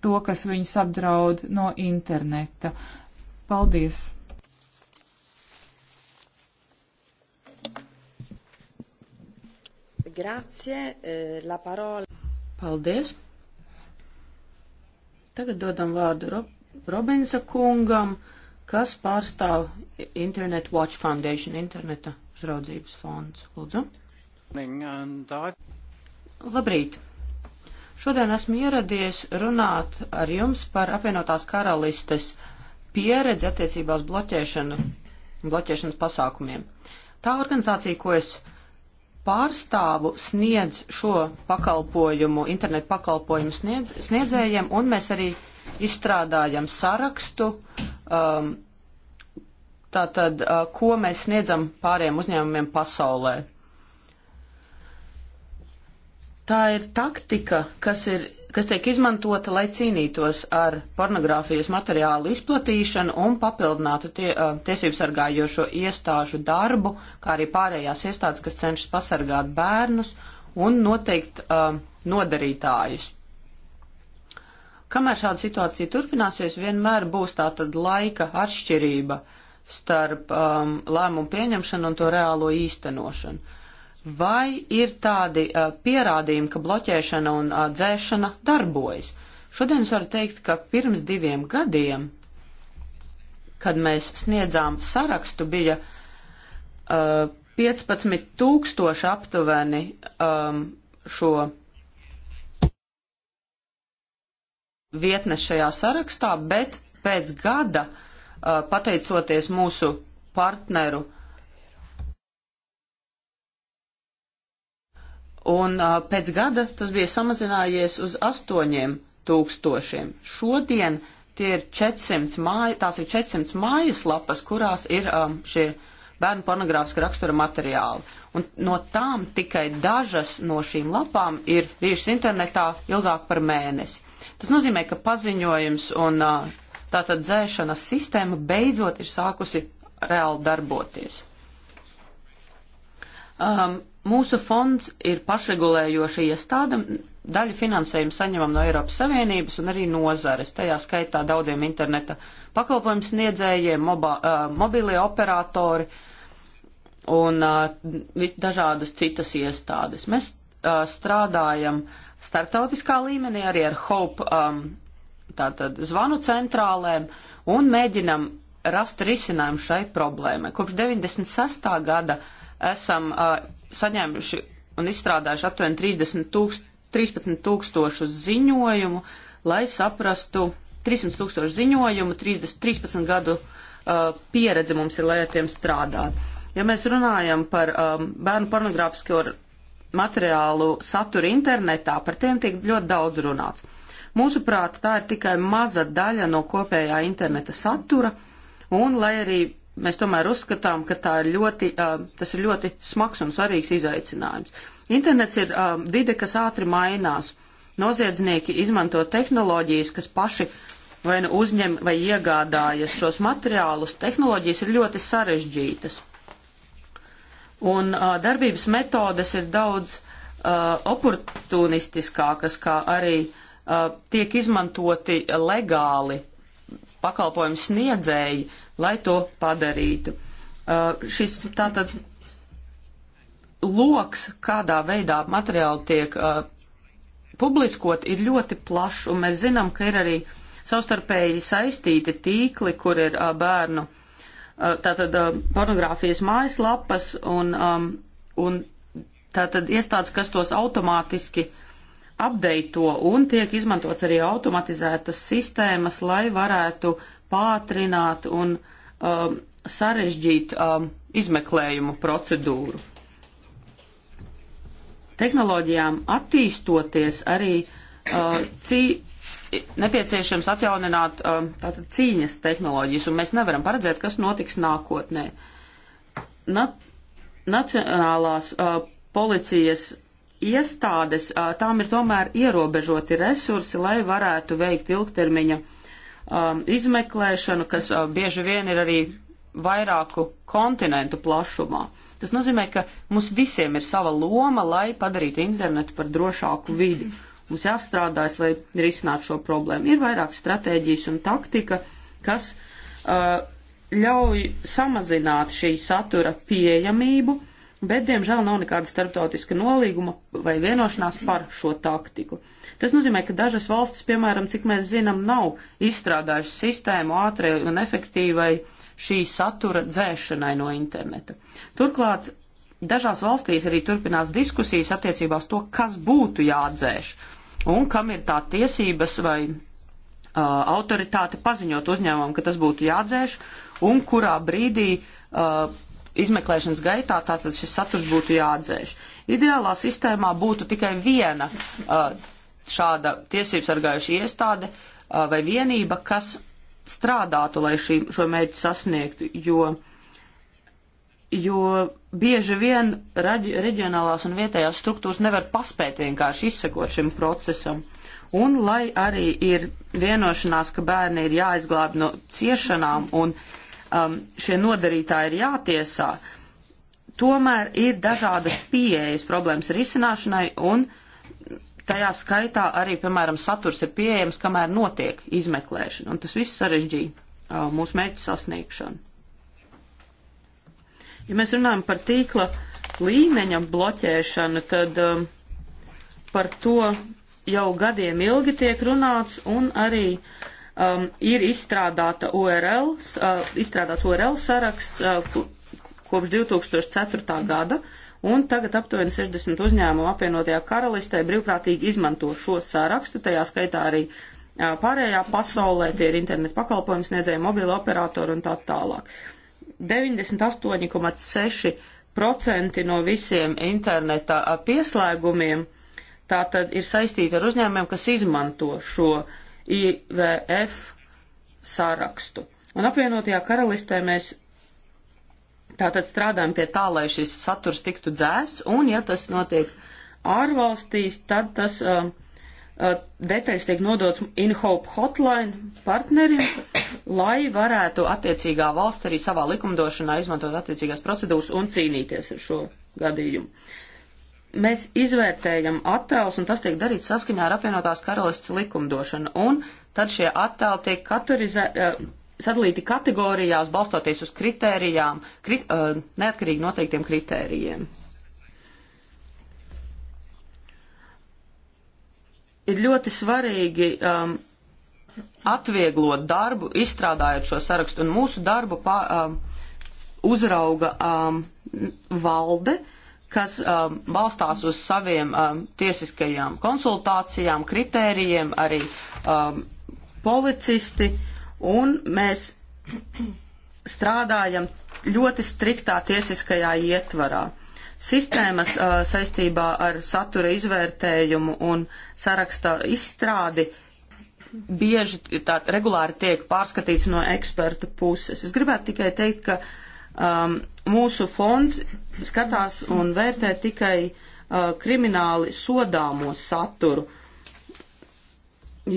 to, kas viņus apdraud no interneta. Paldies! Grazie, eh, la parola. Paldies. Tagad dodam vārdu Rob Robinsa kungam, kas pārstāv Internet Watch Foundation, interneta uzraudzības fonds. Lūdzu. Labrīt. Šodien esmu ieradies runāt ar jums par apvienotās karalistes pieredzi attiecībā uz bloķēšanu un bloķēšanas pasākumiem. Tā organizācija, ko es pārstāvu sniedz šo pakalpojumu, internetu pakalpojumu sniedz, sniedzējiem, un mēs arī izstrādājam sarakstu, um, tātad, uh, ko mēs sniedzam pāriem uzņēmumiem pasaulē. Tā ir taktika, kas ir kas tiek izmantota, lai cīnītos ar pornogrāfijas materiālu izplatīšanu un papildinātu tie, uh, tiesību sargājošo iestāžu darbu, kā arī pārējās iestādes, kas cenšas pasargāt bērnus un noteikt uh, nodarītājus. Kamēr šāda situācija turpināsies, vienmēr būs tātad laika atšķirība starp um, lēmumu pieņemšanu un to reālo īstenošanu vai ir tādi uh, pierādījumi, ka bloķēšana un uh, dzēšana darbojas. Šodien es varu teikt, ka pirms diviem gadiem, kad mēs sniedzām sarakstu, bija uh, 15 tūkstoši aptuveni um, šo vietnes šajā sarakstā, bet pēc gada, uh, pateicoties mūsu partneru uh, un uh, pēc gada tas bija samazinājies uz 8 tūkstošiem. Šodien tie ir 400 māja, tās ir 400 mājaslapas, kurās ir um, šie bērnu pornogrāfiska rakstura materiāli. Un no tām tikai dažas no šīm lapām ir bijušas internetā ilgāk par mēnesi. Tas nozīmē, ka paziņojums un uh, tātad dzēšanas sistēma beidzot ir sākusi reāli darboties. Um, Mūsu fonds ir pašregulējoša iestāde, daļu finansējumu saņemam no Eiropas Savienības un arī nozares, tajā skaitā daudziem interneta pakalpojumu sniedzējiem, moba, uh, mobilie operatori un uh, dažādas citas iestādes. Mēs uh, strādājam starptautiskā līmenī arī ar HOPE um, tātad zvanu centrālēm un mēģinam rast risinājumu šai problēmai. Kopš 96. gada esam uh, saņēmuši un izstrādājuši aptuveni 30 tūkst, 13 tūkstošu ziņojumu, lai saprastu 300 tūkstošu ziņojumu, 30, 13 gadu uh, pieredze mums ir, lai ar tiem strādāt. Ja mēs runājam par um, bērnu pornogrāfisko materiālu saturu internetā, par tiem tiek ļoti daudz runāts. Mūsuprāt, tā ir tikai maza daļa no kopējā interneta satura, un lai arī mēs tomēr uzskatām, ka tā ir ļoti, uh, tas ir ļoti smags un svarīgs izaicinājums. Internets ir uh, vide, kas ātri mainās. Noziedznieki izmanto tehnoloģijas, kas paši vai nu uzņem vai iegādājas šos materiālus. Tehnoloģijas ir ļoti sarežģītas. Un uh, darbības metodes ir daudz uh, oportunistiskākas, kā arī uh, tiek izmantoti legāli pakalpojumu sniedzēji, lai to padarītu. Uh, šis tātad loks, kādā veidā materiāli tiek uh, publiskot, ir ļoti plašs, un mēs zinām, ka ir arī savstarpēji saistīti tīkli, kur ir uh, bērnu uh, tātad uh, pornogrāfijas mājaslapas un, um, un tātad iestādes, kas tos automātiski uh, apdeito un tiek izmantots arī automatizētas sistēmas, lai varētu pātrināt un um, sarežģīt um, izmeklējumu procedūru. Tehnoloģijām attīstoties arī uh, cī, nepieciešams atjaunināt um, tātad cīņas tehnoloģijas, un mēs nevaram paredzēt, kas notiks nākotnē. Na, nacionālās uh, policijas iestādes, tām ir tomēr ierobežoti resursi, lai varētu veikt ilgtermiņa um, izmeklēšanu, kas uh, bieži vien ir arī vairāku kontinentu plašumā. Tas nozīmē, ka mums visiem ir sava loma, lai padarītu internetu par drošāku vidi. Mums jāstrādājas, lai risinātu šo problēmu. Ir vairāk stratēģijas un taktika, kas uh, ļauj samazināt šī satura pieejamību bet, diemžēl, nav nekāda starptautiska nolīguma vai vienošanās par šo taktiku. Tas nozīmē, ka dažas valstis, piemēram, cik mēs zinām, nav izstrādājušas sistēmu ātrai un efektīvai šī satura dzēšanai no interneta. Turklāt dažās valstīs arī turpinās diskusijas attiecībā uz to, kas būtu jādzēš un kam ir tā tiesības vai uh, autoritāte paziņot uzņēmumam, ka tas būtu jādzēš un kurā brīdī uh, izmeklēšanas gaitā tātad šis saturs būtu jāatdzēš. Ideālā sistēmā būtu tikai viena uh, šāda tiesības sargājuša iestāde uh, vai vienība, kas strādātu, lai šī, šo mērķi sasniegtu, jo, jo bieži vien raģi, reģionālās un vietējās struktūras nevar paspēt vienkārši izsekot šim procesam. Un lai arī ir vienošanās, ka bērni ir jāizglāb no ciešanām un uh, um, šie nodarītāji ir jātiesā, tomēr ir dažādas pieejas problēmas risināšanai un tajā skaitā arī, piemēram, saturs ir pieejams, kamēr notiek izmeklēšana, un tas viss sarežģīja uh, mūsu mērķu sasniegšanu. Ja mēs runājam par tīkla līmeņa bloķēšanu, tad um, par to jau gadiem ilgi tiek runāts, un arī uh, um, ir izstrādāta URL, uh, izstrādāts URL saraksts uh, kopš 2004. gada, un tagad aptuveni 60 uzņēmumu apvienotajā karalistē brīvprātīgi izmanto šo sarakstu, tajā skaitā arī uh, pārējā pasaulē, tie ir internetu pakalpojumu sniedzēji, mobila operatori un tā tālāk. 98,6% no visiem interneta uh, pieslēgumiem tātad ir saistīti ar uzņēmumiem, kas izmanto šo uh, IVF sārakstu. Un apvienotajā karalistē mēs tātad strādājam pie tā, lai šis saturs tiktu dzēsts, un ja tas notiek ārvalstīs, tad tas uh, uh, detaļas tiek nodots InHope hotline partnerim, lai varētu attiecīgā valsts arī savā likumdošanā izmantot attiecīgās procedūras un cīnīties ar šo gadījumu mēs izvērtējam attēlus, un tas tiek darīts saskaņā ar apvienotās karalists likumdošanu, un tad šie attēli tiek katorizē, eh, sadalīti kategorijās, balstoties uz kritērijām, kri, eh, neatkarīgi noteiktiem kritērijiem. Ir ļoti svarīgi um, atvieglot darbu, izstrādājot šo sarakstu, un mūsu darbu pa, um, uzrauga um, valde, kas um, balstās uz saviem um, tiesiskajām konsultācijām, kritērijiem, arī um, policisti, un mēs strādājam ļoti striktā tiesiskajā ietvarā. Sistēmas uh, saistībā ar satura izvērtējumu un saraksta izstrādi bieži tā regulāri tiek pārskatīts no ekspertu puses. Es gribētu tikai teikt, ka um, mūsu fonds skatās un vērtē tikai uh, krimināli sodāmo saturu,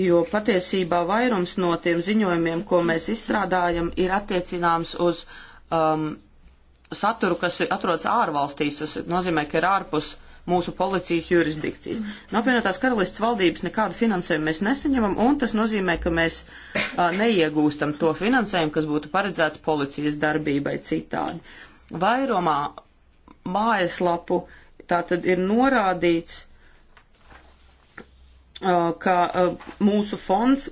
jo patiesībā vairums no tiem ziņojumiem, ko mēs izstrādājam, ir attiecināms uz um, saturu, kas atrodas ārvalstīs. Tas nozīmē, ka ir ārpus mūsu policijas jurisdikcijas. No apvienotās karalists valdības nekādu finansējumu mēs nesaņemam, un tas nozīmē, ka mēs uh, neiegūstam to finansējumu, kas būtu paredzēts policijas darbībai citādi. Uh, Vairumā mājaslapu tātad ir norādīts, ka mūsu fonds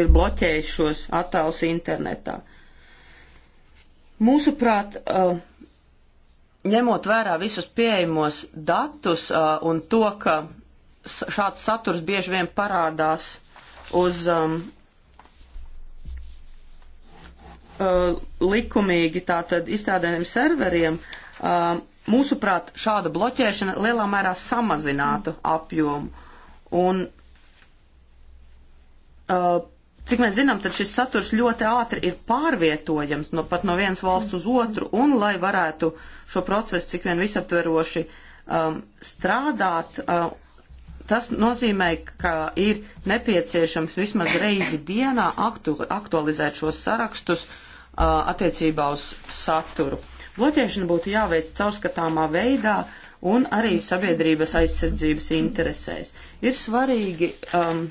ir bloķējis šos attēlus internetā. Mūsuprāt, ņemot vērā visus pieejamos datus un to, ka šāds saturs bieži vien parādās uz uh, likumīgi tātad izstrādājumiem serveriem, uh, mūsuprāt, šāda bloķēšana lielā mērā samazinātu apjomu. Un, uh, cik mēs zinām, tad šis saturs ļoti ātri ir pārvietojams no pat no vienas valsts uz otru, un lai varētu šo procesu cik vien visaptveroši um, strādāt, uh, tas nozīmē, ka ir nepieciešams vismaz reizi dienā aktu, aktualizēt šos sarakstus, uh, attiecībā uz saturu. Bloķēšana būtu jāveic caurskatāmā veidā un arī sabiedrības aizsardzības interesēs. Ir svarīgi, um,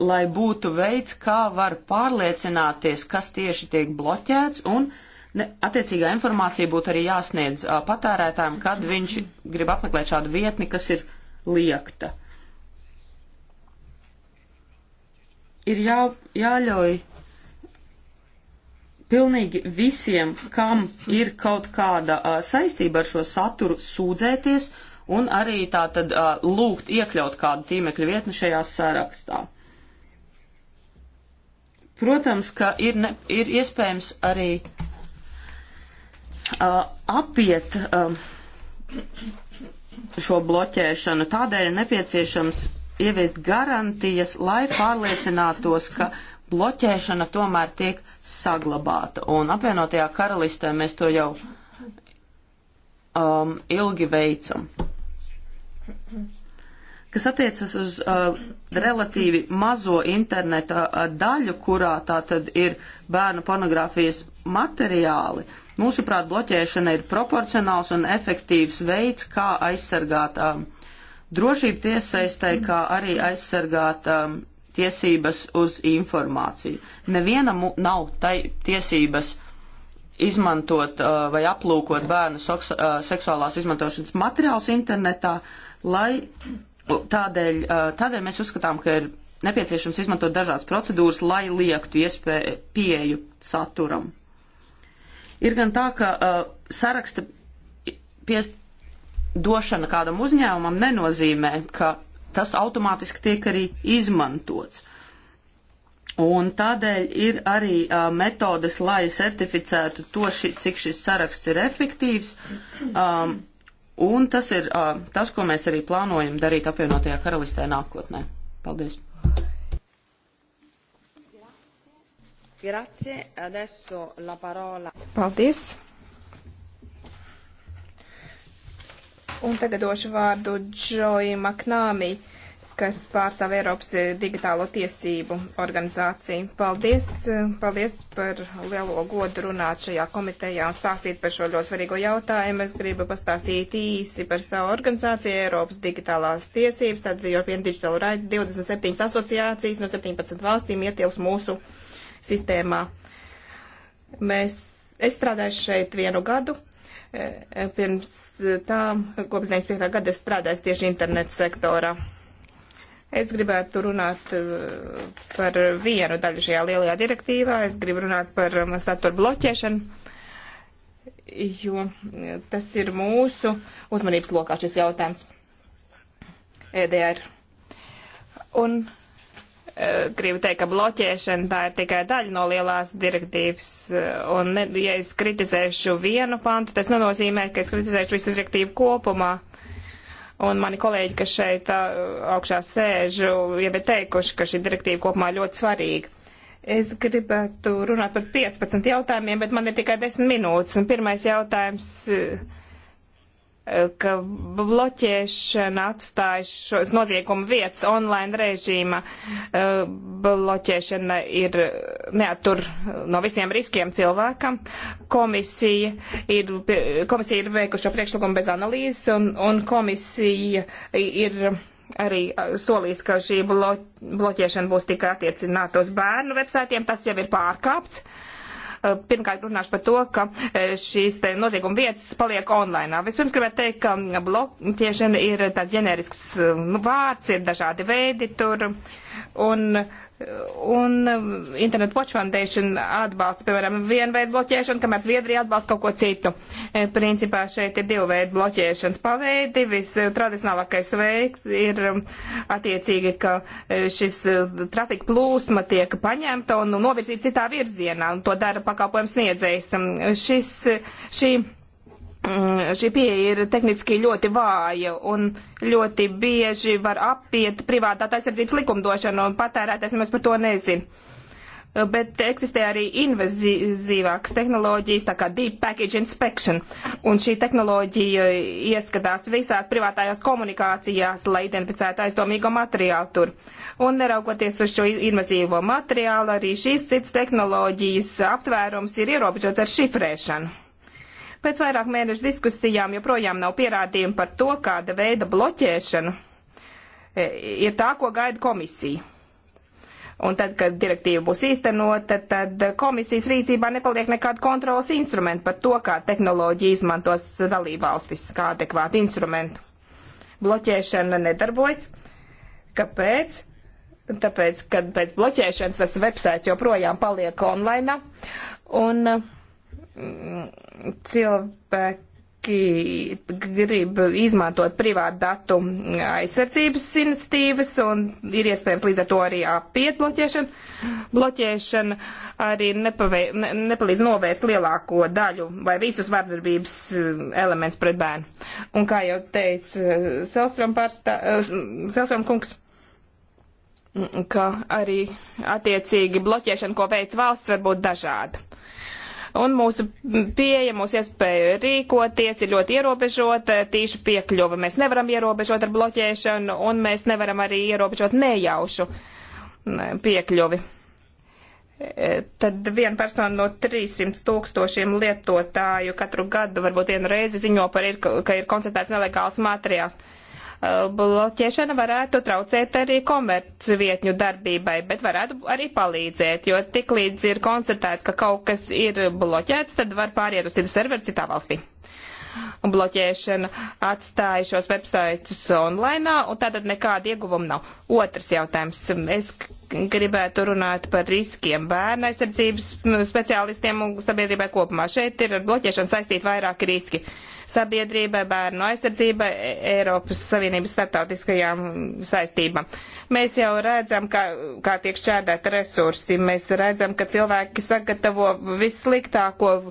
lai būtu veids, kā var pārliecināties, kas tieši tiek bloķēts, un ne, attiecīgā informācija būtu arī jāsniedz uh, patērētājiem, kad viņš grib apmeklēt šādu vietni, kas ir liekta. Ir jā, jāļauj pilnīgi visiem, kam ir kaut kāda uh, saistība ar šo saturu, sūdzēties un arī tā tad uh, lūgt iekļaut kādu tīmekļa vietni šajā sarakstā. Protams, ka ir, ne, ir iespējams arī uh, apiet uh, šo bloķēšanu. Tādēļ ir nepieciešams ieviest garantijas, lai pārliecinātos, ka bloķēšana tomēr tiek saglabāta. Un apvienotajā karalistē mēs to jau um, ilgi veicam. Kas attiecas uz uh, relatīvi mazo interneta uh, daļu, kurā tā tad ir bērnu pornogrāfijas materiāli, mūsuprāt, bloķēšana ir proporcionāls un efektīvs veids, kā aizsargāt um, drošību tiesaistē, kā arī aizsargāt um, tiesības uz informāciju. Nevienam nav tai tiesības izmantot uh, vai aplūkot bērnu soks, uh, seksuālās izmantošanas materiālus internetā, lai tādēļ, uh, tādēļ mēs uzskatām, ka ir nepieciešams izmantot dažādas procedūras, lai liektu iespēju pieeju saturam. Ir gan tā, ka uh, saraksta piest došana kādam uzņēmumam nenozīmē, ka tas automātiski tiek arī izmantots. Un tādēļ ir arī uh, metodes, lai certificētu to, ši, cik šis saraksts ir efektīvs. Um, un tas ir uh, tas, ko mēs arī plānojam darīt apvienotajā karalistē nākotnē. Paldies! Grazie. Adesso la parola. Paldies. Un tagad došu vārdu Džoji Maknāmī, kas pārstāv Eiropas digitālo tiesību organizāciju. Paldies, paldies par lielo godu runāt šajā komitejā un stāstīt par šo ļoti svarīgo jautājumu. Es gribu pastāstīt īsi par savu organizāciju Eiropas digitālās tiesības, tad European Digital Rights 27 asociācijas no 17 valstīm ietilps mūsu sistēmā. Mēs, es strādāju šeit vienu gadu Pirms tam, kopš 95. gada, es strādāju tieši internetu sektorā. Es gribētu runāt uh, par vienu daļu šajā lielajā direktīvā. Es gribu runāt par um, satura bloķēšanu, jo uh, tas ir mūsu uzmanības lokā šis jautājums. EDR. Un Eh, gribu teikt, ka bloķēšana tā ir tikai daļa no lielās direktīvas. Eh, un, ne, ja es kritizēšu vienu pantu, tas nenozīmē, ka es kritizēšu visu direktīvu kopumā. Un mani kolēģi, kas šeit eh, augšā sēž, jau ir teikuši, ka šī direktīva kopumā ļoti svarīga. Es gribētu runāt par 15 jautājumiem, bet man ir tikai 10 minūtes. Un pirmais jautājums. Uh, ka bloķēšana atstāja šos nozieguma vietas online režīma. E, bloķēšana ir neatur no visiem riskiem cilvēkam. Komisija ir, komisija ir veikušo priekšlikumu bez analīzes, un, un komisija ir arī solījis, ka šī bloķēšana būs tikai attiecināta uz bērnu websaitiem. Tas jau ir pārkāpts. Uh, Eh, pirmkārt, runāšu par to, ka eh, šīs nozieguma vietas paliek online. Vispirms gribētu teikt, ka mm, bloķēšana ir tāds ģenerisks nu, vārds, ir dažādi veidi tur. Un, uh, un um, internetu watch foundation atbalsta, piemēram, vienu veidu bloķēšanu, kamēr Zviedrija atbalsta kaut ko citu. E, principā šeit ir divi veidi bloķēšanas paveidi. Vistradicionālākais veids ir um, attiecīgi, ka e, šis e, trafika plūsma tiek paņemta un novirzīta citā virzienā, un to dara pakalpojums sniedzējs. Um, šis, šī Mm, šī pieeja ir tehniski ļoti vāja un ļoti bieži var apiet privātā aizsardzības likumdošanu un patērētājs nemaz par to nezin. Uh, bet eksistē arī invazīvākas tehnoloģijas, tā kā Deep Package Inspection, un šī tehnoloģija ieskatās visās privātājās komunikācijās, lai identificētu aizdomīgo materiālu tur. Un neraugoties uz šo invazīvo materiālu, arī šīs citas tehnoloģijas aptvērums ir ierobežots ar šifrēšanu Pēc vairāk mēnešu diskusijām joprojām nav pierādījumi par to, kāda veida bloķēšana e, ir tā, ko gaida komisija. Un tad, kad direktīva būs īstenota, tad komisijas rīcībā nepaliek nekāda kontrolas instrumenta par to, kā tehnoloģija izmantos dalībvalstis, kā adekvāti instrumentu. Bloķēšana nedarbojas. Kāpēc? Tāpēc, kad pēc bloķēšanas tas websēts joprojām paliek online. Un, uh, cilvēki grib izmantot privātu datu aizsardzības iniciatīvas un ir iespējams līdz ar to arī apiet bloķēšanu. Bloķēšana arī nepavē, ne, nepalīdz novērst lielāko daļu vai visus vardarbības eh, elements pret bērnu. Un kā jau teica eh, Selstrom, pārstā, eh, Selstrom kungs ka arī attiecīgi bloķēšana, ko veic valsts, var būt dažāda un mūsu pieeja, mūsu iespēja rīkoties ir ļoti ierobežota, eh, tīša piekļuva. Mēs nevaram ierobežot ar bloķēšanu, un mēs nevaram arī ierobežot nejaušu piekļuvi. E, tad viena persona no 300 tūkstošiem lietotāju katru gadu varbūt vienu reizi ziņo par, ir, ka ir koncentrēts nelegāls materiāls bloķēšana varētu traucēt arī komercvietņu darbībai, bet varētu arī palīdzēt, jo tik līdz ir konstatēts, ka kaut kas ir bloķēts, tad var pāriet uz citu serveru citā valstī. Un bloķēšana atstāja šos websaitus online, un tātad nekāda ieguvuma nav. Otrs jautājums. Es gribētu runāt par riskiem bērna aizsardzības speciālistiem un sabiedrībai kopumā. Šeit ir ar bloķēšanu saistīti vairāki riski. Uh, sabiedrībai, bērnu aizsardzībai, e- Eiropas Savienības startautiskajām saistībām. Mēs jau redzam, kā, kā tiek šķērdēti resursi, mēs redzam, ka cilvēki sagatavo vissliktāko e,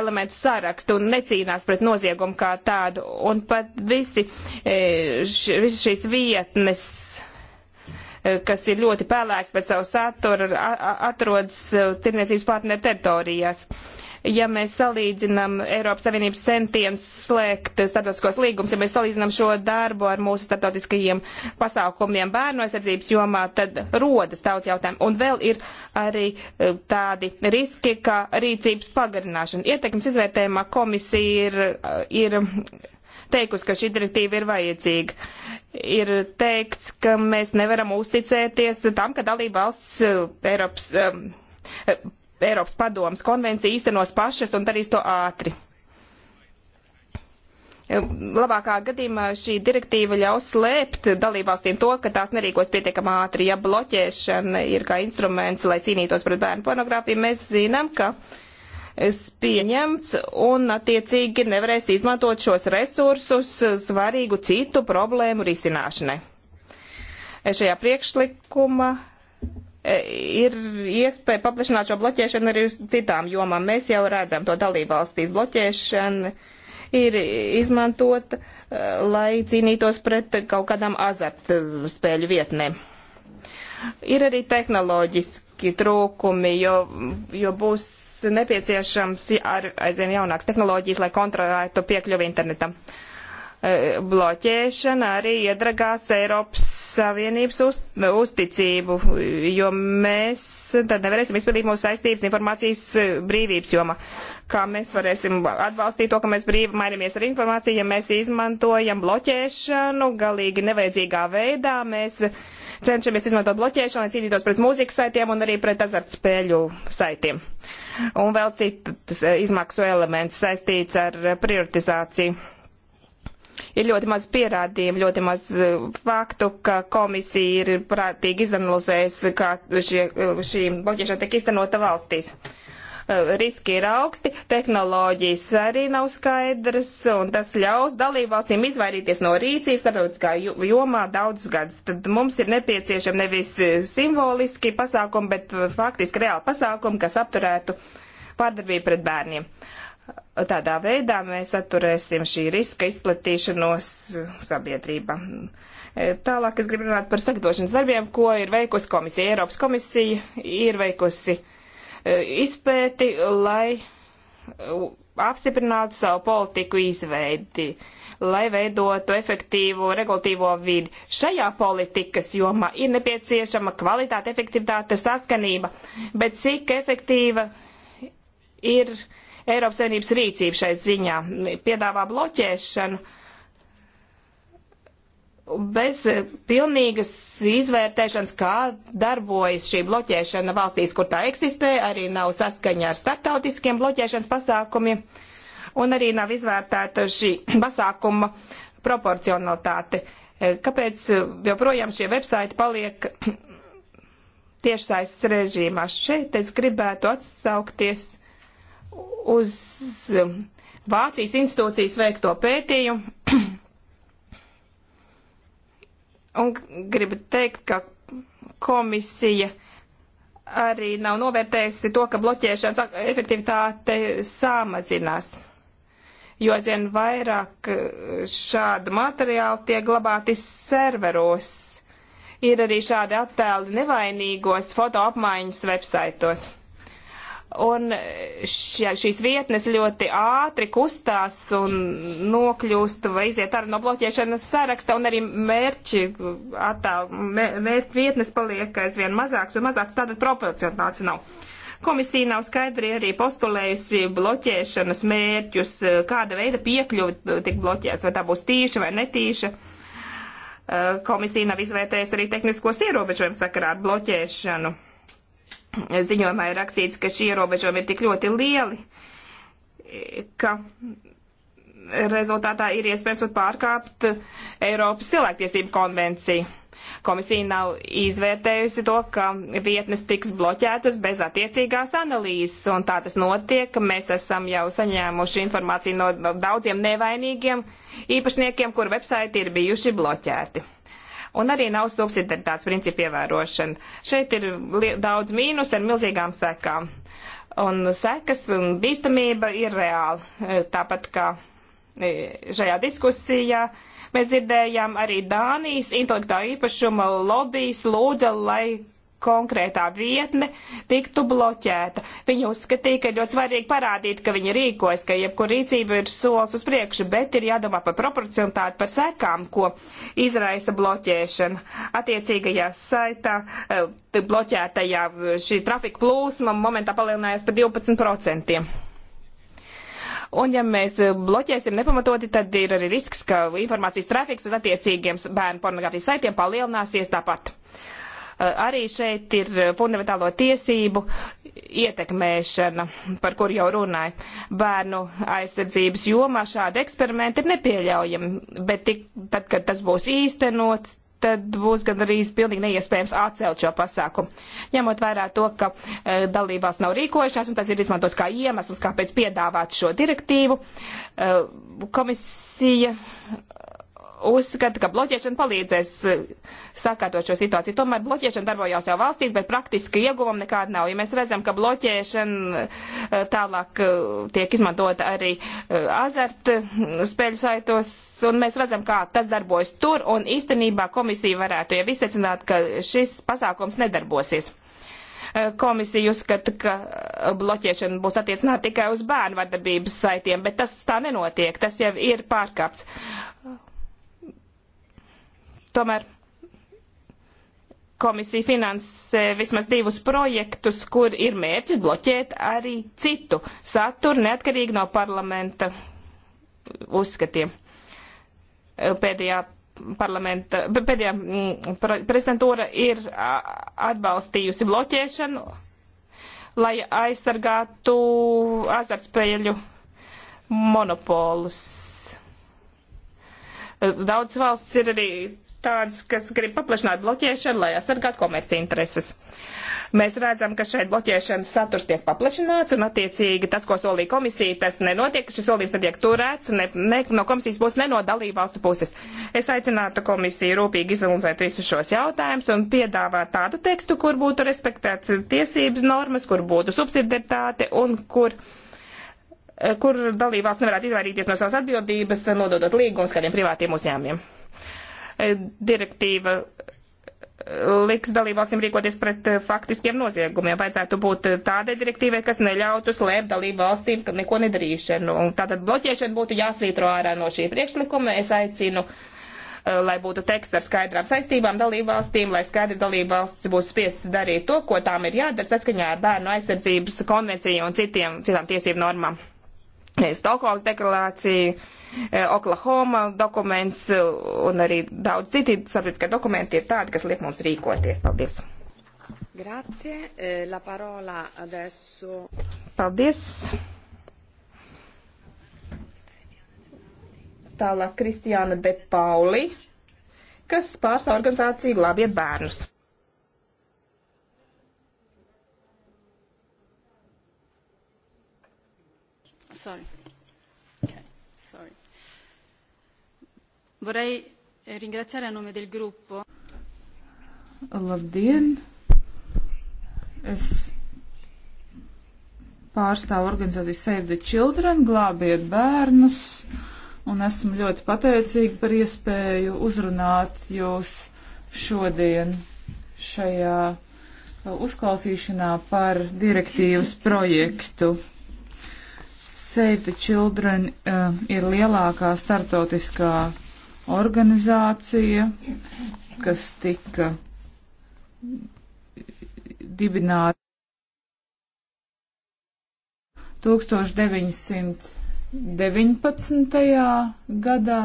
elementu sarakstu un necīnās pret noziegumu kā tādu. Un pat visi, e, š, visi šīs vietnes kas ir ļoti pelēks pēc savu saturu, atrodas e, tirniecības partneru teritorijās. Ja mēs salīdzinām Eiropas Savienības centienus slēgt starptautiskos līgumus, ja mēs salīdzinām šo darbu ar mūsu starptautiskajiem pasākumiem bērnu aizsardzības jomā, tad rodas daudz jautājumu. Un vēl ir arī e, tādi riski, kā rīcības pagarināšana. Ietekmes izvērtējumā komisija ir, e, ir teikusi, ka šī direktīva ir vajadzīga ir teikts, ka mēs nevaram uzticēties tam, ka dalība valsts eh, Eiropas, um, Eiropas padomas konvencija īstenos pašas un darīs to ātri. Labākā gadījumā šī direktīva ļaus slēpt dalībvalstīm to, ka tās nerīkos pietiekam ātri. Ja bloķēšana ir kā instruments, lai cīnītos pret bērnu pornogrāfiju, mēs zinām, ka uh, pieņemts un attiecīgi nevarēs izmantot šos resursus svarīgu citu problēmu risināšanai. Šajā priekšlikuma e, ir iespēja paplašināt šo bloķēšanu arī uz citām jomām. Mēs jau redzam to dalībvalstīs bloķēšanu ir izmantota, e, lai cīnītos pret kaut kādām azartspēļu vietnēm. Ir arī tehnoloģiski trūkumi, jo, jo būs nepieciešams ar aizvien jaunākas tehnoloģijas, lai kontrolētu piekļuvi internetam. E, bloķēšana arī iedragās Eiropas Savienības uz, uzticību, jo mēs tad nevarēsim izpildīt mūsu saistības informācijas e, brīvības joma. Kā mēs varēsim atbalstīt to, ka mēs brīvi mainamies ar informāciju, ja mēs izmantojam bloķēšanu galīgi nevajadzīgā veidā, mēs uh, cenšamies izmantot bloķēšanu, lai cīnītos pret mūzikas saitiem un arī pret azartspēļu saitiem. Un vēl citas eh, izmaksu elements saistīts ar eh, prioritizāciju. Ir ļoti maz pierādījumu, ļoti maz eh, faktu, ka komisija ir prātīgi izanalizējusi, kā šie, šī bloķēšana tiek iztenota valstīs. Uh, Eh, riski ir augsti, tehnoloģijas arī nav skaidras, un tas ļaus dalībvalstīm izvairīties no rīcības starptautiskā jomā daudzus gadus. Tad mums ir nepieciešami nevis simboliski pasākumi, bet eh, faktiski reāli pasākumi, kas apturētu pārdarbību pret bērniem. Tādā veidā mēs atturēsim šī riska izplatīšanos sabiedrībā. Eh, tālāk es gribu runāt par sagatavošanas darbiem, ko ir veikusi komisija. Eiropas komisija ir veikusi uh, izpēti, lai uh, apstiprinātu savu politiku izveidi, lai veidotu efektīvu regulatīvo vidi. Šajā politikas jomā ir nepieciešama kvalitāte, efektivitāte, saskanība, bet cik efektīva ir Eiropas Savienības rīcība šai ziņā, piedāvā bloķēšanu bez pilnīgas izvērtēšanas, kā darbojas šī bloķēšana valstīs, kur tā eksistē, arī nav saskaņa ar starptautiskiem bloķēšanas pasākumiem, un arī nav izvērtēta šī *clears throat* pasākuma proporcionalitāte. E, kāpēc joprojām šie websaiti paliek *clears throat* tiešsaistes režīmā? Šeit es gribētu atsaukties uz Vācijas institūcijas veikto pētījumu *clears throat* Un gribu teikt, ka komisija arī nav novērtējusi to, ka bloķēšanas efektivitāte samazinās, jo aizvien vairāk eh, šādu materiālu tiek glabāti serveros. Ir arī šādi attēli nevainīgos fotoapmaiņas websaitos. Un šie, šīs vietnes ļoti ātri kustās un nokļūst vai iziet ar no bloķēšanas saraksta, un arī mērķi attāl, mērķi vietnes paliek aizvien mazāks un mazāks, tātad proporcionāts nav. Komisija nav skaidri arī postulējusi bloķēšanas mērķus, kāda veida piekļuvi tik bloķēts, vai tā būs tīša vai netīša komisija nav izvērtējusi arī tehniskos ierobežojumus sakarā ar bloķēšanu ziņojumā ir rakstīts, ka šie ierobežojumi ir tik ļoti lieli, ka rezultātā ir iespējams pat pārkāpt Eiropas cilvēktiesību konvenciju. Komisija nav izvērtējusi to, ka vietnes tiks bloķētas bez attiecīgās analīzes, un tā tas notiek. Mēs esam jau saņēmuši informāciju no daudziem nevainīgiem īpašniekiem, kur websaiti ir bijuši bloķēti un arī nav subsidaritātes principu ievērošana. Šeit ir daudz mīnus ar milzīgām sekām. Un sekas un bīstamība ir reāli. E, tāpat kā e, šajā diskusijā mēs dzirdējām arī Dānijas intelektā īpašuma lobijas lūdza, lai konkrētā vietne tiktu bloķēta. Viņi uzskatīja, ka ļoti svarīgi parādīt, ka viņi rīkojas, ka jebkur rīcība ir solis uz priekšu, bet ir jādomā par proporcionalitāti, par sekām, ko izraisa bloķēšana. Attiecīgajā saitā eh, bloķētajā eh, šī trafika plūsma momentā palielinājās par 12%. Un, ja mēs eh, bloķēsim nepamatoti, tad ir arī risks, ka informācijas trafiks uz attiecīgiem bērnu pornogrāfijas saitiem palielināsies tāpat arī šeit ir fundamentālo tiesību ietekmēšana, par kur jau runāju. Bērnu aizsardzības jomā šādi eksperimenti ir nepieļaujami, bet tik, tad, kad tas būs īstenots, tad būs gandrīz pilnīgi neiespējams atcelt šo pasākumu. Ņemot vērā to, ka e, dalībās nav rīkojušās, un tas ir izmantots kā iemesls, kāpēc piedāvāt šo direktīvu, e, komisija uzskata, ka bloķēšana palīdzēs eh, sakārtot šo situāciju. Tomēr bloķēšana darbojās jau valstīs, bet praktiski ieguvuma nekāda nav. Ja mēs redzam, ka bloķēšana eh, tālāk eh, tiek izmantota arī azart spēļu saitos, un mēs redzam, kā tas darbojas tur, un īstenībā komisija varētu jau izsecināt, ka šis pasākums nedarbosies. Komisija uzskata, ka bloķēšana būs attiecināta tikai uz bērnu vardarbības saitiem, bet tas tā nenotiek, tas jau ir pārkāpts. Tomēr komisija finansē vismaz divus projektus, kur ir mērķis bloķēt arī citu saturu, neatkarīgi no parlamenta uzskatiem. Pēdējā parlamenta, pēdējā mm, prezidentūra ir atbalstījusi bloķēšanu, lai aizsargātu azartspēļu monopolus. Daudz valsts ir arī tādas, kas grib paplašināt bloķēšanu, lai aizsargātu komerci intereses. Mēs redzam, ka šeit bloķēšanas saturs tiek paplašināts, un attiecīgi tas, ko solīja komisija, tas nenotiek, šis solījums netiek turēts ne, ne, no komisijas puses, ne no dalību valstu puses. Es aicinātu komisiju rūpīgi izanalizēt visus šos jautājumus un piedāvāt tādu tekstu, kur būtu respektēts tiesības normas, kur būtu subsidiaritāte un kur kur dalībvalsts nevarētu izvairīties no savas atbildības, nododot līgumus kādiem privātiem uzņēmumiem. Eh, direktīva eh, liks dalībvalstīm rīkoties pret eh, faktiskiem noziegumiem. Vajadzētu būt tādai direktīvai, kas neļautu slēpt dalībvalstīm neko nedarīšanu. Un tātad bloķēšana būtu jāsvītro ārā no šī priekšlikuma. Es aicinu lai būtu teksts ar skaidrām saistībām dalībvalstīm, lai skaidri dalībvalsts būs spiesas darīt to, ko tām ir jādara saskaņā ar bērnu aizsardzības konvenciju un citiem, citām tiesību normām. Stokholmas deklarācija, eh, Oklahoma dokuments eh, un arī daudz citi sabiedriskie dokumenti ir tādi, kas liek mums rīkoties. Paldies! Grazie, eh, la parola adesso. Paldies! Tālāk Kristiāna De Pauli, kas pārstāv organizāciju Glābiet bērnus. Sorry. Okay, sorry. Vorrei eh, ringraziare a nome del gruppo. Labdien! Es pārstāvu organizāciju Save the Children, glābiet bērnus, un esmu ļoti pateicīga par iespēju uzrunāt jūs šodien šajā eh, uzklausīšanā par direktīvas projektu. Save the Children uh, ir lielākā startautiskā organizācija, kas tika dibināta 1919. gadā,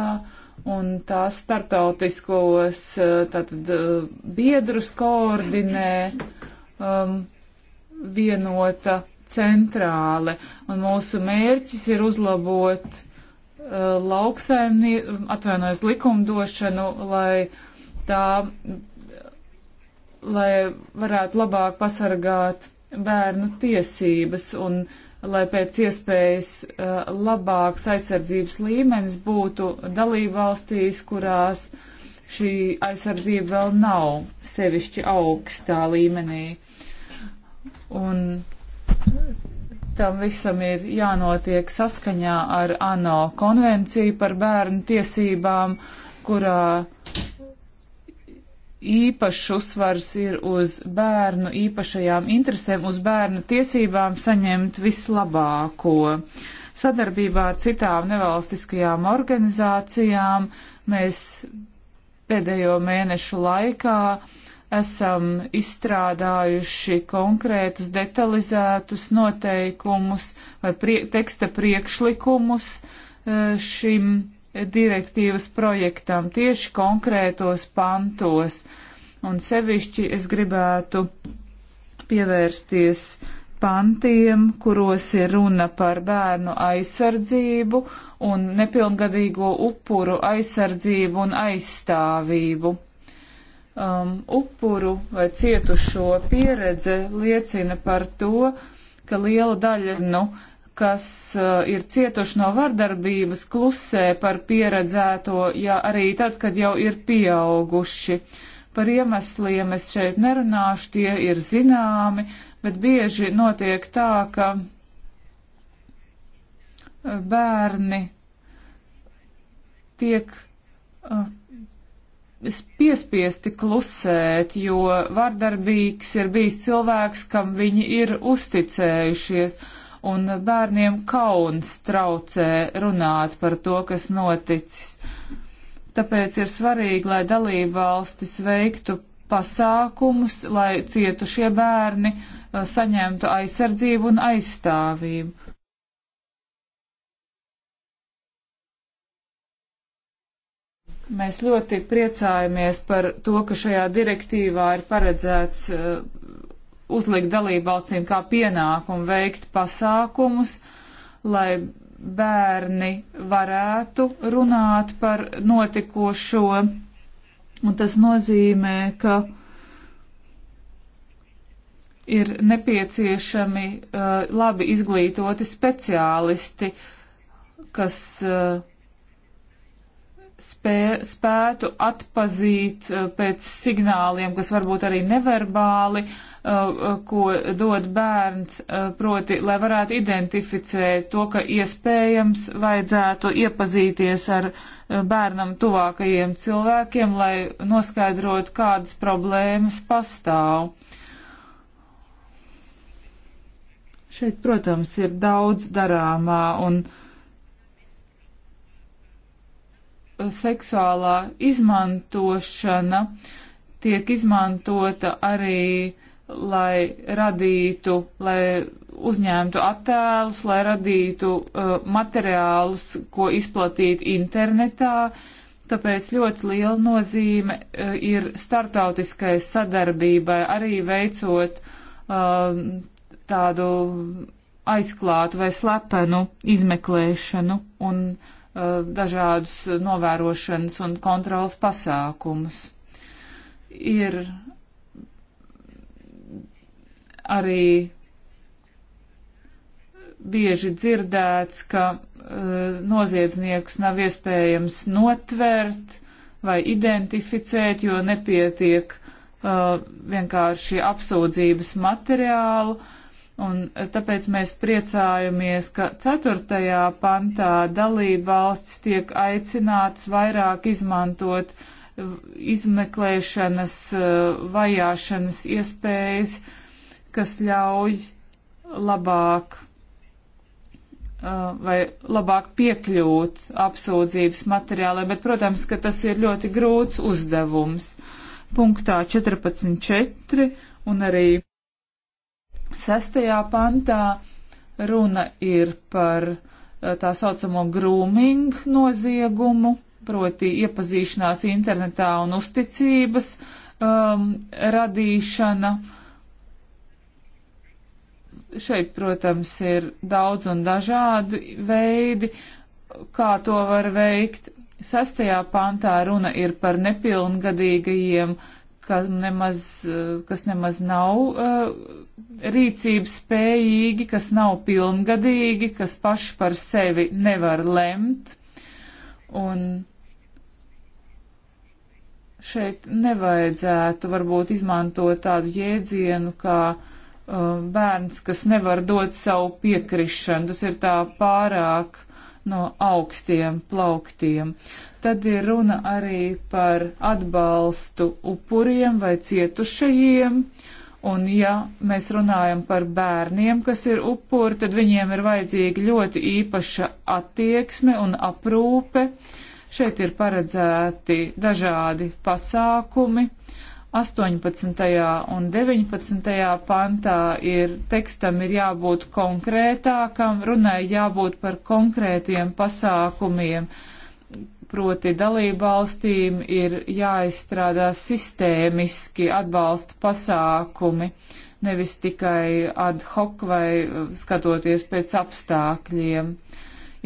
un tās startautiskos eh, tātad, eh, biedrus koordinē um, vienota centrāle, un mūsu mērķis ir uzlabot uh, lauksaimnie, atvainojas likumdošanu, lai tā, lai varētu labāk pasargāt bērnu tiesības un lai pēc iespējas uh, labāks aizsardzības līmenis būtu dalībvalstīs, kurās šī aizsardzība vēl nav sevišķi augstā līmenī. Un Tam visam ir jānotiek saskaņā ar ANO konvenciju par bērnu tiesībām, kurā īpašs uzsvars ir uz bērnu īpašajām interesēm, uz bērnu tiesībām saņemt vislabāko. Sadarbībā ar citām nevalstiskajām organizācijām mēs pēdējo mēnešu laikā uh, esam izstrādājuši konkrētus detalizētus noteikumus vai prie, teksta priekšlikumus e, šim direktīvas projektam tieši konkrētos pantos. Un sevišķi es gribētu pievērsties pantiem, kuros ir runa par bērnu aizsardzību un nepilngadīgo upuru aizsardzību un aizstāvību um, upuru vai cietušo pieredze liecina par to, ka liela daļa, nu, kas uh, ir cietuši no vardarbības, klusē par pieredzēto, ja arī tad, kad jau ir pieauguši. Par iemesliem es šeit nerunāšu, tie ir zināmi, bet bieži notiek tā, ka uh, bērni tiek uh, piespiesti klusēt, jo vardarbīgs ir bijis cilvēks, kam viņi ir uzticējušies, un bērniem kauns traucē runāt par to, kas noticis. Tāpēc ir svarīgi, lai dalība valstis veiktu pasākumus, lai cietušie bērni uh, saņemtu aizsardzību un aizstāvību. Mēs ļoti priecājamies par to, ka šajā direktīvā ir paredzēts uh, uzlikt dalībvalstīm kā pienākumu veikt pasākumus, lai bērni varētu runāt par notikošo. Un tas nozīmē, ka ir nepieciešami uh, labi izglītoti speciālisti, kas uh, spē, spētu atpazīt eh, pēc signāliem, kas varbūt arī neverbāli, eh, eh, ko dod bērns, proti, lai varētu identificēt to, ka iespējams vajadzētu iepazīties ar bērnam tuvākajiem cilvēkiem, lai noskaidrot, kādas problēmas pastāv. Šeit, protams, ir daudz darāmā un uh, seksuālā izmantošana tiek izmantota arī, lai radītu, lai uzņemtu attēlus, lai radītu uh, materiālus, ko izplatīt internetā. Tāpēc ļoti liela nozīme uh, ir startautiskai sadarbībai, arī veicot uh, tādu aizklātu vai slepenu izmeklēšanu un uh, Uh, dažādus novērošanas un kontrolas pasākumus. Ir arī bieži dzirdēts, ka uh, noziedzniekus nav iespējams notvert vai identificēt, jo nepietiek uh, vienkārši apsūdzības materiālu, Un e, tāpēc mēs priecājamies, ka ceturtajā pantā dalība valstis tiek aicināts vairāk izmantot izmeklēšanas, e, vajāšanas iespējas, kas ļauj labāk e, vai labāk piekļūt apsūdzības materiālai, bet, protams, ka tas ir ļoti grūts uzdevums. Punktā 14.4 un arī Sestajā pantā runa ir par eh, tā saucamo grooming noziegumu, proti iepazīšanās internetā un uzticības um, radīšana. Šeit, protams, ir daudz un dažādi veidi, kā to var veikt. Sastajā pantā runa ir par nepilngadīgajiem, kas nemaz, eh, kas nemaz nav uh, rīcības spējīgi, kas nav pilngadīgi, kas paši par sevi nevar lemt. Un šeit nevajadzētu varbūt izmantot tādu jēdzienu kā uh, bērns, kas nevar dot savu piekrišanu. Tas ir tā pārāk no augstiem plauktiem. Tad ir runa arī par atbalstu upuriem vai cietušajiem. Uh, Un ja mēs runājam par bērniem, kas ir upuri, tad viņiem ir vajadzīga ļoti īpaša attieksme un aprūpe. Šeit ir paredzēti dažādi pasākumi. 18. un 19. pantā ir tekstam ir jābūt konkrētākam, runai jābūt par konkrētiem pasākumiem proti dalību valstīm ir jāizstrādā sistēmiski atbalsta pasākumi, nevis tikai ad hoc vai uh, skatoties pēc apstākļiem.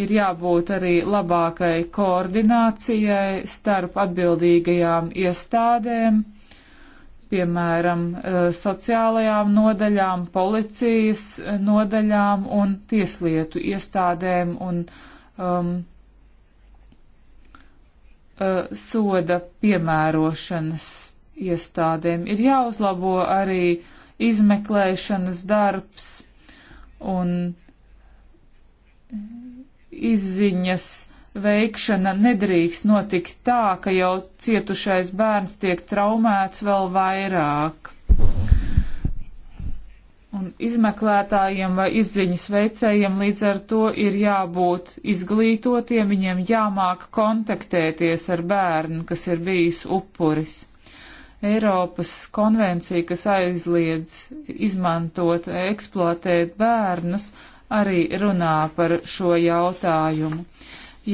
Ir jābūt arī labākai koordinācijai starp atbildīgajām iestādēm, piemēram, uh, sociālajām nodaļām, policijas uh, nodaļām un tieslietu iestādēm un um, Uh, soda piemērošanas iestādēm. Ir jāuzlabo arī izmeklēšanas darbs un izziņas veikšana nedrīkst notikt tā, ka jau cietušais bērns tiek traumēts vēl vairāk. Un izmeklētājiem vai izziņas veicējiem līdz ar to ir jābūt izglītotiem, viņiem jāmāk kontaktēties ar bērnu, kas ir bijis upuris. Eiropas konvencija, kas aizliedz izmantot, eksploatēt bērnus, arī runā par šo jautājumu.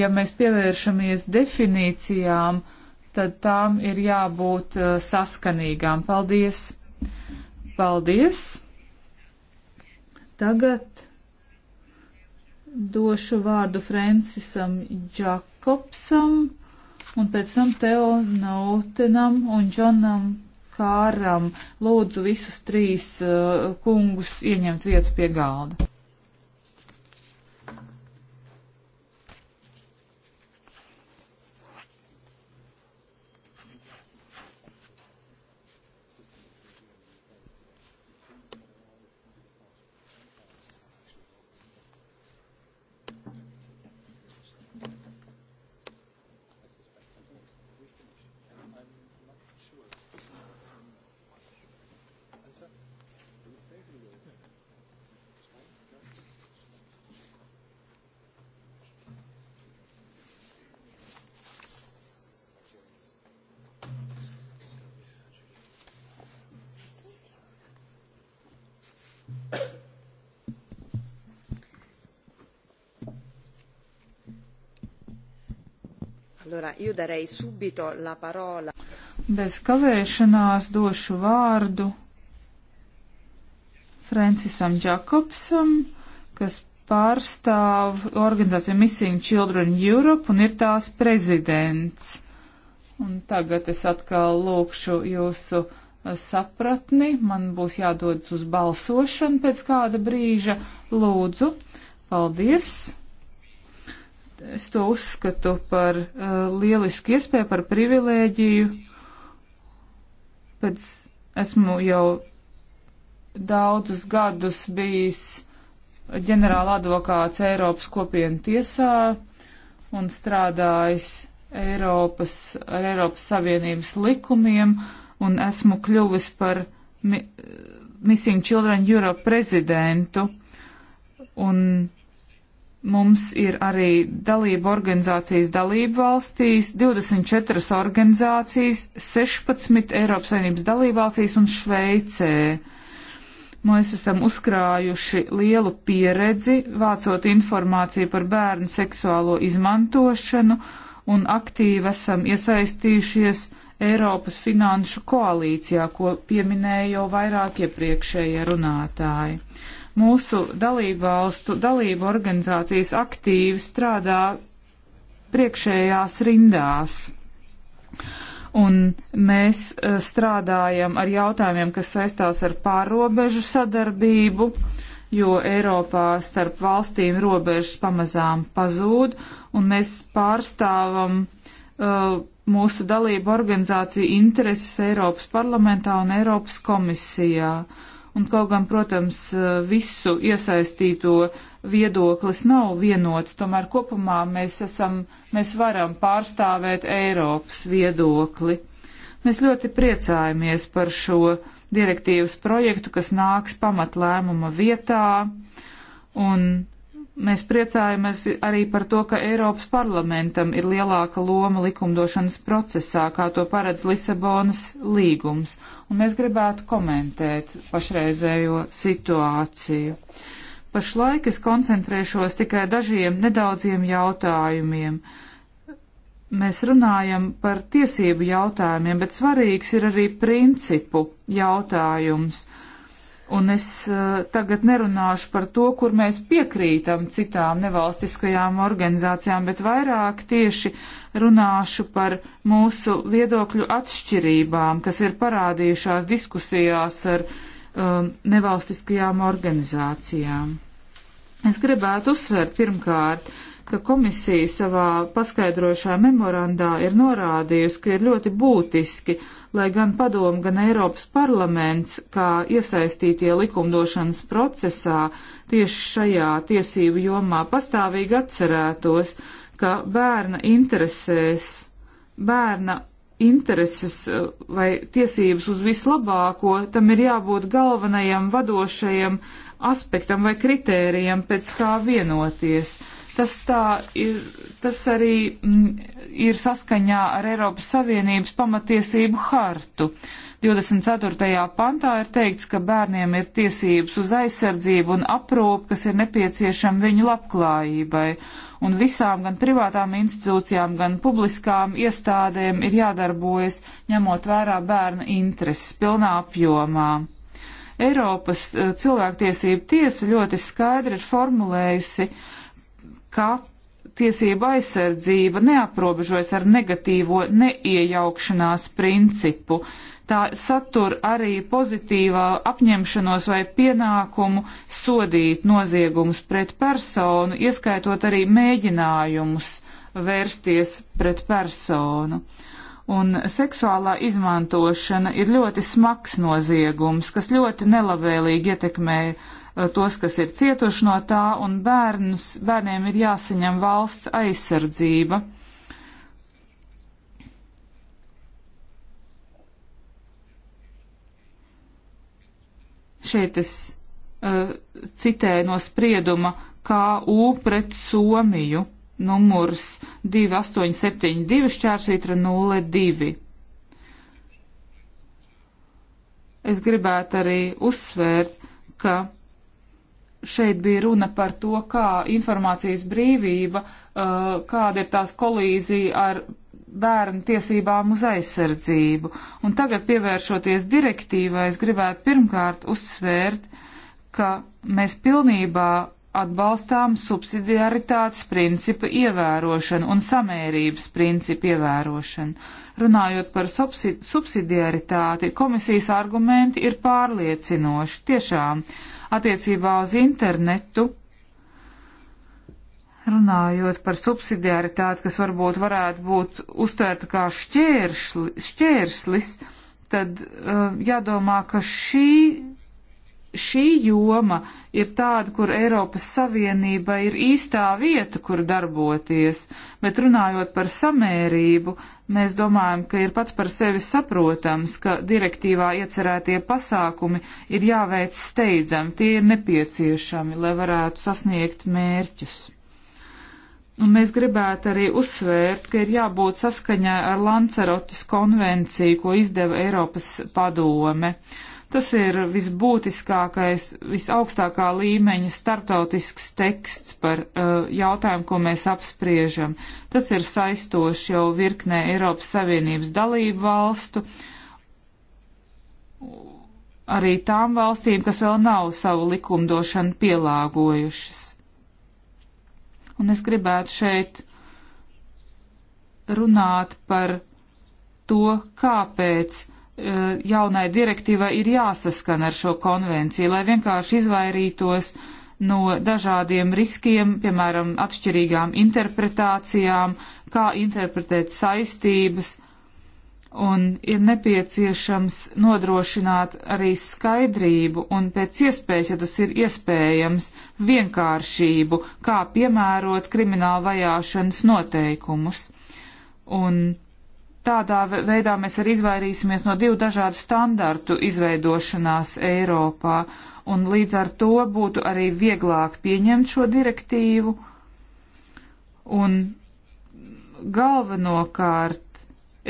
Ja mēs pievēršamies definīcijām, tad tām ir jābūt uh, saskanīgām. Paldies! Paldies! Tagad došu vārdu Francisam Jakobsam un pēc tam Teo Nautenam un Džonam Kāram. Lūdzu visus trīs uh, kungus ieņemt vietu pie galda. Allora, io darei subito la parola. Bez kavēšanās došu vārdu Francisam Jakobsam, kas pārstāv organizāciju Missing Children Europe un ir tās prezidents. Un tagad es atkal lūkšu jūsu eh, sapratni. Man būs jādodas uz balsošanu pēc kāda brīža. Lūdzu, paldies! es to uzskatu par uh, lielisku iespēju, par privilēģiju. Pēc esmu jau daudzus gadus bijis ģenerāla advokāts Eiropas kopienu tiesā un strādājis Eiropas, ar Eiropas Savienības likumiem un esmu kļuvis par mi eh, Missing Children Europe prezidentu. Un Mums ir arī dalība organizācijas dalība valstīs, 24 organizācijas, 16 Eiropas Savienības dalība valstīs un Šveicē. Mēs esam uzkrājuši lielu pieredzi, vācot informāciju par bērnu seksuālo izmantošanu un aktīvi esam iesaistījušies Eiropas finanšu koalīcijā, ko pieminēja jau vairāk iepriekšējie runātāji. Mūsu dalībvalstu dalību organizācijas aktīvi strādā priekšējās rindās. Un mēs eh, strādājam ar jautājumiem, kas saistās ar pārobežu sadarbību, jo Eiropā starp valstīm robežas pamazām pazūd, un mēs pārstāvam uh, mūsu dalību organizāciju intereses Eiropas parlamentā un Eiropas komisijā. Un kaut gan, protams, visu iesaistīto viedoklis nav vienots, tomēr kopumā mēs, esam, mēs varam pārstāvēt Eiropas viedokli. Mēs ļoti priecājamies par šo direktīvas projektu, kas nāks pamatlēmuma vietā. Un Mēs priecājamies arī par to, ka Eiropas parlamentam ir lielāka loma likumdošanas procesā, kā to paredz Lisabonas līgums, un mēs gribētu komentēt pašreizējo situāciju. Pašlaik es koncentrēšos tikai dažiem nedaudziem jautājumiem. Mēs runājam par tiesību jautājumiem, bet svarīgs ir arī principu jautājums. Uh, Un es eh, tagad nerunāšu par to, kur mēs piekrītam citām nevalstiskajām organizācijām, bet vairāk tieši runāšu par mūsu viedokļu atšķirībām, kas ir parādījušās diskusijās ar um, nevalstiskajām organizācijām. Es gribētu uzsvērt pirmkārt, ka komisija savā paskaidrošā memorandā ir norādījusi, ka ir ļoti būtiski, lai gan padomu, gan Eiropas parlaments, kā iesaistītie likumdošanas procesā tieši šajā tiesību jomā pastāvīgi atcerētos, ka bērna interesēs, bērna intereses eh, vai tiesības uz vislabāko, tam ir jābūt galvenajam vadošajam aspektam vai kritērijam, pēc kā vienoties. Uh, Tas tā ir, tas arī mm, ir saskaņā ar Eiropas Savienības pamatiesību hartu. 24. pantā ir teikts, ka bērniem ir tiesības uz aizsardzību un aprūpu, kas ir nepieciešama viņu labklājībai, un visām gan privātām institūcijām, gan publiskām iestādēm ir jādarbojas ņemot vērā bērna intereses pilnā apjomā. Eiropas eh, cilvēktiesību tiesa ļoti skaidri ir formulējusi, uh, ka tiesība aizsardzība neaprobežojas ar negatīvo neiejaukšanās principu. Tā satur arī pozitīvā apņemšanos vai pienākumu sodīt noziegumus pret personu, ieskaitot arī mēģinājumus vērsties pret personu. Un seksuālā izmantošana ir ļoti smags noziegums, kas ļoti nelabvēlīgi ietekmē Eh, tos, kas ir cietuši no tā, un bērnus, bērniem ir jāsaņem valsts aizsardzība. Šeit es uh, citēju no sprieduma KU pret Somiju numurs 2872 šķērsvītra 02. Es gribētu arī uzsvērt, ka šeit bija runa par to, kā informācijas brīvība, uh, kāda ir tās kolīzija ar bērnu tiesībām uz aizsardzību. Un tagad pievēršoties direktīvai, es gribētu pirmkārt uzsvērt, ka mēs pilnībā atbalstām subsidiaritātes principa ievērošanu un samērības principa ievērošanu. Runājot par subsidiaritāti, komisijas argumenti ir pārliecinoši. Tiešām uh, attiecībā uz internetu. Runājot par subsidiaritāti, kas varbūt varētu būt uztvērta kā šķērsli, šķērslis, tad uh, jādomā, ka šī šī joma ir tāda, kur Eiropas Savienība ir īstā vieta, kur darboties, bet runājot par samērību, mēs domājam, ka ir pats par sevi saprotams, ka direktīvā iecerētie pasākumi ir jāveic steidzam, tie ir nepieciešami, lai varētu sasniegt mērķus. Un mēs gribētu arī uzsvērt, ka ir jābūt saskaņai ar Lancerotas konvenciju, ko izdeva Eiropas padome. Uh, Tas ir visbūtiskākais, visaugstākā līmeņa startautisks teksts par uh, jautājumu, ko mēs apspriežam. Tas ir saistoši jau virknē Eiropas Savienības dalību valstu, arī tām valstīm, kas vēl nav savu likumdošanu pielāgojušas. Un es gribētu šeit runāt par to, kāpēc Eh, jaunai direktīvai ir jāsaskan ar šo konvenciju, lai vienkārši izvairītos no dažādiem riskiem, piemēram, atšķirīgām interpretācijām, kā interpretēt saistības, un ir nepieciešams nodrošināt arī skaidrību un pēc iespējas, ja tas ir iespējams, vienkāršību, kā piemērot kriminālu vajāšanas noteikumus. Un tādā veidā mēs arī izvairīsimies no divu dažādu standartu izveidošanās Eiropā, un līdz ar to būtu arī vieglāk pieņemt šo direktīvu. Un galvenokārt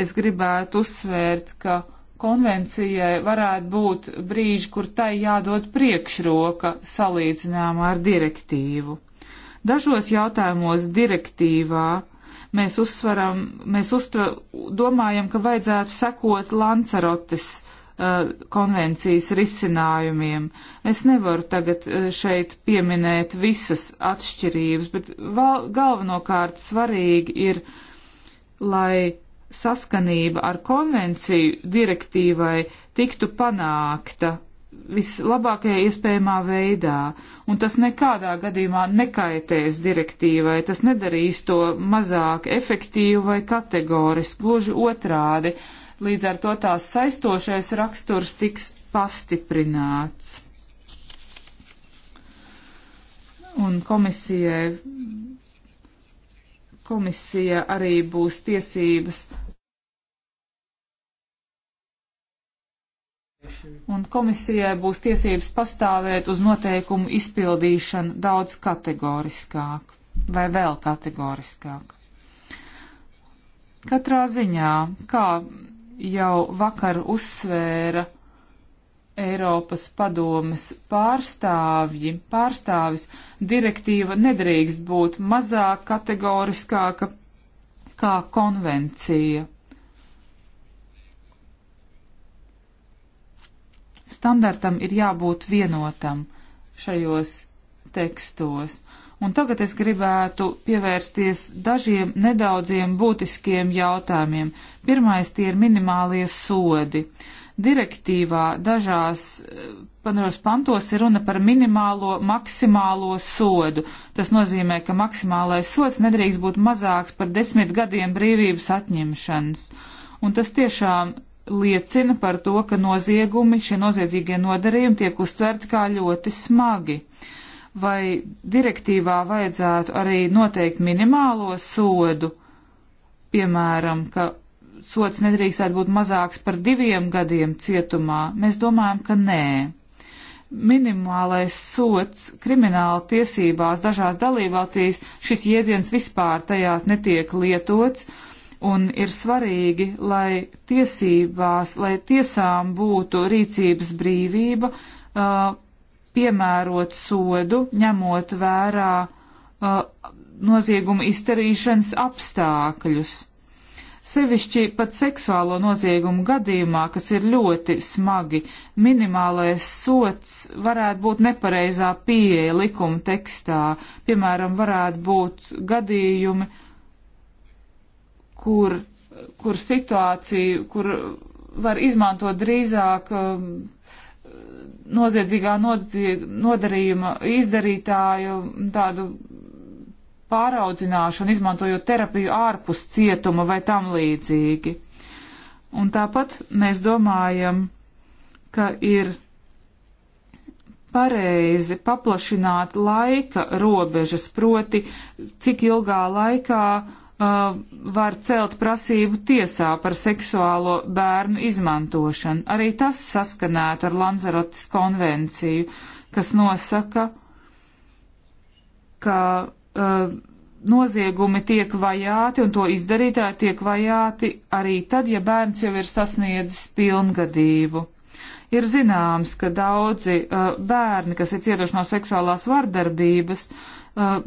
es gribētu uzsvērt, ka konvencijai varētu būt brīži, kur tai jādod priekšroka salīdzinājumā ar direktīvu. Dažos jautājumos direktīvā mēs uzsveram, mēs uztver, domājam, ka vajadzētu sekot Lancerotes uh, konvencijas risinājumiem. Es nevaru tagad uh, šeit pieminēt visas atšķirības, bet val, galvenokārt svarīgi ir, lai saskanība ar konvenciju direktīvai tiktu panākta vislabākajā iespējamā veidā, un tas nekādā gadījumā nekaitēs direktīvai, tas nedarīs to mazāk efektīvu vai kategorisku, gluži otrādi, līdz ar to tās saistošais raksturs tiks pastiprināts. Un komisijai, komisija arī būs tiesības Un komisijai būs tiesības pastāvēt uz noteikumu izpildīšanu daudz kategoriskāk vai vēl kategoriskāk. Katrā ziņā, kā jau vakar uzsvēra Eiropas padomes pārstāvji, pārstāvis, direktīva nedrīkst būt mazāk kategoriskāka kā konvencija. standartam ir jābūt vienotam šajos tekstos. Un tagad es gribētu pievērsties dažiem nedaudziem būtiskiem jautājumiem. Pirmais tie ir minimālie sodi. Direktīvā dažās eh, panos pantos ir runa par minimālo maksimālo sodu. Tas nozīmē, ka maksimālais sods nedrīkst būt mazāks par desmit gadiem brīvības atņemšanas. Un tas tiešām liecina par to, ka noziegumi, šie noziedzīgie nodarījumi tiek uztverti kā ļoti smagi. Vai direktīvā vajadzētu arī noteikt minimālo sodu, piemēram, ka sots nedrīkstētu būt mazāks par diviem gadiem cietumā? Mēs domājam, ka nē. Minimālais sots krimināla tiesībās dažās dalībvalstīs šis jēdziens vispār tajās netiek lietots, un ir svarīgi, lai tiesībās, lai tiesām būtu rīcības brīvība uh, piemērot sodu, ņemot vērā uh, nozieguma izdarīšanas apstākļus. Sevišķi pat seksuālo noziegumu gadījumā, kas ir ļoti smagi, minimālais sots varētu būt nepareizā pieeja likuma tekstā. Piemēram, varētu būt gadījumi, uh, kur, kur situāciju, kur var izmantot drīzāk um, noziedzīgā nodzieg, nodarījuma izdarītāju tādu pāraudzināšanu, izmantojot terapiju ārpus cietuma vai tam līdzīgi. Un tāpat mēs domājam, ka ir pareizi paplašināt laika robežas, proti, cik ilgā laikā uh, uh, var celt prasību tiesā par seksuālo bērnu izmantošanu. Arī tas saskanētu ar Lanzarotas konvenciju, kas nosaka, ka uh, noziegumi tiek vajāti un to izdarītāji tiek vajāti arī tad, ja bērns jau ir sasniedzis pilngadību. Ir zināms, ka daudzi uh, bērni, kas ir cietuši no seksuālās vardarbības, uh,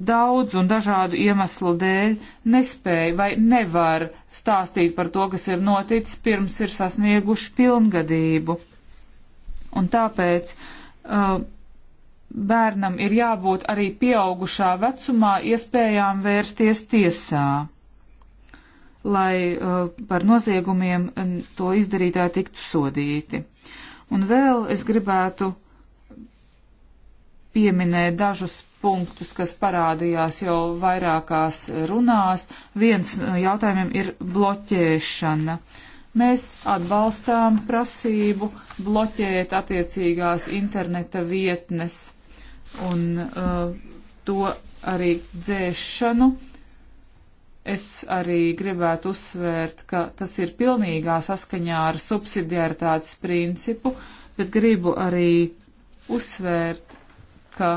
daudz un dažādu iemeslu dēļ nespēja vai nevar stāstīt par to, kas ir noticis, pirms ir sasnieguši pilngadību. Un tāpēc uh, bērnam ir jābūt arī pieaugušā vecumā iespējām vērsties tiesā, lai uh, par noziegumiem to izdarītāji tiktu sodīti. Un vēl es gribētu pieminēt dažus punktus, kas parādījās jau vairākās runās. Viens no jautājumiem ir bloķēšana. Mēs atbalstām prasību bloķēt attiecīgās interneta vietnes un uh, to arī dzēšanu. Es arī gribētu uzsvērt, ka tas ir pilnīgā saskaņā ar subsidiaritātes principu, bet gribu arī uzsvērt, ka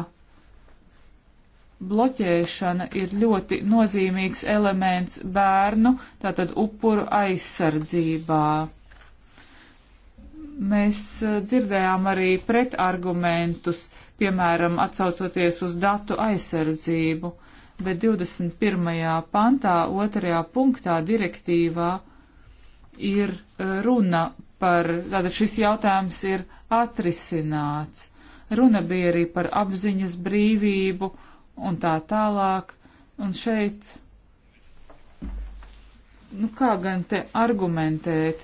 bloķēšana ir ļoti nozīmīgs elements bērnu, tātad upuru aizsardzībā. Mēs eh, dzirdējām arī pretargumentus, piemēram, atsaucoties uz datu aizsardzību, bet 21. pantā, 2. punktā direktīvā ir eh, runa par, tātad šis jautājums ir atrisināts Runa bija arī par apziņas brīvību un tā tālāk. Un šeit, nu kā gan te argumentēt?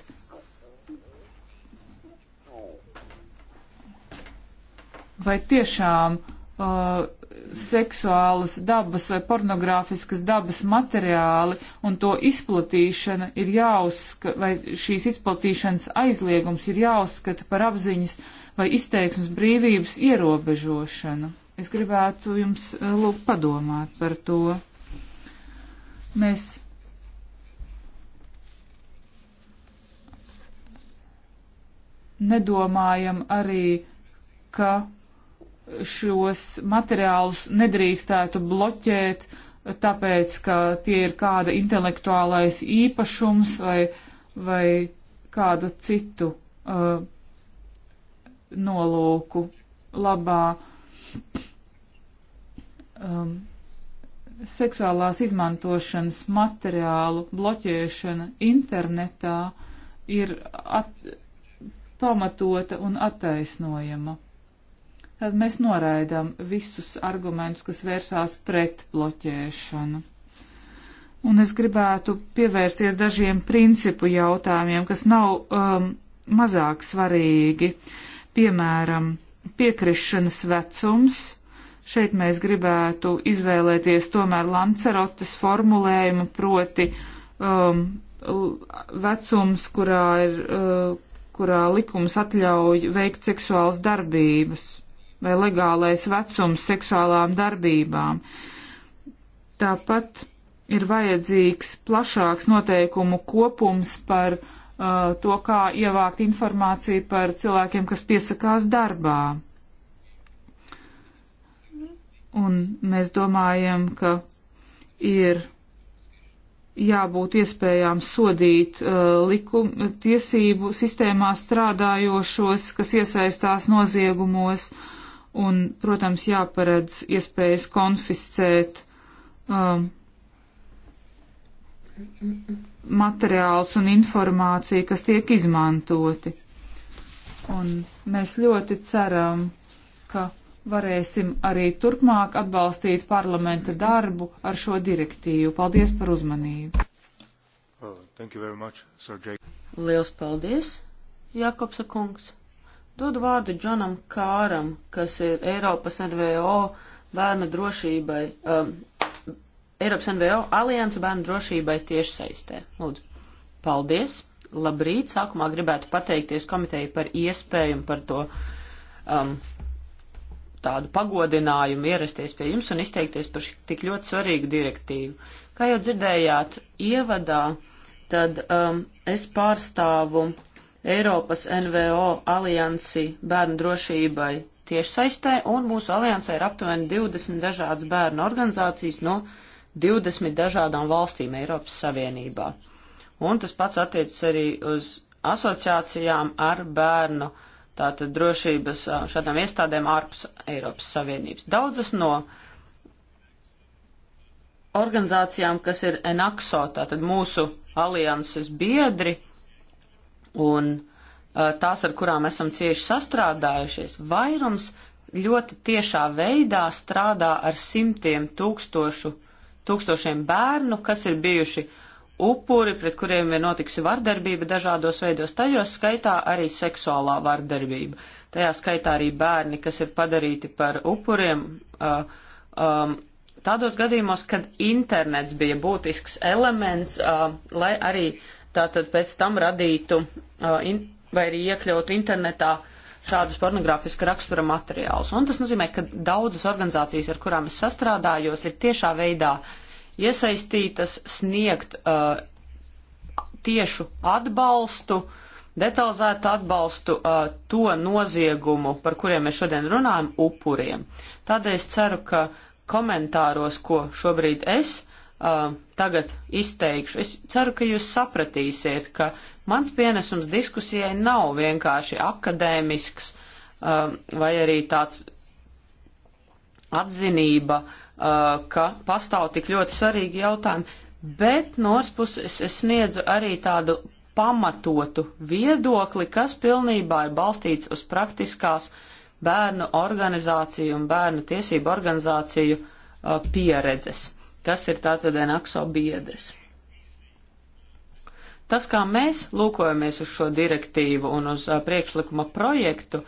Vai tiešām uh, seksuālas dabas vai pornogrāfiskas dabas materiāli un to izplatīšana ir jāuzskata, vai šīs izplatīšanas aizliegums ir jāuzskata par apziņas vai izteiksmes brīvības ierobežošanu. Es gribētu jums eh, lūgt padomāt par to. Mēs nedomājam arī, ka šos materiālus nedrīkstētu bloķēt, tāpēc, ka tie ir kāda intelektuālais īpašums vai, vai kādu citu uh, nolūku labā. Um, seksuālās izmantošanas materiālu bloķēšana internetā ir at, pamatota un attaisnojama. Tad mēs noraidām visus argumentus, kas vērsās pret bloķēšanu. Un es gribētu pievērsties dažiem principu jautājumiem, kas nav um, mazāk svarīgi. Uh, Piemēram, piekrišanas vecums. Šeit mēs gribētu izvēlēties tomēr Lancerotas formulējumu, proti um, vecums, kurā, ir, uh, kurā likums atļauj veikt seksuālas darbības vai legālais vecums seksuālām darbībām. Tāpat ir vajadzīgs plašāks noteikumu kopums par uh, Uh, to, kā ievākt informāciju par cilvēkiem, kas piesakās darbā. Un mēs domājam, ka ir jābūt iespējām sodīt uh, likum, tiesību sistēmā strādājošos, kas iesaistās noziegumos, un, protams, jāparedz iespējas konfiscēt. Um, uh, materiāls un informācija, kas tiek izmantoti. Un mēs ļoti ceram, ka varēsim arī turpmāk atbalstīt parlamenta darbu ar šo direktīvu. Paldies par uzmanību. Well, oh, much, Liels paldies, Jakobsa kungs. Dod vārdu Džonam Kāram, kas ir Eiropas NVO bērna drošībai, um, Eiropas NVO alianses bērnu drošībai tieši saistē. Lūdzu. Paldies! Labrīt! Sākumā gribētu pateikties komiteju par iespēju un par to um, tādu pagodinājumu ierasties pie jums un izteikties par tik ļoti svarīgu direktīvu. Kā jau dzirdējāt ievadā, tad um, es pārstāvu Eiropas NVO aliansi bērnu drošībai tiešsaistē, un mūsu aliansē ir aptuveni 20 dažādas bērnu organizācijas no 20 dažādām valstīm Eiropas Savienībā. Un tas pats attiecas arī uz asociācijām ar bērnu tātad drošības šādām iestādēm ārpus Eiropas Savienības. Daudzas no organizācijām, kas ir NAXO, tātad mūsu alianses biedri un tās, ar kurām esam cieši sastrādājušies, vairums ļoti tiešā veidā strādā ar simtiem tūkstošu tūkstošiem bērnu, kas ir bijuši upuri, pret kuriem ir notikusi vardarbība dažādos veidos, tajos skaitā arī seksuālā vardarbība. Tajā skaitā arī bērni, kas ir padarīti par upuriem. Uh, um, tādos gadījumos, kad internets bija būtisks elements, uh, lai arī tātad pēc tam radītu uh, in, vai arī iekļautu internetā uh, šādus pornogrāfiska rakstura materiālus. Un tas nozīmē, ka daudzas organizācijas, ar kurām es sastrādājos, ir tiešā veidā iesaistītas sniegt uh, tiešu atbalstu, detalizētu atbalstu uh, to noziegumu, par kuriem mēs šodien runājam, upuriem. Tādēļ es ceru, ka komentāros, ko šobrīd es uh, tagad izteikšu. Es ceru, ka jūs sapratīsiet, ka mans pienesums diskusijai nav vienkārši akadēmisks uh, vai arī tāds atzinība, uh, ka pastāv tik ļoti svarīgi jautājumi, bet no otras puses es sniedzu arī tādu pamatotu viedokli, kas pilnībā ir balstīts uz praktiskās bērnu organizāciju un bērnu tiesību organizāciju uh, pieredzes kas ir tātad NAXO biedrs. Tas, kā mēs lūkojamies uz šo direktīvu un uz uh, priekšlikuma projektu,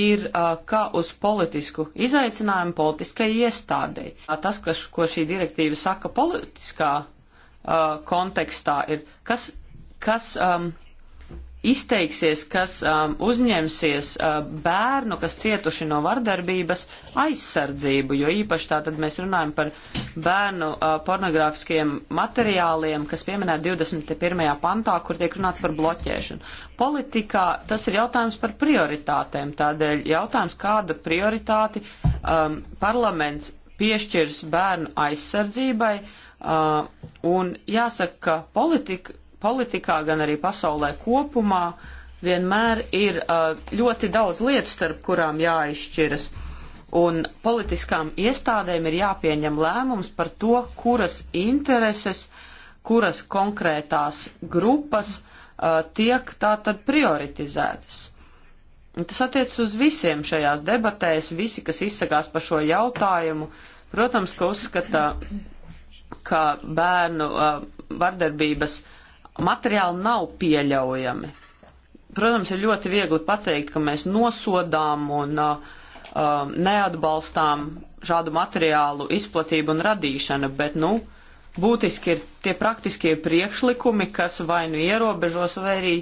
ir uh, kā uz politisku izaicinājumu politiskai iestādei. Tas, kas, ko šī direktīva saka politiskā uh, kontekstā, ir, kas, kas um, izteiksies, kas um, uzņemsies uh, bērnu, kas cietuši no vardarbības, aizsardzību, jo īpaši tā tad mēs runājam par bērnu uh, pornogrāfiskiem materiāliem, kas pieminē 21. pantā, kur tiek runāts par bloķēšanu. Politikā tas ir jautājums par prioritātēm, tādēļ jautājums, kāda prioritāti um, parlaments piešķirs bērnu aizsardzībai, uh, un jāsaka, ka politika politikā, gan arī pasaulē kopumā vienmēr ir uh, ļoti daudz lietu, starp kurām jāizšķiras. Un politiskām iestādēm ir jāpieņem lēmums par to, kuras intereses, kuras konkrētās grupas uh, tiek tātad prioritizētas. Un tas attiecas uz visiem šajās debatēs, visi, kas izsakās par šo jautājumu. Protams, ka uzskata, ka bērnu uh, vardarbības uh, materiāli nav pieļaujami. Protams, ir ļoti viegli pateikt, ka mēs nosodām un uh, um, neatbalstām šādu materiālu izplatību un radīšanu, bet, nu, būtiski ir tie praktiskie priekšlikumi, kas vai nu ierobežos, vai arī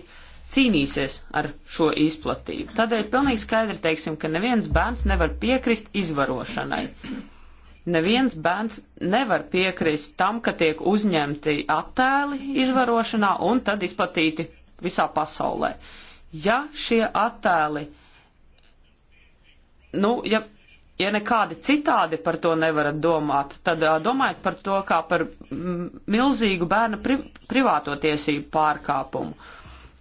cīnīsies ar šo izplatību. Tādēļ pilnīgi skaidri teiksim, ka neviens bērns nevar piekrist izvarošanai neviens bērns nevar piekrist tam, ka tiek uzņemti attēli izvarošanā un tad izplatīti visā pasaulē. Ja šie attēli, nu, ja, ja nekādi citādi par to nevarat domāt, tad uh, domājiet par to kā par milzīgu bērna pri privāto tiesību pārkāpumu.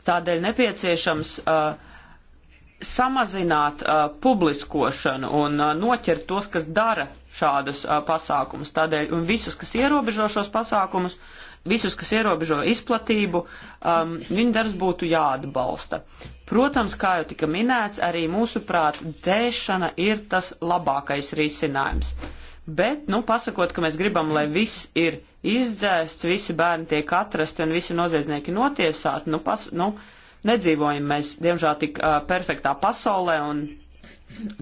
Tādēļ nepieciešams uh, samazināt uh, publiskošanu un uh, noķert tos, kas dara šādus uh, pasākumus. Tādēļ un visus, kas ierobežo šos pasākumus, visus, kas ierobežo izplatību, um, viņu darbs būtu jāatbalsta. Protams, kā jau tika minēts, arī mūsuprāt dzēšana ir tas labākais risinājums. Bet, nu, pasakot, ka mēs gribam, lai viss ir izdzēsts, visi bērni tiek atrasti un visi noziedznieki notiesāti, nu, pas, nu, uh, nedzīvojam mēs, diemžēl, tik uh, perfektā pasaulē, un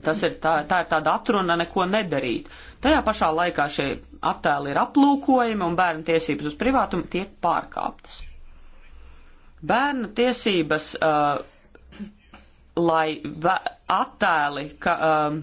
tas ir tā, tā ir tāda atruna neko nedarīt. Tajā pašā laikā šie attēli ir aplūkojami, un bērnu tiesības uz privātumu tiek pārkāptas. Bērnu tiesības, uh, lai attēli, ka uh,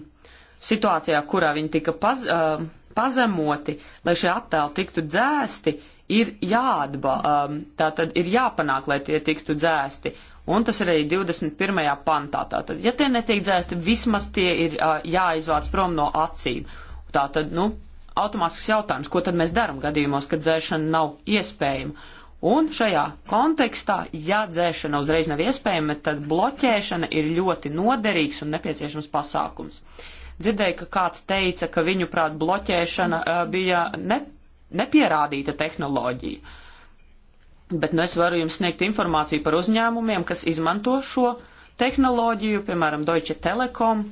situācijā, kurā viņi tika paz, uh, pazemoti, lai šie attēli tiktu dzēsti, uh, ir jāatba, um, tā tad ir jāpanāk, lai tie tiktu dzēsti. Un tas ir arī 21. pantā. Tātad, ja tie netiek dzēsti, vismaz tie ir uh, jāizvāc prom no acīm. Tātad, nu, automātisks jautājums, ko tad mēs darām gadījumos, kad dzēšana nav iespējama. Un šajā kontekstā, ja dzēšana uzreiz nav iespējama, tad bloķēšana ir ļoti noderīgs un nepieciešams pasākums dzirdēju, ka kāds teica, ka viņu prāt bloķēšana uh, bija ne, nepierādīta tehnoloģija. Bet nu, es varu jums sniegt informāciju par uzņēmumiem, kas izmanto šo tehnoloģiju, piemēram, Deutsche Telekom.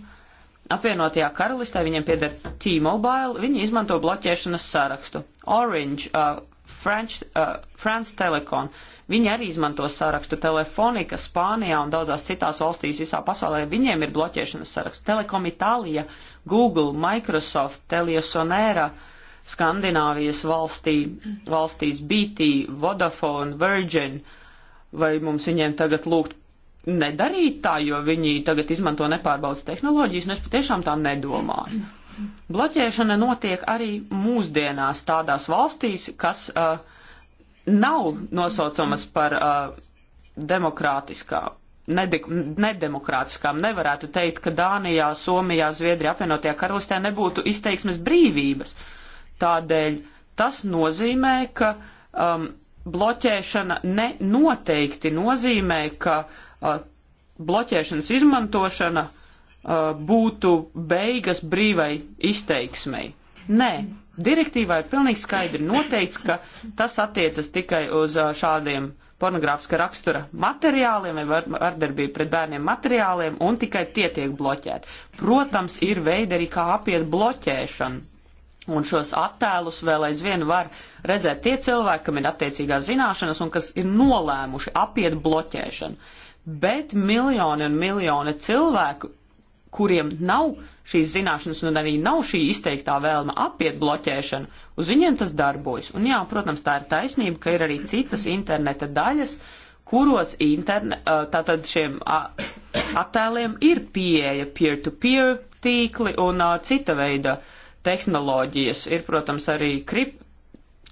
Apvienotajā karalistē viņiem pieder T-Mobile, viņi izmanto bloķēšanas sarakstu. Orange, uh, French, uh, France Telecom, viņi arī izmanto sarakstu. Telefonika Spānijā un daudzās citās valstīs visā pasaulē viņiem ir bloķēšanas saraksts. Telekom Itālija, Google, Microsoft, Teliosonera. Uh, Skandināvijas valstī, valstīs BT, Vodafone, Virgin, vai mums viņiem tagad lūgt nedarīt tā, jo viņi tagad izmanto nepārbaudas tehnoloģijas, un es patiešām tā nedomāju. Bloķēšana notiek arī mūsdienās tādās valstīs, kas uh, nav nosaucamas par uh, demokrātiskām, nede, nedemokrātiskām. Nevarētu teikt, ka Dānijā, Somijā, Zviedrijā, apvienotajā karalistē nebūtu izteiksmes brīvības. Uh, Tādēļ tas nozīmē, ka um, bloķēšana nenoteikti nozīmē, ka uh, bloķēšanas izmantošana uh, būtu beigas brīvai izteiksmei. Nē, direktīvā ir pilnīgi skaidri noteikts, ka tas attiecas tikai uz uh, šādiem pornogrāfiska rakstura materiāliem vai vardarbību pret bērniem materiāliem un tikai tie tiek bloķēti. Protams, ir veidi arī kā apiet bloķēšanu Un šos attēlus vēl aizvien var redzēt tie cilvēki, kam ir attiecīgās zināšanas un kas ir nolēmuši apiet bloķēšanu. Bet miljoni un miljoni cilvēku, kuriem nav šīs zināšanas un arī nav šī izteiktā vēlme apiet bloķēšanu, uz viņiem tas darbojas. Un jā, protams, tā ir taisnība, ka ir arī citas interneta daļas, kuros interne, tātad šiem attēliem ir pieeja peer-to-peer -peer tīkli un cita veida uh, tehnoloģijas. Ir, protams, arī krip,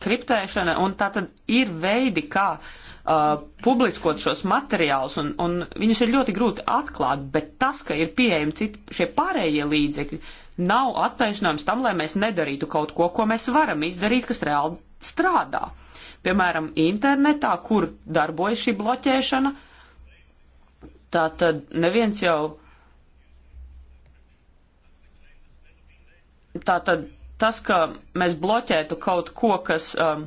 kriptēšana, un tā tad ir veidi, kā uh, publiskot šos materiālus, un, un viņus ir ļoti grūti atklāt, bet tas, ka ir pieejami citi šie pārējie līdzekļi, nav attaisnojums tam, lai mēs nedarītu kaut ko, ko mēs varam izdarīt, kas reāli strādā. Piemēram, internetā, kur darbojas šī bloķēšana, tā tad neviens jau Tātad tas, ka mēs bloķētu kaut ko, kas um,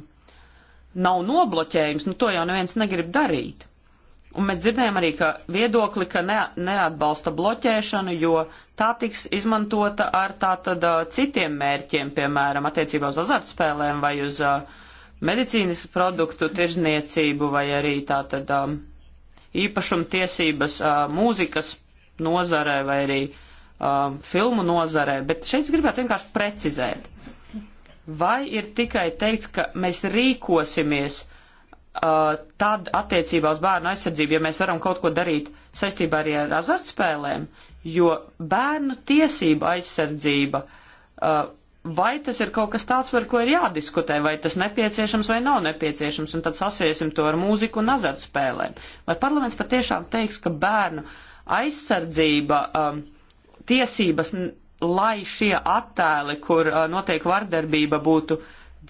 nav nobloķējums, nu to jau neviens negrib darīt. Un mēs dzirdējām arī, ka viedokli, ka ne, neatbalsta bloķēšanu, jo tā tiks izmantota ar tātad uh, citiem mērķiem, piemēram, attiecībā uz azartspēlēm vai uz uh, medicīnas produktu tirzniecību vai arī tātad um, īpašumtiesības uh, mūzikas nozarē vai arī uh, um, filmu nozarē, bet šeit es gribētu vienkārši precizēt. Vai ir tikai teikts, ka mēs rīkosimies uh, tad attiecībā uz bērnu aizsardzību, ja mēs varam kaut ko darīt saistībā arī ar azartspēlēm, jo bērnu tiesība aizsardzība, uh, vai tas ir kaut kas tāds, par ko ir jādiskutē, vai tas nepieciešams vai nav nepieciešams, un tad sasiesim to ar mūziku un azartspēlēm. Vai parlaments patiešām teiks, ka bērnu aizsardzība. Um, tiesības, lai šie attēli, kur uh, notiek vardarbība, būtu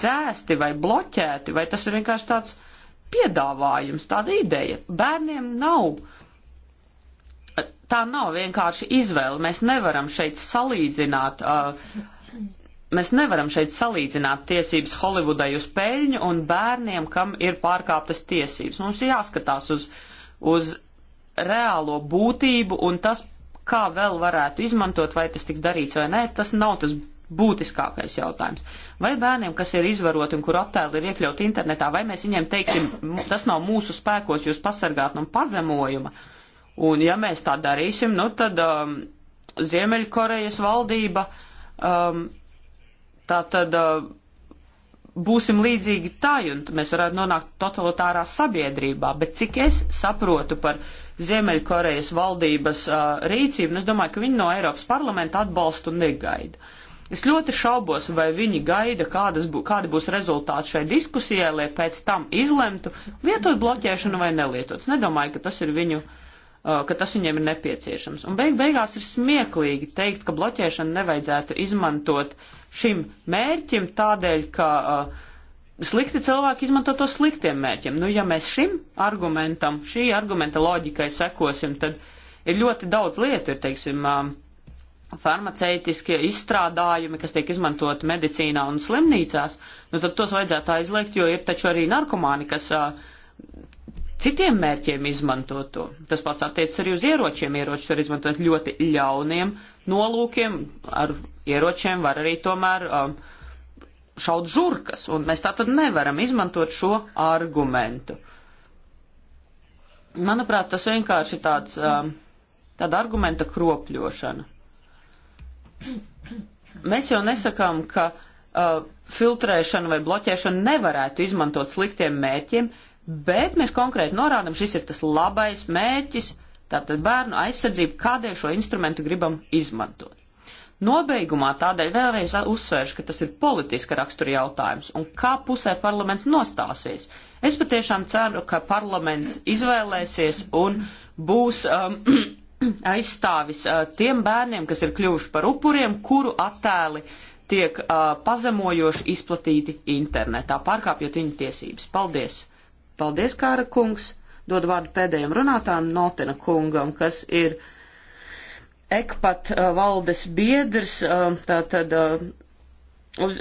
dzēsti vai bloķēti, vai tas ir vienkārši tāds piedāvājums, tāda ideja. Bērniem nav. Tā nav vienkārši izvēle. Mēs nevaram šeit salīdzināt. Uh, Mēs nevaram šeit salīdzināt tiesības Holivudai uz peļņu un bērniem, kam ir pārkāptas tiesības. Mums ir jāskatās uz, uz reālo būtību un tas, kā vēl varētu izmantot, vai tas tiks darīts vai nē, tas nav tas būtiskākais jautājums. Vai bērniem, kas ir izvaroti un kur attēli ir iekļauti internetā, vai mēs viņiem teiksim, tas nav mūsu spēkos jūs pasargāt no pazemojuma? Un ja mēs tā darīsim, nu tad um, Ziemeļkorejas valdība, um, tā tad uh, būsim līdzīgi tai, un mēs varētu nonākt totalitārā sabiedrībā. Bet cik es saprotu par Ziemeļkorejas valdības uh, rīcību, un es domāju, ka viņi no Eiropas parlamenta atbalstu negaida. Es ļoti šaubos, vai viņi gaida, kādas, bū, kādi būs rezultāti šai diskusijai, lai pēc tam izlemtu, lietot bloķēšanu vai nelietot. Es nedomāju, ka tas ir viņu uh, ka tas viņiem ir nepieciešams. Un beig beigās ir smieklīgi teikt, ka bloķēšanu nevajadzētu izmantot šim mērķim tādēļ, ka uh, slikti cilvēki izmanto to sliktiem mērķiem. Nu, ja mēs šim argumentam, šī argumenta loģikai sekosim, tad ir ļoti daudz lietu, ir, teiksim, um, farmaceitiskie izstrādājumi, kas tiek izmantoti medicīnā un slimnīcās, nu tad tos vajadzētu aizliegt, jo ir taču arī narkomāni, kas uh, citiem mērķiem izmanto to. Tas pats attiecas arī uz ieročiem. Ieročus var izmantot ļoti ļauniem nolūkiem, ar ieročiem var arī tomēr uh, šaut žurkas, un mēs tā tad nevaram izmantot šo argumentu. Manuprāt, tas vienkārši tāds, um, tāda argumenta kropļošana. Mēs jau nesakām, ka uh, filtrēšanu vai bloķēšanu nevarētu izmantot sliktiem mērķiem, bet mēs konkrēti norādām, šis ir tas labais mērķis, tātad bērnu aizsardzība, kādēļ šo instrumentu gribam izmantot. Nobeigumā tādēļ vēlreiz uzsvēršu, ka tas ir politiska rakstura jautājums un kā pusē parlaments nostāsies. Es patiešām ceru, ka parlaments izvēlēsies un būs um, *clears throat* aizstāvis uh, tiem bērniem, kas ir kļuvuši par upuriem, kuru attēli tiek uh, pazemojoši izplatīti internetā, pārkāpjot viņu tiesības. Paldies! Paldies, Kāra kungs! Dod vārdu pēdējiem runātājiem, Notena kungam, kas ir uh, ekpat uh, valdes biedrs, uh, tātad uh, uz,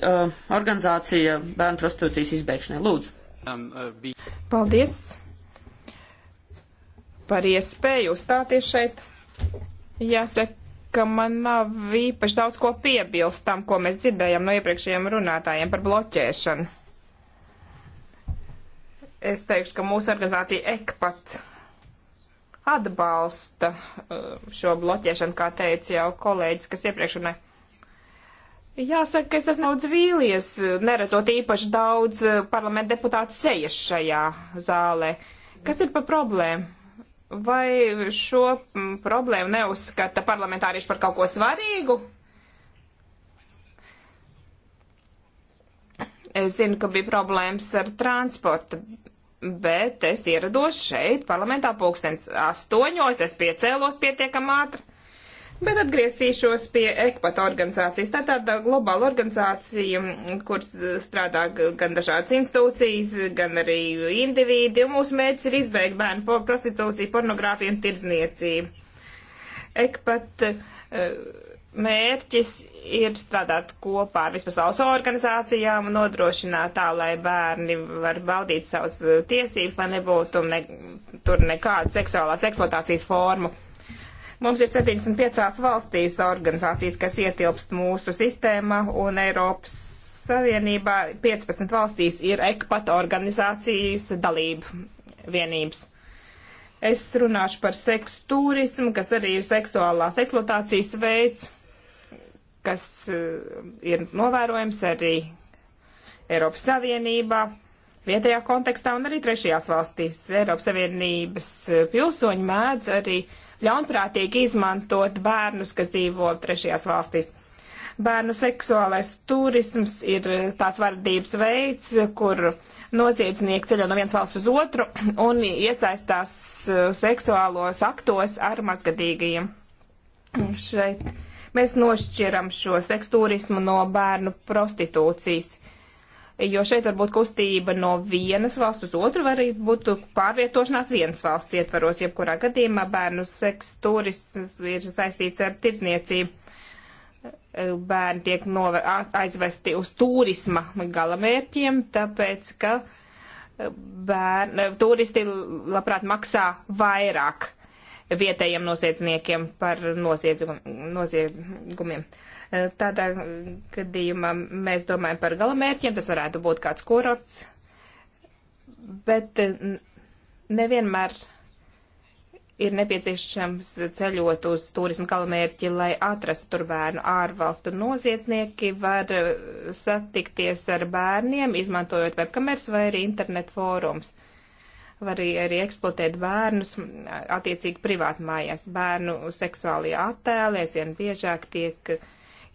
organizācija bērnu prostitūcijas izbeigšanai. Lūdzu. Um, Paldies par iespēju uzstāties šeit. Jāsaka, ka man nav īpaši daudz ko piebilst tam, ko mēs dzirdējām no iepriekšējiem runātājiem par bloķēšanu. Es teikšu, ka mūsu organizācija EKPAT atbalsta uh, šo bloķēšanu, kā teica jau kolēģis, kas iepriekš runāja. Jāsaka, ka es esmu daudz vīlies, neredzot īpaši daudz uh, parlamenta deputātu sejas šajā zālē. Kas ir par problēmu? Vai šo mm, problēmu neuzskata parlamentārieši par kaut ko svarīgu? Es zinu, ka bija problēmas ar transporta bet es ierados šeit parlamentā pulkstens astoņos, es piecēlos pietiekam ātri. Bet atgriezīšos pie ekvata organizācijas. Tā tāda globāla organizācija, kur strādā gan dažādas institūcijas, gan arī indivīdi, un mūsu mērķis ir izbeigt bērnu prostitūciju, pornogrāfiju un tirdzniecību. Ekpat uh, mērķis ir strādāt kopā ar vispasaules organizācijām, nodrošināt tā, lai bērni var baudīt savas eh, tiesības, lai nebūtu ne, tur nekāda seksuālās eksploatācijas formu. Mums ir 75 valstīs organizācijas, kas ietilpst mūsu sistēmā, un Eiropas Savienībā 15 valstīs ir ekpat organizācijas dalība vienības. Es runāšu par seksu turismu, kas arī ir seksuālās eksploatācijas veids kas e, ir novērojams arī Eiropas Savienībā, vietējā kontekstā un arī trešajās valstīs. Eiropas Savienības e, pilsoņi mēdz arī ļaunprātīgi izmantot bērnus, kas dzīvo trešajās valstīs. Bērnu seksuālais turisms ir e, tāds vardības veids, kur noziedznieki ceļo no vienas valsts uz otru *clears throat* un iesaistās seksuālos aktos ar mazgadīgajiem. Šeit Mēs nošķiram šo seksturismu no bērnu prostitūcijas, jo šeit var būt kustība no vienas valsts uz otru, var arī būt pārvietošanās vienas valsts ietvaros. Jebkurā gadījumā bērnu seksturisms ir saistīts ar tirdzniecību. Bērni tiek nover, aizvesti uz turisma galamērķiem, tāpēc, ka bērni, turisti labprāt maksā vairāk vietējiem noziedzniekiem par noziegumiem. Tādā gadījumā mēs domājam par galamērķiem, tas varētu būt kāds kurorts, bet nevienmēr ir nepieciešams ceļot uz turismu galamērķi, lai atrastu tur bērnu ārvalstu noziedznieki, var satikties ar bērniem, izmantojot webkameras vai arī internet fórums. Uh, var arī, arī eksploatēt bērnus, attiecīgi privāti mājās. Bērnu seksuālie attēli aizvien biežāk tiek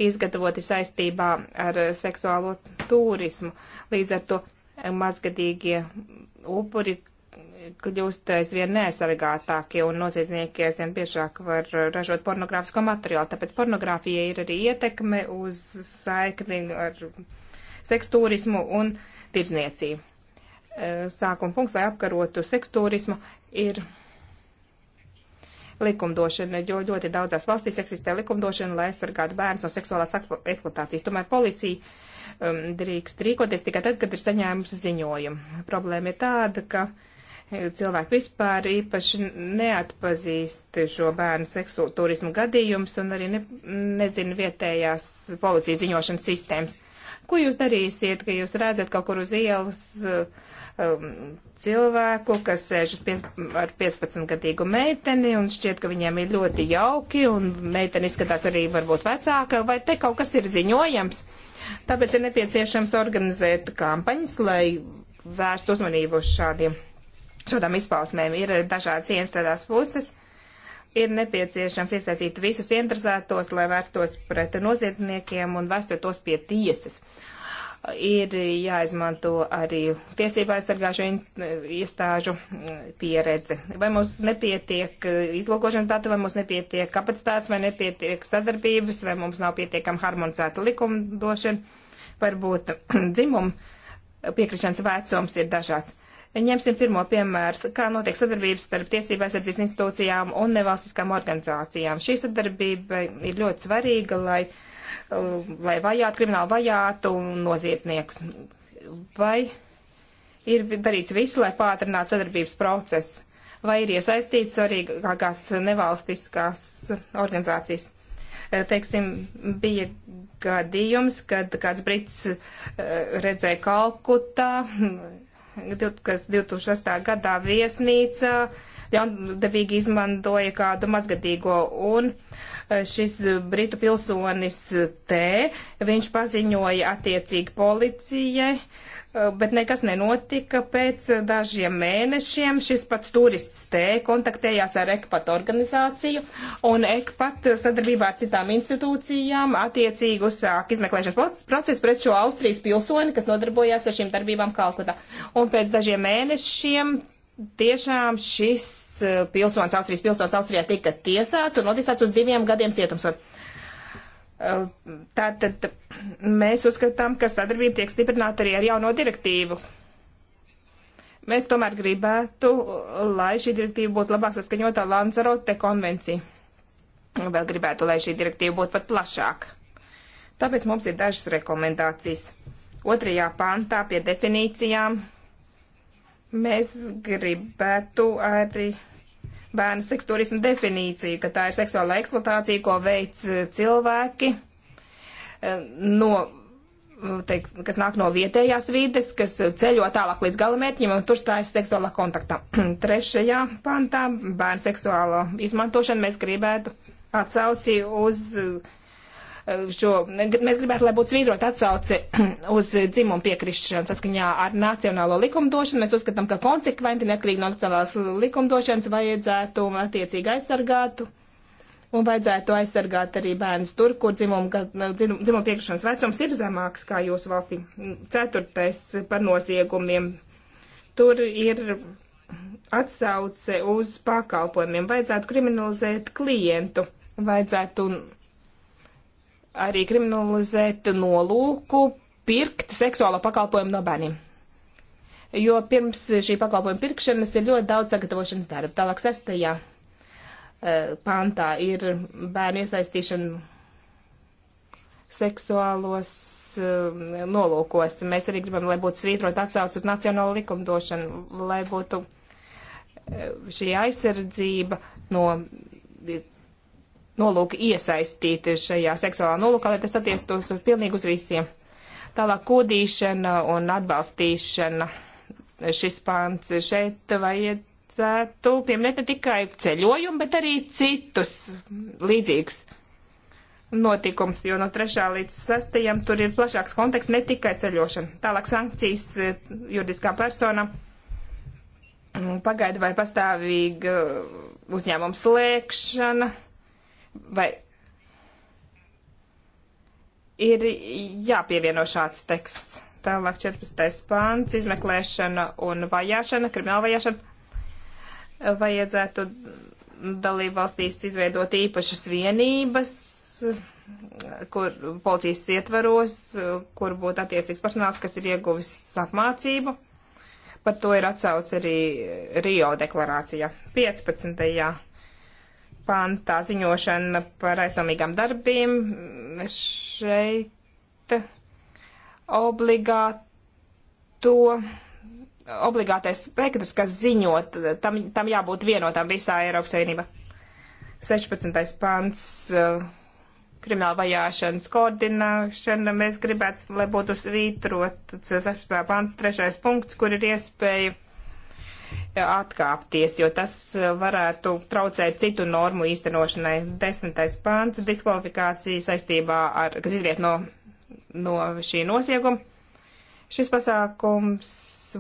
izgatavoti saistībā ar seksuālo turismu. Līdz ar to mazgadīgie upuri kļūst aizvien neaizsargātākie un noziedznieki aizvien biežāk var ražot pornogrāfisko materiālu. Tāpēc pornogrāfija ir arī ietekme uz saikni ar seksturismu un tirdzniecību sākuma punkts, lai apkarotu seksturismu, ir likumdošana, jo ļoti daudzās valstīs eksistē likumdošana, lai aizsargātu bērnus no seksuālās eksploatācijas. Tomēr policija um, drīkst rīkoties tikai tad, kad ir saņēmusi ziņojumu. Problēma ir tāda, ka eh, cilvēki vispār īpaši neatpazīst šo bērnu seksuālu turismu gadījumus un arī ne, nezina vietējās policijas ziņošanas sistēmas. Ko jūs darīsiet, ka jūs redzat kaut kur uz ielas eh, um, cilvēku, kas sēž ar 15-gadīgu meiteni un šķiet, ka viņiem ir ļoti jauki un meitene izskatās arī varbūt vecāka, vai te kaut kas ir ziņojams? Tāpēc ir nepieciešams organizēt kampaņas, lai vērst uzmanību uz šādiem, šādām izpausmēm. Ir dažādas iemesls puses. Uh, ir nepieciešams iesaistīt visus interesētos, lai vērstos pret noziedzniekiem un vērstos tos pie tiesas. Ir jāizmanto arī tiesībā aizsargāšu iestāžu mm, pieredze. Vai mums nepietiek eh, izlūkošanas datu, vai mums nepietiek kapacitātes, vai nepietiek sadarbības, vai mums nav pietiekam harmonizēta likumdošana, varbūt *clears throat* dzimumu piekrišanas vecums ir dažāds Ņemsim pirmo piemēru, kā notiek sadarbības starp tiesību aizsardzības institūcijām un nevalstiskām organizācijām. Šī sadarbība ir ļoti svarīga, lai, uh, lai vajātu, krimināli vajātu noziedzniekus. Vai ir darīts viss, lai pātrinātu sadarbības procesu, vai ir iesaistīts arī kākās nevalstiskās organizācijas? Uh, teiksim, bija gadījums, kad kāds brits uh, redzēja Kalkutā kas 2008. gadā viesnīca ļaundevīgi izmantoja kādu mazgadīgo. Un e, šis britu pilsonis T, viņš paziņoja attiecīgi policijai, e, bet nekas nenotika. Pēc dažiem mēnešiem šis pats turists T kontaktējās ar EKPAT organizāciju, un EKPAT sadarbībā ar citām institūcijām attiecīgi uzsāk izmeklēšanas procesu pret šo Austrijas pilsoni, kas nodarbojās ar šīm darbībām Kalkutā. Un pēc dažiem mēnešiem tiešām šis eh, pilsonis, Austrijas pilsonis Austrijā tika tiesāts un notiesāts uz diviem gadiem cietumsot. Eh, tātad mēs uzskatām, ka sadarbība tiek stiprināta arī ar jauno direktīvu. Mēs tomēr gribētu, lai šī direktīva būtu labāk saskaņotā Lanzarote konvencija. Vēl gribētu, lai šī direktīva būtu pat plašāka. Tāpēc mums ir dažas rekomendācijas. Otrajā pantā pie definīcijām Mēs gribētu arī bērnu seksuālismu definīciju, ka tā ir seksuāla eksploatācija, ko veic eh, cilvēki, eh, no, teik, kas nāk no vietējās vides, kas ceļo tālāk līdz galamērķim un tur stājas seksuālā kontaktā. *clears throat* Trešajā pantā bērnu seksuālo izmantošanu mēs gribētu atsauci uz uh, Eh, šo, mēs gribētu, lai būtu svītrot atsauce *clears throat* uz dzimumu piekrišanu saskaņā ar nacionālo likumdošanu. Mēs uzskatām, ka konsekventi, neatkarīgi no nacionālās likumdošanas, vajadzētu attiecīgi aizsargāt un vajadzētu aizsargāt arī bērnus tur, kur dzimuma, dzimuma piekrišanas vecums ir zemāks kā jūsu valstī. Ceturtais par noziegumiem. Tur ir atsauce uz pakalpojumiem. Vajadzētu kriminalizēt klientu. Vajadzētu arī kriminalizēt nolūku pirkt seksuālo pakalpojumu no bērniem. Jo pirms šī pakalpojuma pirkšanas ir ļoti daudz sagatavošanas darba. Tālāk sestajā eh, pāntā ir bērnu iesaistīšana seksuālos eh, nolūkos. Mēs arī gribam, lai būtu svītrot atsauc uz nacionālo likumdošanu, lai būtu eh, šī aizsardzība no nolūki iesaistīti šajā seksuālā nolūkā, lai tas attiestos pilnīgi uz visiem. Tālāk kodīšana un atbalstīšana. Šis pants šeit vajadzētu pieminēt ne tikai ceļojumu, bet arī citus līdzīgus notikums, jo no 3. līdz 6. tur ir plašāks konteksts, ne tikai ceļošana. Tālāk sankcijas eh, juridiskām personām pagaida vai pastāvīga uzņēmuma slēgšana vai ir jāpievieno šāds teksts. Tālāk 14. pāns - izmeklēšana un vajāšana, krimināla vajāšana. Vajadzētu dalību valstīs izveidot īpašas vienības, kur policijas ietvaros, kur būtu attiecīgs personāls, kas ir ieguvis apmācību. Par to ir atsauc arī Rio deklarācija 15 pantā ziņošana par aizdomīgām darbiem. Šeit obligāto, obligātais spektrs, kas ziņot, tam, tam jābūt vienotam visā Eiropas Savienībā. 16. pants krimināla vajāšanas koordinēšana. Mēs gribētu, lai būtu svītrot 16. pants trešais punkts, kur ir iespēja atkāpties, jo tas eh, varētu traucēt citu normu īstenošanai. Desmitais pāns - diskvalifikācija saistībā ar, kas izriet no, no šī nosieguma. Šis pasākums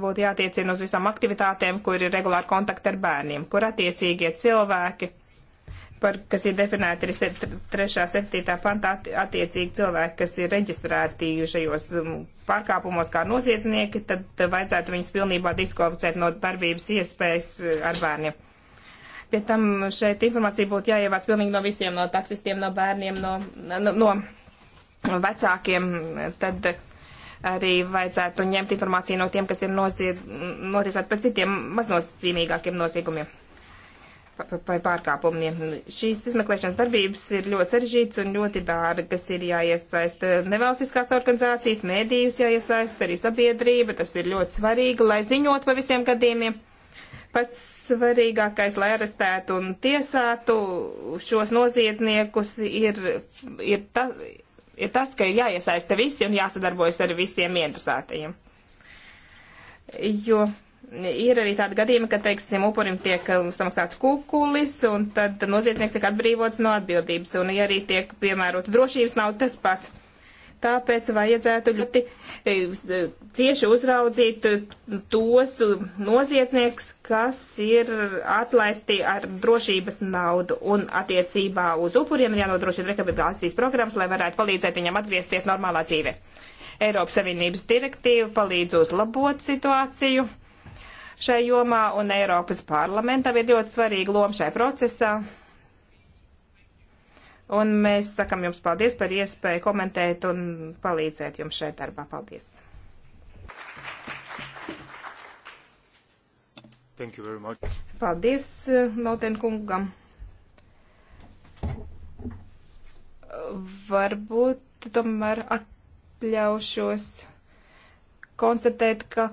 būtu jātiecina uz visām aktivitātēm, kur ir regulāri kontakti ar bērniem, kur attiecīgie cilvēki par, kas ir definēti arī 3. 7. pantā attiecīgi cilvēki, kas ir reģistrēti šajos um, pārkāpumos kā noziedznieki, tad vajadzētu viņus pilnībā diskvalificēt no darbības iespējas uh, ar bērniem. Pie tam šeit informācija būtu jāievāc pilnīgi no visiem, no taksistiem, no bērniem, no, no, no vecākiem. Tad arī vajadzētu ņemt informāciju no tiem, kas ir notiesāti pēc citiem maznozīmīgākiem noziegumiem vai pārkāpumiem. Šīs izmeklēšanas darbības ir ļoti sarežģītas un ļoti dārgas. Ir jāiesaist nevalstiskās organizācijas, mēdījus jāiesaist, arī sabiedrība. Tas ir ļoti svarīgi, lai ziņot par visiem gadījumiem. Pats svarīgākais, lai arestētu un tiesātu šos noziedzniekus, ir, ir, ta, ir tas, ka ir jāiesaista visi un jāsadarbojas ar visiem interesētajiem. Jo ir arī tādi gadījumi, ka, teiksim, upurim tiek um, samaksāts kukulis, un tad noziedznieks tiek atbrīvots no atbildības, un ja arī tiek piemērota drošības nav tas pats. Tāpēc vajadzētu ļoti e, e, cieši uzraudzīt e, tos noziedznieks, kas ir atlaisti ar drošības naudu, un attiecībā uz upuriem ir jānodrošina rekapitalizācijas programmas, lai varētu palīdzēt viņam atgriezties normālā dzīvē. Eiropas Savienības direktīva palīdz uzlabot situāciju šai jomā, un Eiropas parlamentam ir ļoti svarīga loma šai procesā. Un mēs sakam jums paldies par iespēju komentēt un palīdzēt jums šeit darbā. Paldies! Paldies Notenkungam. Eh, Varbūt tomēr atļaušos konstatēt, ka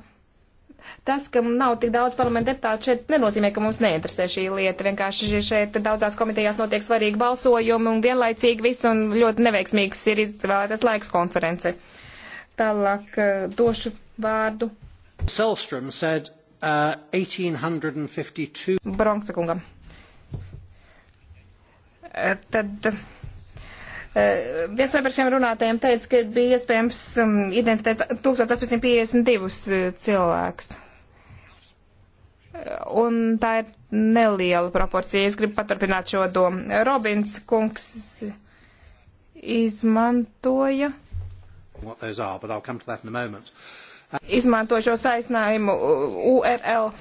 Tas, ka nav tik daudz parlamenta deputātu šeit, nenozīmē, ka mums neinteresē šī lieta. Vienkārši šeit daudzās komitejās notiek svarīgi balsojumi un vienlaicīgi viss un ļoti neveiksmīgs ir izvēlētas laiks konference. Tālāk eh, došu vārdu. Selstrom said uh, 1852. Bronksa kungam. Eh, tad. Uh, Eh, viens no iepriekšējiem runātājiem teica, ka bija iespējams um, identificēt 1852 eh, cilvēkus. Eh, un tā ir neliela proporcija. Es gribu paturpināt šo domu. Robins kungs izmantoja. Are, izmanto šo saistījumu URL. Uh,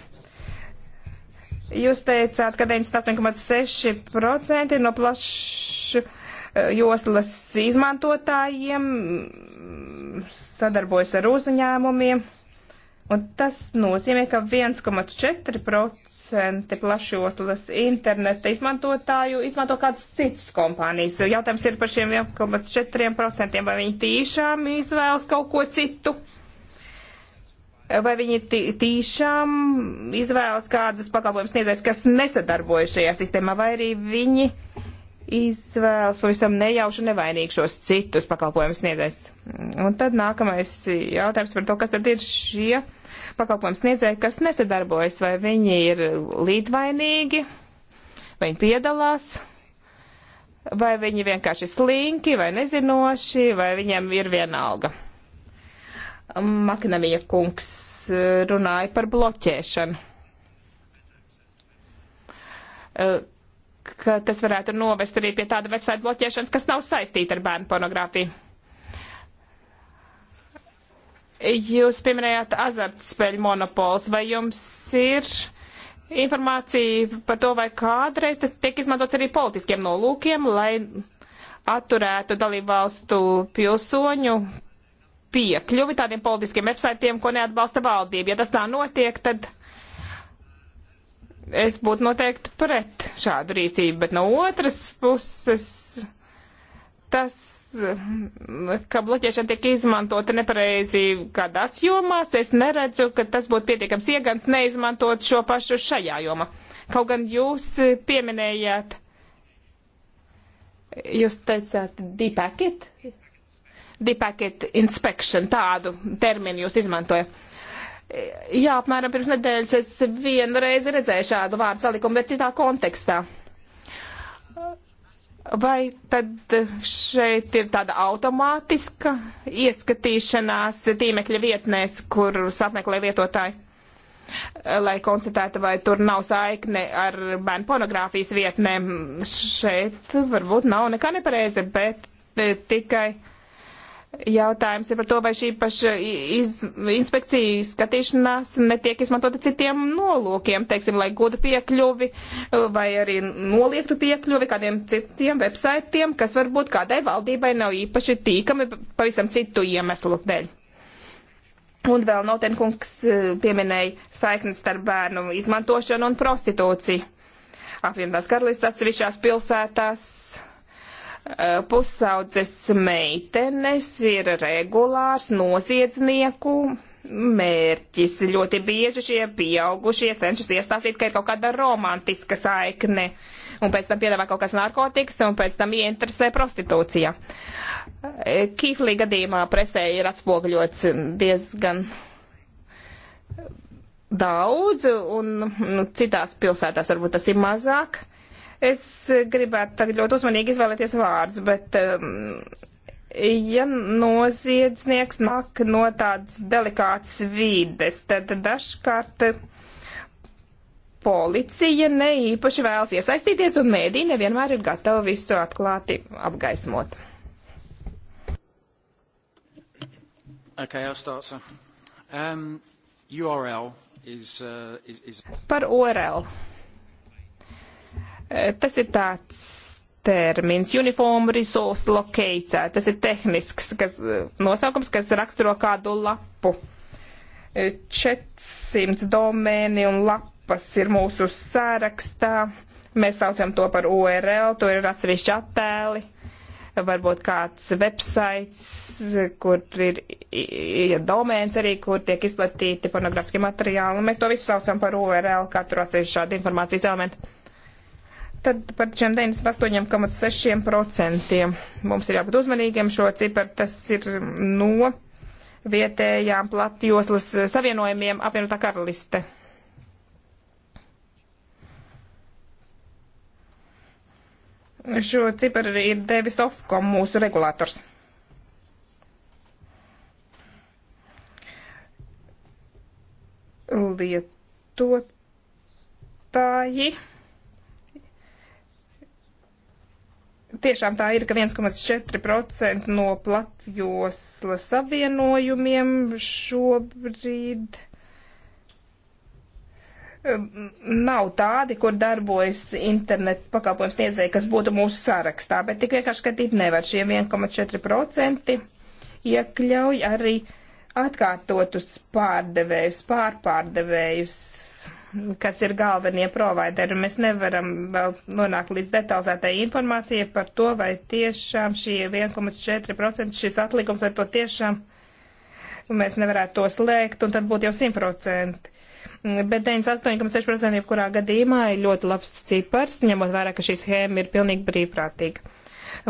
Jūs teicāt, ka 98,6% no plašu joslas izmantotājiem, sadarbojas ar uzņēmumiem. Un tas nozīmē, ka 1,4% plašjoslas interneta izmantotāju izmanto kādas citas kompānijas. Jautājums ir par šiem 1,4%, vai viņi tīšām izvēlas kaut ko citu, vai viņi tīšām izvēlas kādus pakalpojumus sniedzējus, kas nesadarbojas šajā sistēmā, vai arī viņi uh, izvēlas pavisam nejauši nevainīgšos citus pakalpojumu sniedzējus. Un tad nākamais jautājums par to, kas tad ir šie pakalpojumu sniedzēji, kas nesadarbojas, vai viņi ir līdvainīgi, vai viņi piedalās, vai viņi vienkārši slinki, vai nezinoši, vai viņiem ir vienalga. Maknavija kungs e, runāja par bloķēšanu e, ka tas varētu novest arī pie tāda websaita bloķēšanas, kas nav saistīta ar bērnu pornogrāfiju. Jūs pieminējāt azartspēļu monopols. Vai jums ir informācija par to, vai kādreiz tas tiek izmantots arī politiskiem nolūkiem, lai atturētu dalībvalstu pilsoņu piekļuvi tādiem politiskiem websaitiem, ko neatbalsta valdība? Ja tas tā notiek, tad. Uh, es būtu noteikti pret šādu rīcību, bet no otras puses tas, ka bloķēšana tiek izmantota nepareizi kādās jomās, es neredzu, ka tas būtu pietiekams iegans neizmantot šo pašu šajā jomā. Kaut gan jūs pieminējāt, jūs teicāt, depacket? Depacket inspection, tādu terminu jūs izmantojat. Jā, apmēram pirms nedēļas es vienu reizi redzēju šādu vārdu salikumu, bet citā kontekstā. Vai tad šeit ir tāda automātiska ieskatīšanās tīmekļa vietnēs, kur sapmeklē lietotāji, lai konstatētu, vai tur nav saikne ar bērnu pornogrāfijas vietnēm? Šeit varbūt nav nekā nepareizi, bet eh, tikai Jautājums ir par to, vai šī paša iz, inspekcija skatīšanās netiek izmantota citiem nolūkiem, teiksim, lai gūtu piekļuvi vai arī noliektu piekļuvi kādiem citiem websaitiem, kas varbūt kādai valdībai nav īpaši tīkami pavisam citu iemeslu dēļ. Un vēl Notenkungs eh, pieminēja saiknes starp bērnu izmantošanu un prostitūciju. Apvienotās karalistas atsevišķās pilsētās Eh, pusaudzes meitenes ir regulārs noziedznieku mērķis. Ļoti bieži šie pieaugušie cenšas iestāstīt, ka ir kaut kāda romantiska saikne, un pēc tam piedāvā kaut kāds narkotikas, un pēc tam ieinteresē prostitūcija. Eh, Kīflī gadījumā presē ir atspoguļots diezgan daudz, un nu, citās pilsētās varbūt tas ir mazāk. Es gribētu tagad ļoti uzmanīgi izvēlēties vārdus, bet um, ja noziedznieks nāk no tādas delikātas vides, tad dažkārt policija ne īpaši vēlas iesaistīties, un mēdī nevienmēr ir gatava visu atklāti apgaismot. Okay, I'll start, sir. Um, URL is, uh, is, is... Par URL. Tas ir tāds termins uniform resource locator. Tas ir tehnisks kas, nosaukums, kas raksturo kādu lapu. 400 domēni un lapas ir mūsu sārakstā. Mēs saucam to par URL, tur ir atsevišķi attēli, varbūt kāds websites, kur ir, ir domēns arī, kur tiek izplatīti pornogrāfiskie materiāli. Mēs to visu saucam par URL, katru atsevišķu šādu informācijas elementu Tad par šiem 98,6% mums ir jābūt uzmanīgiem šo ciparu. Tas ir no vietējām platjoslas savienojumiem apvienotā karaliste. Šo ciparu ir devis Ofcom, mūsu regulators. Lietotāji. tiešām tā ir, ka 1,4% no platjoslas savienojumiem šobrīd um, nav tādi, kur darbojas internetu pakalpojums sniedzēji, kas būtu mūsu sarakstā, bet tik vienkārši skatīt nevar. Šie 1,4% iekļauj arī atkārtotus pārdevējus, pārpārdevējus, kas ir galvenie provideri. Mēs nevaram vēl nonākt līdz detalizētai informācijai par to, vai tiešām šī 1,4% šis atlikums, vai to tiešām mēs nevarētu to slēgt, un tad būtu jau 100%. Bet 98,6% jebkurā gadījumā ir ļoti labs cipars, ņemot vērā, ka šī schēma ir pilnīgi brīvprātīga.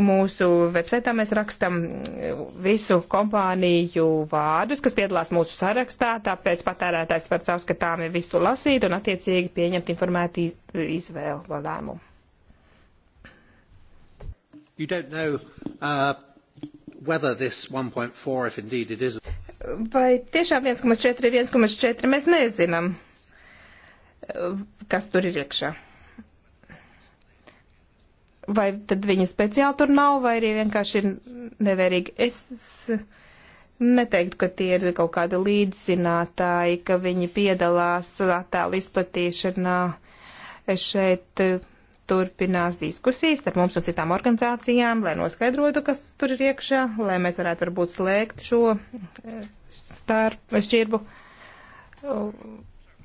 Mūsu websaitā mēs rakstam visu kompāniju vārdus, kas piedalās mūsu sarakstā, tāpēc patērētājs var caurskatāmi visu lasīt un attiecīgi pieņemt informētu izvēlu lēmumu. You don't know uh, whether this 1.4, if indeed it is. Vai tiešām 1,4 ir 1,4? Mēs nezinām, kas tur ir iekšā vai tad viņa speciāli tur nav, vai arī vienkārši ir nevērīgi. Es neteiktu, ka tie ir kaut kādi līdzzinātāji, ka viņi piedalās attēlu izplatīšanā. Šeit eh, turpinās diskusijas starp mums un citām organizācijām, lai noskaidrotu, kas tur ir iekšā, lai mēs varētu varbūt slēgt šo eh, starp šķirbu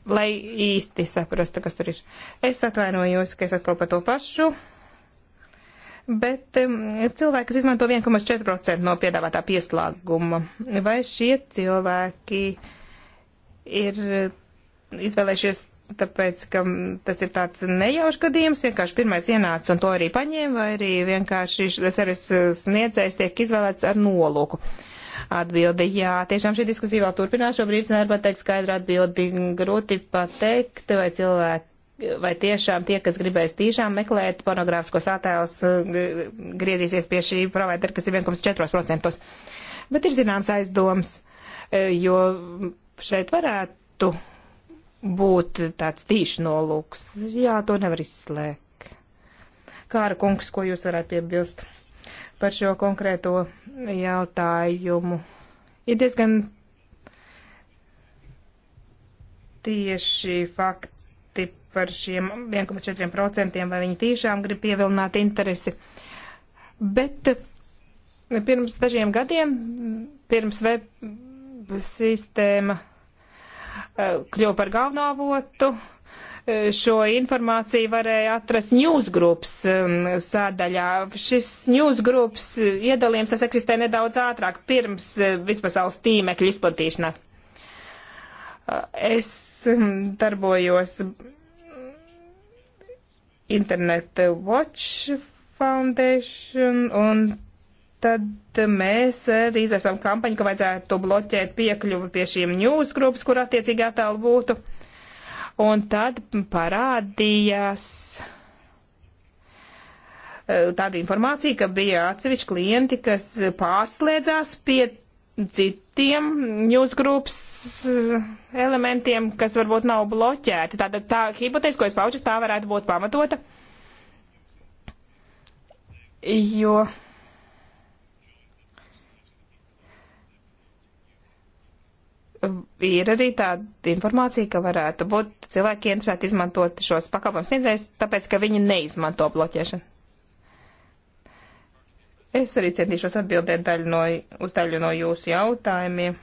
lai īsti saprastu, kas tur ir. Es atvainojos, ka es atkal par to pašu bet cilvēki, kas izmanto 1,4% no piedāvātā pieslēguma, vai šie cilvēki ir izvēlējušies tāpēc, ka tas ir tāds nejaušs gadījums, vienkārši pirmais ienāca un to arī paņēma, vai arī vienkārši servis sniedzējs tiek izvēlēts ar nolūku. Atbildi, jā, tiešām šī diskusija vēl turpinās, šobrīd nevar pateikt skaidru atbildi, grūti pateikt, vai cilvēki vai tiešām tie, kas gribēs tīšām meklēt pornogrāfiskos attēlus, eh, griezīsies pie šī provaidera, kas ir 1,4%. Bet ir zināms aizdoms, eh, jo šeit varētu būt tāds tīšs nolūks. Jā, to nevar izslēgt. Kāra kungs, ko jūs varētu piebilst par šo konkrēto jautājumu? Ir diezgan tieši fakti par šiem 1,4%, vai viņi tiešām grib pievilināt interesi. Bet eh, pirms dažiem gadiem, pirms web sistēma eh, kļuva par galveno avotu, eh, šo informāciju varēja atrast newsgroups um, sādaļā. Šis newsgroups iedalījums tas eksistē nedaudz ātrāk, pirms vispasaules tīmekļa izplatīšanās. Es mm, darbojos Internet Watch Foundation, un tad mēs arī izlasām kampaņu, ka vajadzētu bloķēt piekļuvi pie šīm newsgrupas, kur attiecīgi attēlu būtu. Un tad parādījās eh, tāda informācija, ka bija atsevišķi klienti, kas pārslēdzās pie citiem jūsu grupas eh, elementiem, kas varbūt nav bloķēti. Tātad tā hipotēze, ko es pauču, tā varētu būt pamatota. Jo. Ir arī tāda informācija, ka varētu būt cilvēki interesēti izmantot šos pakalpojumus sniedzējus, tāpēc, ka viņi neizmanto bloķēšanu. Es arī centīšos atbildēt daļu no, uz daļu no jūsu jautājumiem.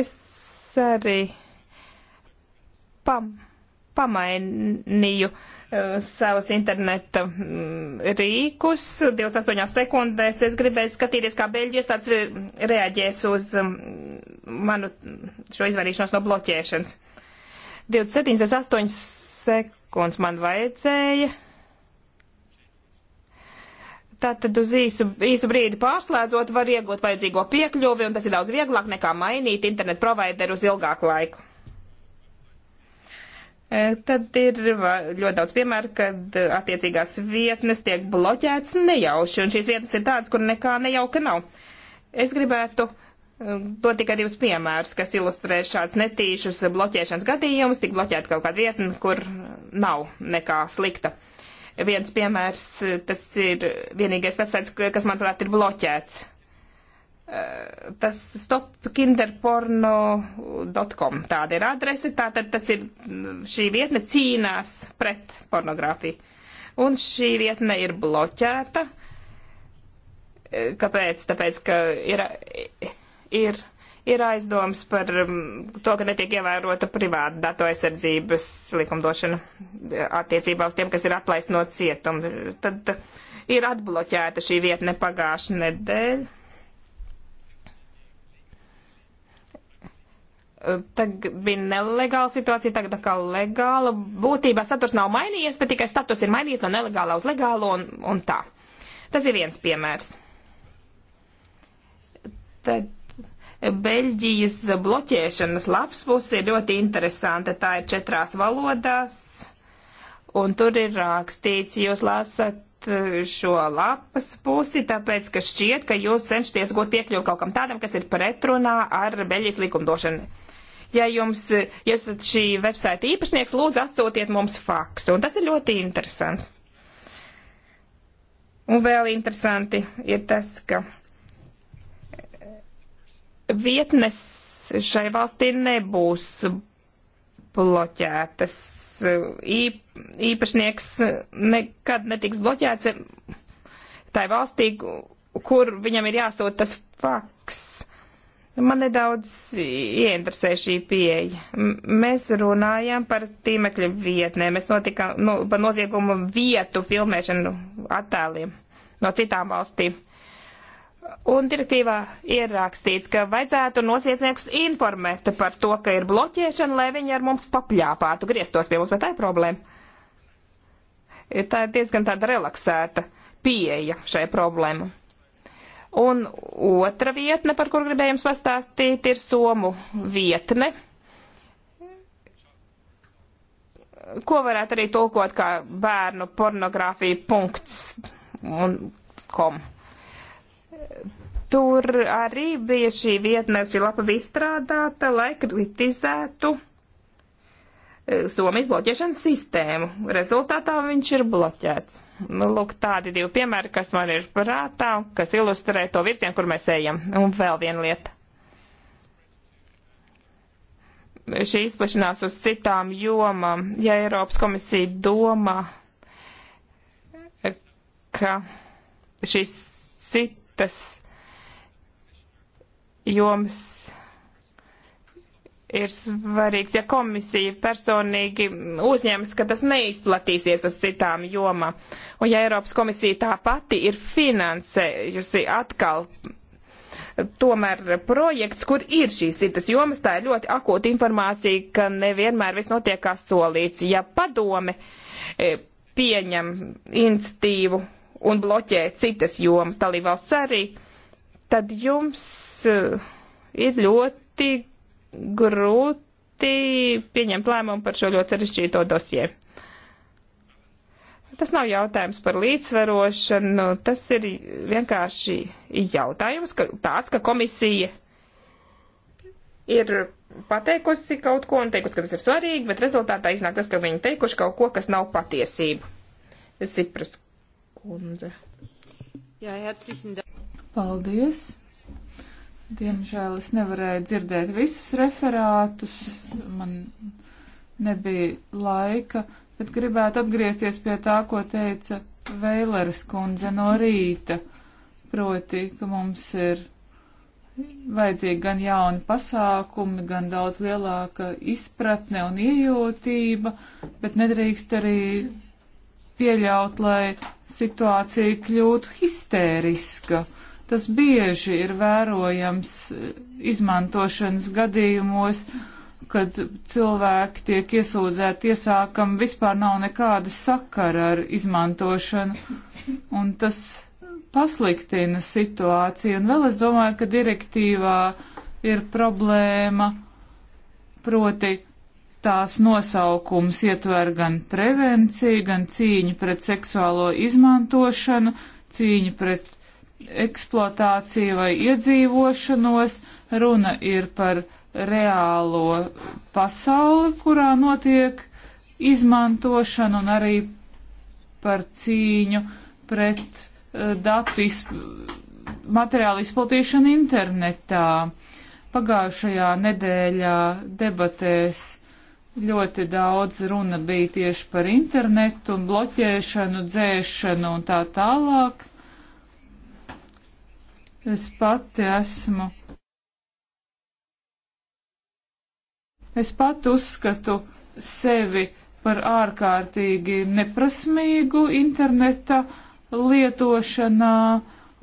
Es arī pam, pamainīju uh, savus interneta mm, rīkus. 28 sekundēs es gribēju skatīties, kā beļģies tāds re, reaģēs uz um, manu šo izvairīšanos no bloķēšanas. 27, 28 sekundes man vajadzēja. Tātad uz īsu, īsu brīdi pārslēdzot var iegūt vajadzīgo piekļuvi, un tas ir daudz vieglāk nekā mainīt internetu provideru uz ilgāku laiku. E, tad ir ļoti daudz piemēru, kad e, attiecīgās vietnes tiek bloķētas nejauši, un šīs vietnes ir tādas, kur nekā nejauka nav. Es gribētu e, to tikai divus piemērus, kas ilustrē šāds netīšus bloķēšanas gadījumus, tik bloķēta kaut kāda vietne, kur nav nekā slikta. Uh, Viens piemērs, tas ir vienīgais websites, kas, manuprāt, ir bloķēts. Eh, tas stopkinderporno.com tāda ir adrese, tātad tas ir mm, šī vietne cīnās pret pornogrāfiju. Un šī vietne ir bloķēta. Eh, kāpēc? Tāpēc, ka ir, ir Ir aizdoms par um, to, ka netiek ievērota privāta datu aizsardzības likumdošana uh, attiecībā uz tiem, kas ir atlaist no cietuma. Tad uh, ir atbloķēta šī vietne pagājušā nedēļa. Uh, tagad bija nelegāla situācija, tagad atkal legāla. Būtībā saturs nav mainījies, bet tikai status ir mainījies no nelegālā uz legālo un, un tā. Tas ir viens piemērs. Tad Beļģijas bloķēšanas lapspuse ir ļoti interesanta. Tā ir četrās valodās, un tur ir rakstīts, jūs lasat eh, šo lapas pusi, tāpēc, ka šķiet, ka jūs cenšaties gūt piekļuvu kaut kam tādam, kas ir pretrunā ar Beļģijas likumdošanu. Ja jums, ja esat šī websaita īpašnieks, lūdzu atsūtiet mums faksu, un tas ir ļoti interesanti. Un vēl interesanti ir tas, ka vietnes šai valstī nebūs bloķētas. Īpašnieks nekad netiks bloķēts tai valstī, kur viņam ir jāsūt tas faks. Man nedaudz ieinteresē šī pieeja. M mēs runājām par tīmekļa vietnēm, mēs notikām nu, par noziegumu vietu filmēšanu attēliem no citām valstīm. Un direktīvā ir rakstīts, ka vajadzētu noziedzniekus informēt par to, ka ir bloķēšana, lai viņi ar mums papļāpātu, grieztos pie mums, bet tā ir problēma. Tā ir diezgan tāda relaksēta pieeja šai problēmu. Un otra vietne, par kur gribēju jums pastāstīt, ir Somu vietne. Ko varētu arī tulkot kā bērnu pornogrāfija punkts un kom. Tur arī bija šī vietnes ir labi izstrādāta, lai kritizētu e, Somijas bloķēšanas sistēmu. Rezultātā viņš ir bloķēts. Nu, lūk, tādi divi piemēri, kas man ir prātā, kas ilustrē to virzienu, kur mēs ejam. Un vēl viena lieta. Šī izplašanās uz citām jomām, ja Eiropas komisija domā, ka šīs citas citas jomas ir svarīgs, ja komisija personīgi uzņems, ka tas neizplatīsies uz citām jomām. Un ja Eiropas komisija tā pati ir finansējusi atkal tomēr projekts, kur ir šīs citas jomas, tā ir ļoti akūta informācija, ka nevienmēr viss notiek kā solīts. Ja padome e, pieņem institīvu un bloķē citas jomas dalībvalsts arī, tad jums eh, ir ļoti grūti pieņemt lēmumu par šo ļoti sarežģīto dosie. Tas nav jautājums par līdzsvarošanu, tas ir vienkārši jautājums ka tāds, ka komisija ir pateikusi kaut ko un teikusi, ka tas ir svarīgi, bet rezultātā iznāk tas, ka viņi teikuši kaut ko, kas nav patiesība. Sipras kundze. Jā, herzlichen Dank. Paldies. Diemžēl es nevarēju dzirdēt visus referātus, man nebija laika, bet gribētu atgriezties pie tā, ko teica Vēleres kundze no rīta. Proti, ka mums ir vajadzīgi gan jauni pasākumi, gan daudz lielāka izpratne un iejūtība, bet nedrīkst arī pieļaut, lai situācija kļūtu histēriska. Tas bieži ir vērojams eh, izmantošanas gadījumos, kad cilvēki tiek iesūdzēti tiesā, kam vispār nav nekāda sakara ar izmantošanu, un tas pasliktina situāciju. Un vēl es domāju, ka direktīvā ir problēma, proti Tās nosaukums ietver gan prevenciju, gan cīņu pret seksuālo izmantošanu, cīņu pret eksploatāciju vai iedzīvošanos. Runa ir par reālo pasauli, kurā notiek izmantošana un arī par cīņu pret uh, datu izp materiālu izplatīšanu internetā. Pagājušajā nedēļā debatēs Ļoti daudz runa bija tieši par internetu, bloķēšanu, dzēšanu un tā tālāk. Es pati esmu. Es pat uzskatu sevi par ārkārtīgi neprasmīgu interneta lietošanā,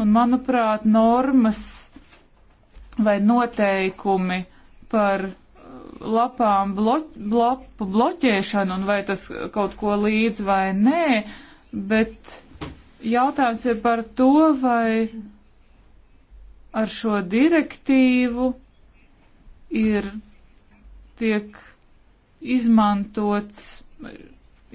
un manuprāt, normas vai noteikumi par lapām bloķ, lapu bloķēšanu un vai tas kaut ko līdz vai nē, bet jautājums ir par to, vai ar šo direktīvu ir tiek izmantots,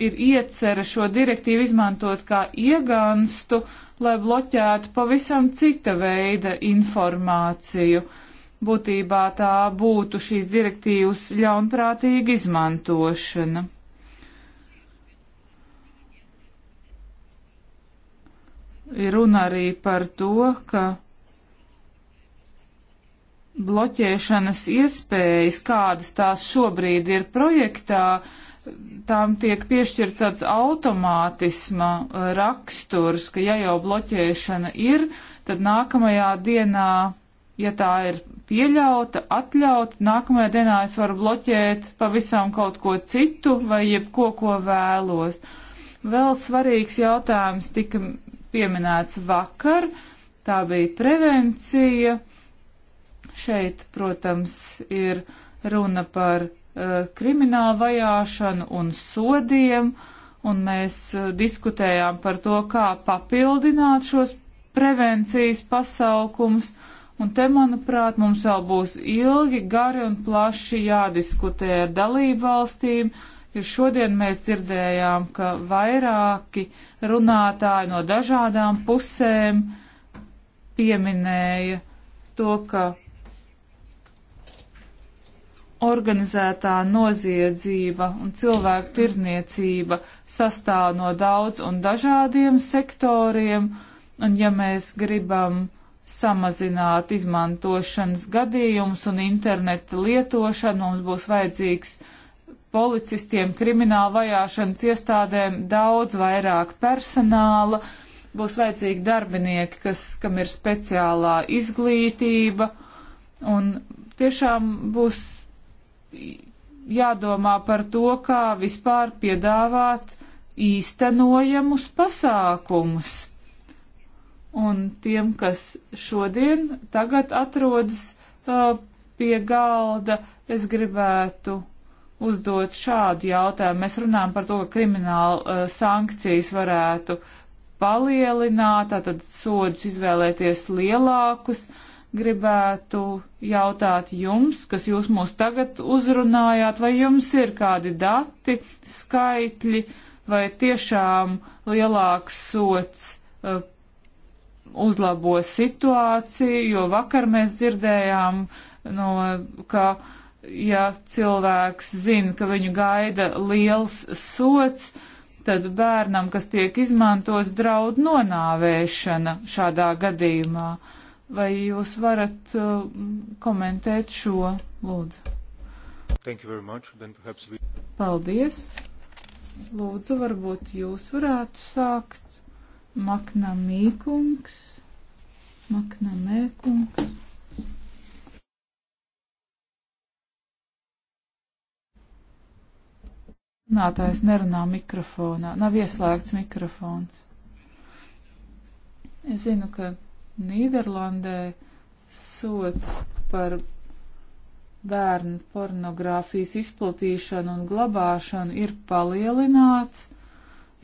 ir iecera šo direktīvu izmantot kā iegānstu, lai bloķētu pavisam cita veida informāciju. Uh, būtībā tā būtu šīs direktīvas ļaunprātīga izmantošana. Ir runa arī par to, ka bloķēšanas iespējas, kādas tās šobrīd ir projektā, tām tiek piešķirts tāds automātisma eh, raksturs, ka ja jau bloķēšana ir, tad nākamajā dienā ja tā ir pieļauta, atļauta, nākamajā dienā es varu bloķēt pavisam kaut ko citu vai jebko, ko vēlos. Vēl svarīgs jautājums tika pieminēts vakar, tā bija prevencija. Šeit, protams, ir runa par uh, kriminālu vajāšanu un sodiem, un mēs uh, diskutējām par to, kā papildināt šos prevencijas pasaukumus. Uh, Un te, manuprāt, mums vēl būs ilgi, gari un plaši jādiskutē ar dalību valstīm, jo šodien mēs dzirdējām, ka vairāki runātāji no dažādām pusēm pieminēja to, ka organizētā noziedzība un cilvēku tirzniecība sastāv no daudz un dažādiem sektoriem, un ja mēs gribam samazināt izmantošanas gadījumus un interneta lietošanu. Mums būs vajadzīgs policistiem, krimināla vajāšanas iestādēm daudz vairāk personāla, būs vajadzīgi darbinieki, kas, kam ir speciālā izglītība, un tiešām būs jādomā par to, kā vispār piedāvāt īstenojamus pasākumus un tiem, kas šodien tagad atrodas uh, pie galda, es gribētu uzdot šādu jautājumu. Mēs runājam par to, ka krimināla uh, sankcijas varētu palielināt, tātad sodus izvēlēties lielākus. Gribētu jautāt jums, kas jūs mūs tagad uzrunājāt, vai jums ir kādi dati, skaitļi, vai tiešām lielāks sots uh, uzlabo situāciju, jo vakar mēs dzirdējām, no, ka, ja cilvēks zina, ka viņu gaida liels sots, tad bērnam, kas tiek izmantots, draud nonāvēšana šādā gadījumā. Vai jūs varat uh, komentēt šo lūdzu? We... Paldies! Lūdzu, varbūt jūs varētu sākt. Maknamīkungs. Maknamēkungs. Runātājs nerunā mikrofonā, nav ieslēgts mikrofons. Es zinu, ka Nīderlandē sots par bērnu pornogrāfijas izplatīšanu un glabāšanu ir palielināts,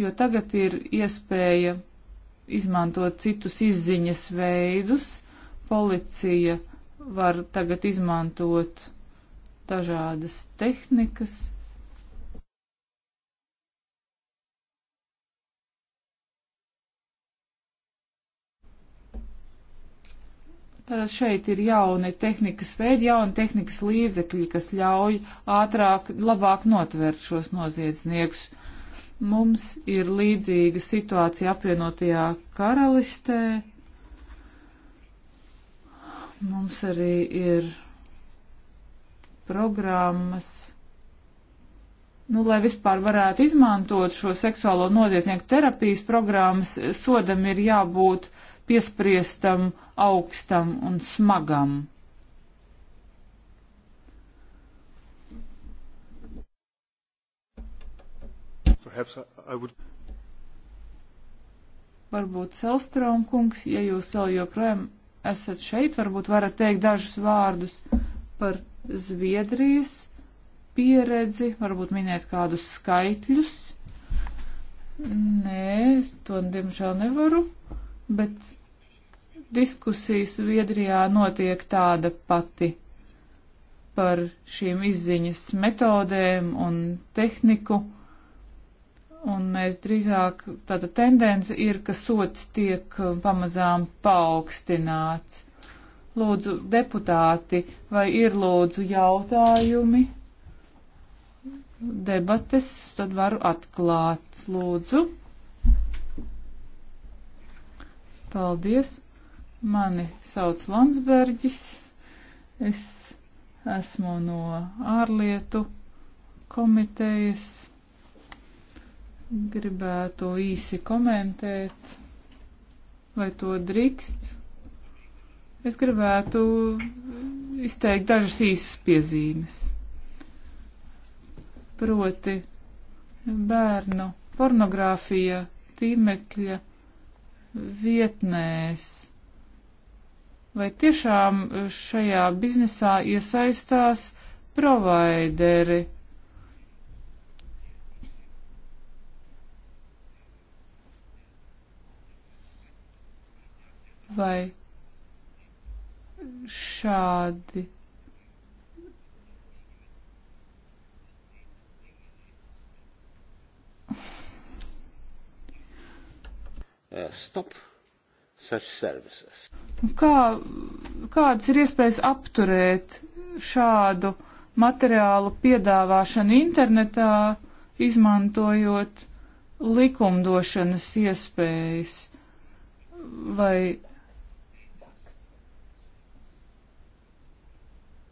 jo tagad ir iespēja izmantot citus izziņas veidus. Policija var tagad izmantot dažādas tehnikas. Tātad šeit ir jauni tehnikas veidi, jauni tehnikas līdzekļi, kas ļauj ātrāk, labāk notvert šos noziedzniekus. Mums ir līdzīga situācija apvienotajā karalistē. Mums arī ir programmas, nu, lai vispār varētu izmantot šo seksuālo noziedznieku terapijas programmas, sodam ir jābūt piespriestam, augstam un smagam. perhaps I would. Varbūt Selstrom kungs, ja jūs vēl joprojām esat šeit, varbūt varat teikt dažus vārdus par Zviedrijas pieredzi, varbūt minēt kādus skaitļus. Nē, es to diemžēl nevaru, bet diskusijas Zviedrijā notiek tāda pati par šīm izziņas metodēm un tehniku. Un mēs drīzāk tāda tendence ir, ka sots tiek um, pamazām paaugstināts. Lūdzu, deputāti, vai ir lūdzu jautājumi? Debates tad varu atklāt. Lūdzu. Paldies. Mani sauc Landsbergis. Es esmu no ārlietu komitejas. Gribētu īsi komentēt, vai to drīkst. Es gribētu izteikt dažas īsas piezīmes. Proti, bērnu pornogrāfija tīmekļa vietnēs. Vai tiešām šajā biznesā iesaistās provaideri? vai šādi. Uh, stop such services. Kā, kādas ir iespējas apturēt šādu materiālu piedāvāšanu internetā, izmantojot likumdošanas iespējas? Vai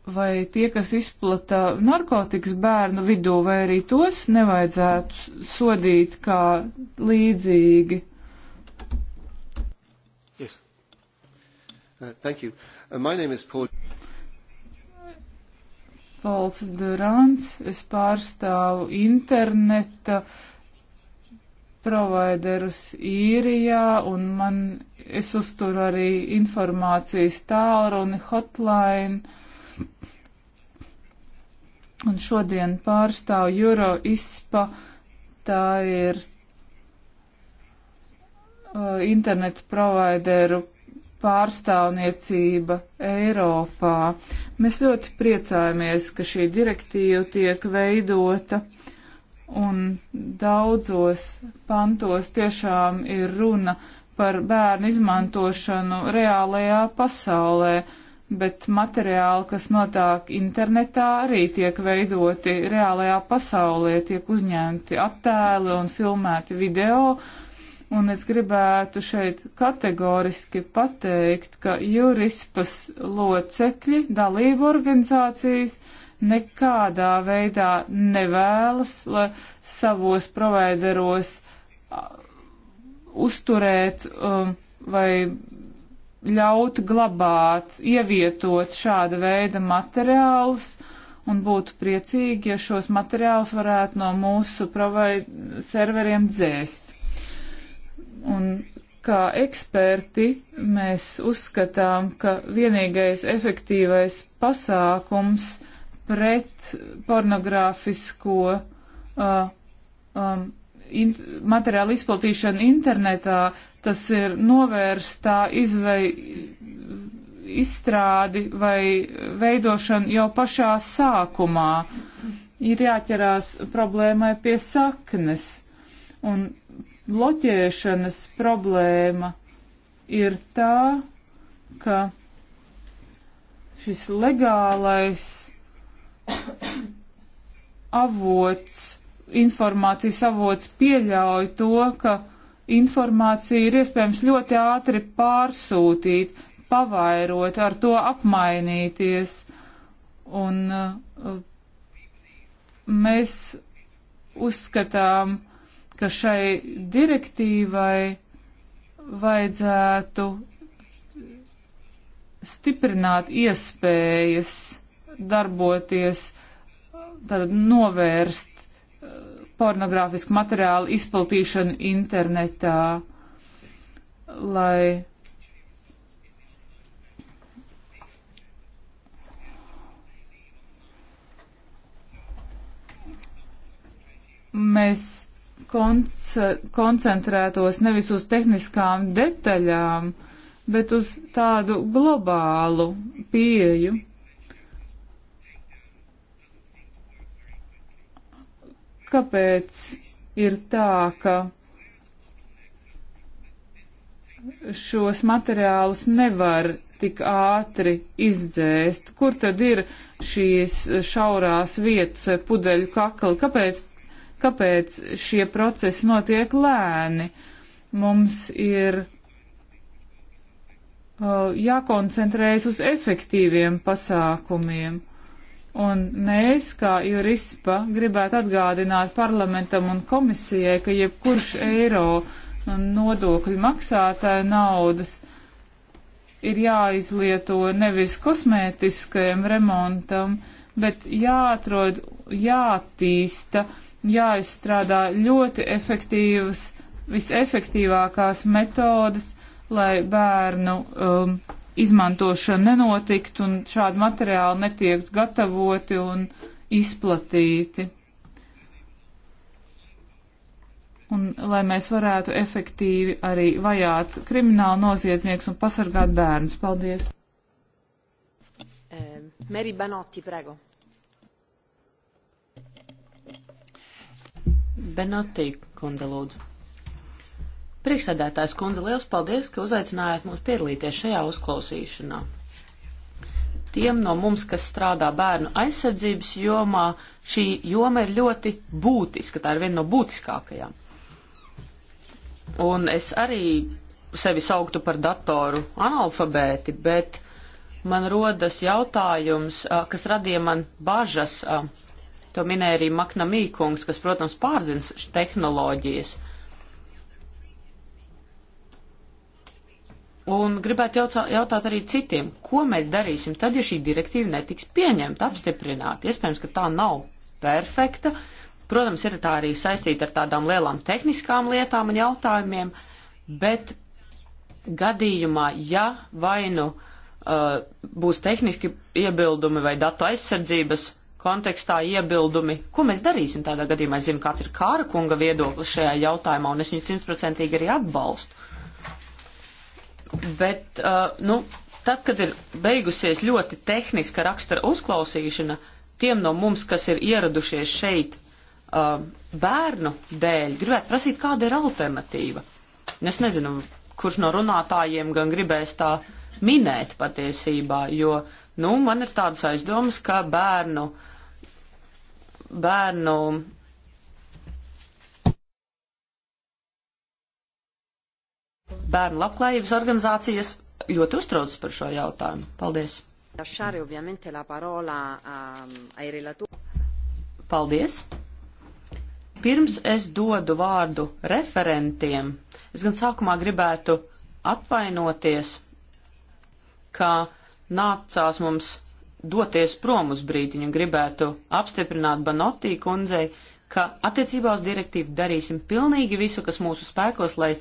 vai tie, kas izplata narkotikas bērnu vidū, vai arī tos nevajadzētu sodīt kā līdzīgi. Yes. Uh, thank you. Uh, my name is Paul. Pauls Durants, es pārstāvu interneta providerus īrijā un man, es uzturu arī informācijas tālruni, hotline. Uh, un šodien pārstāv Euro ISPA, tā ir uh, internetu provaideru pārstāvniecība Eiropā. Mēs ļoti priecājamies, ka šī direktīva tiek veidota un daudzos pantos tiešām ir runa par bērnu izmantošanu reālajā pasaulē. Uh, bet materiāli, kas notāk internetā, arī tiek veidoti reālajā pasaulē, tiek uzņemti attēli un filmēti video. Un es gribētu šeit kategoriski pateikt, ka jurispas locekļi, dalību organizācijas nekādā veidā nevēlas savos provideros uzturēt um, vai ļaut glabāt, ievietot šāda veida materiālus un būtu priecīgi, ja šos materiālus varētu no mūsu serveriem dzēst. Un kā eksperti mēs uzskatām, ka vienīgais efektīvais pasākums pret pornogrāfisko uh, um, in materiālu izplatīšanu internetā Tas ir novērst tā izvei, izstrādi vai veidošanu jau pašā sākumā. Ir jāķerās problēmai pie saknes. Un bloķēšanas problēma ir tā, ka šis legālais *coughs* avots, informācijas avots pieļauj to, ka informāciju ir iespējams ļoti ātri pārsūtīt, pavairot, ar to apmainīties. Un uh, mēs uzskatām, ka šai direktīvai vajadzētu stiprināt iespējas darboties, tad novērst uh, pornogrāfisku materiālu izplatīšanu internetā, lai mēs koncentrētos nevis uz tehniskām detaļām, bet uz tādu globālu pieju. kāpēc ir tā, ka šos materiālus nevar tik ātri izdzēst? Kur tad ir šīs šaurās vietas vai pudeļu kakli? Kāpēc, kāpēc šie procesi notiek lēni? Mums ir uh, jākoncentrējas uz efektīviem pasākumiem. Un mēs, kā jurispa, gribētu atgādināt parlamentam un komisijai, ka jebkurš eiro nodokļu maksātāja naudas ir jāizlieto nevis kosmētiskajam remontam, bet jāatrod, jātīsta, jāizstrādā ļoti efektīvas, visefektīvākās metodas, lai bērnu um, izmantošana nenotikt un šādi materiāli netiek gatavoti un izplatīti. Un lai mēs varētu efektīvi arī vajāt kriminālu noziedznieks un pasargāt bērnus. Paldies! Eh, Meri Banotti, prego. Benotti, kundze, lūdzu. Priekšsēdētājs kundze, liels paldies, ka uzaicinājāt mūs piedalīties šajā uzklausīšanā. Tiem no mums, kas strādā bērnu aizsardzības jomā, šī joma ir ļoti būtiska, tā ir viena no būtiskākajām. Un es arī sevi sauktu par datoru analfabēti, bet man rodas jautājums, kas radīja man bažas. To minēja arī Makna Mīkungs, kas, protams, pārzina tehnoloģijas. Un gribētu jautāt, jautāt arī citiem, ko mēs darīsim tad, ja šī direktīva netiks pieņemta, apstiprināta. Iespējams, ka tā nav perfekta. Protams, ir tā arī saistīta ar tādām lielām tehniskām lietām un jautājumiem, bet gadījumā, ja vainu uh, būs tehniski iebildumi vai datu aizsardzības kontekstā iebildumi, ko mēs darīsim tādā gadījumā? Es zinu, kāds ir Kāra kunga viedoklis šajā jautājumā, un es viņu simtprocentīgi arī atbalstu Bet, uh, nu, tad, kad ir beigusies ļoti tehniska rakstura uzklausīšana, tiem no mums, kas ir ieradušies šeit uh, bērnu dēļ, gribētu prasīt, kāda ir alternatīva. Es nezinu, kurš no runātājiem gan gribēs tā minēt patiesībā, jo, nu, man ir tādas aizdomas, ka bērnu, bērnu bērnu labklājības organizācijas ļoti uztraucas par šo jautājumu. Paldies! Paldies! Pirms es dodu vārdu referentiem, es gan sākumā gribētu atvainoties, ka nācās mums doties prom uz brīdiņu un gribētu apstiprināt Banotī kundzei, ka attiecībā uz direktīvu darīsim pilnīgi visu, kas mūsu spēkos, lai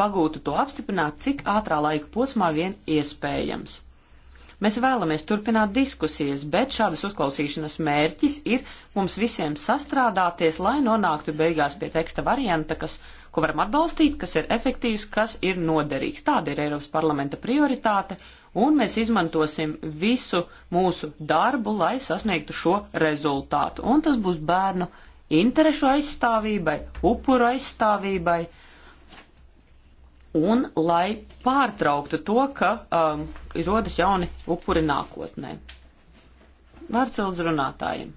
pagūtu to apstiprināt, cik ātrā laika posmā vien iespējams. Mēs vēlamies turpināt diskusijas, bet šādas uzklausīšanas mērķis ir mums visiem sastrādāties, lai nonāktu beigās pie teksta varianta, kas, ko varam atbalstīt, kas ir efektīvs, kas ir noderīgs. Tāda ir Eiropas parlamenta prioritāte, un mēs izmantosim visu mūsu darbu, lai sasniegtu šo rezultātu. Un tas būs bērnu interešu aizstāvībai, upuru aizstāvībai un lai pārtrauktu to, ka um, rodas jauni upuri nākotnē. Vārds lūdzu runātājiem.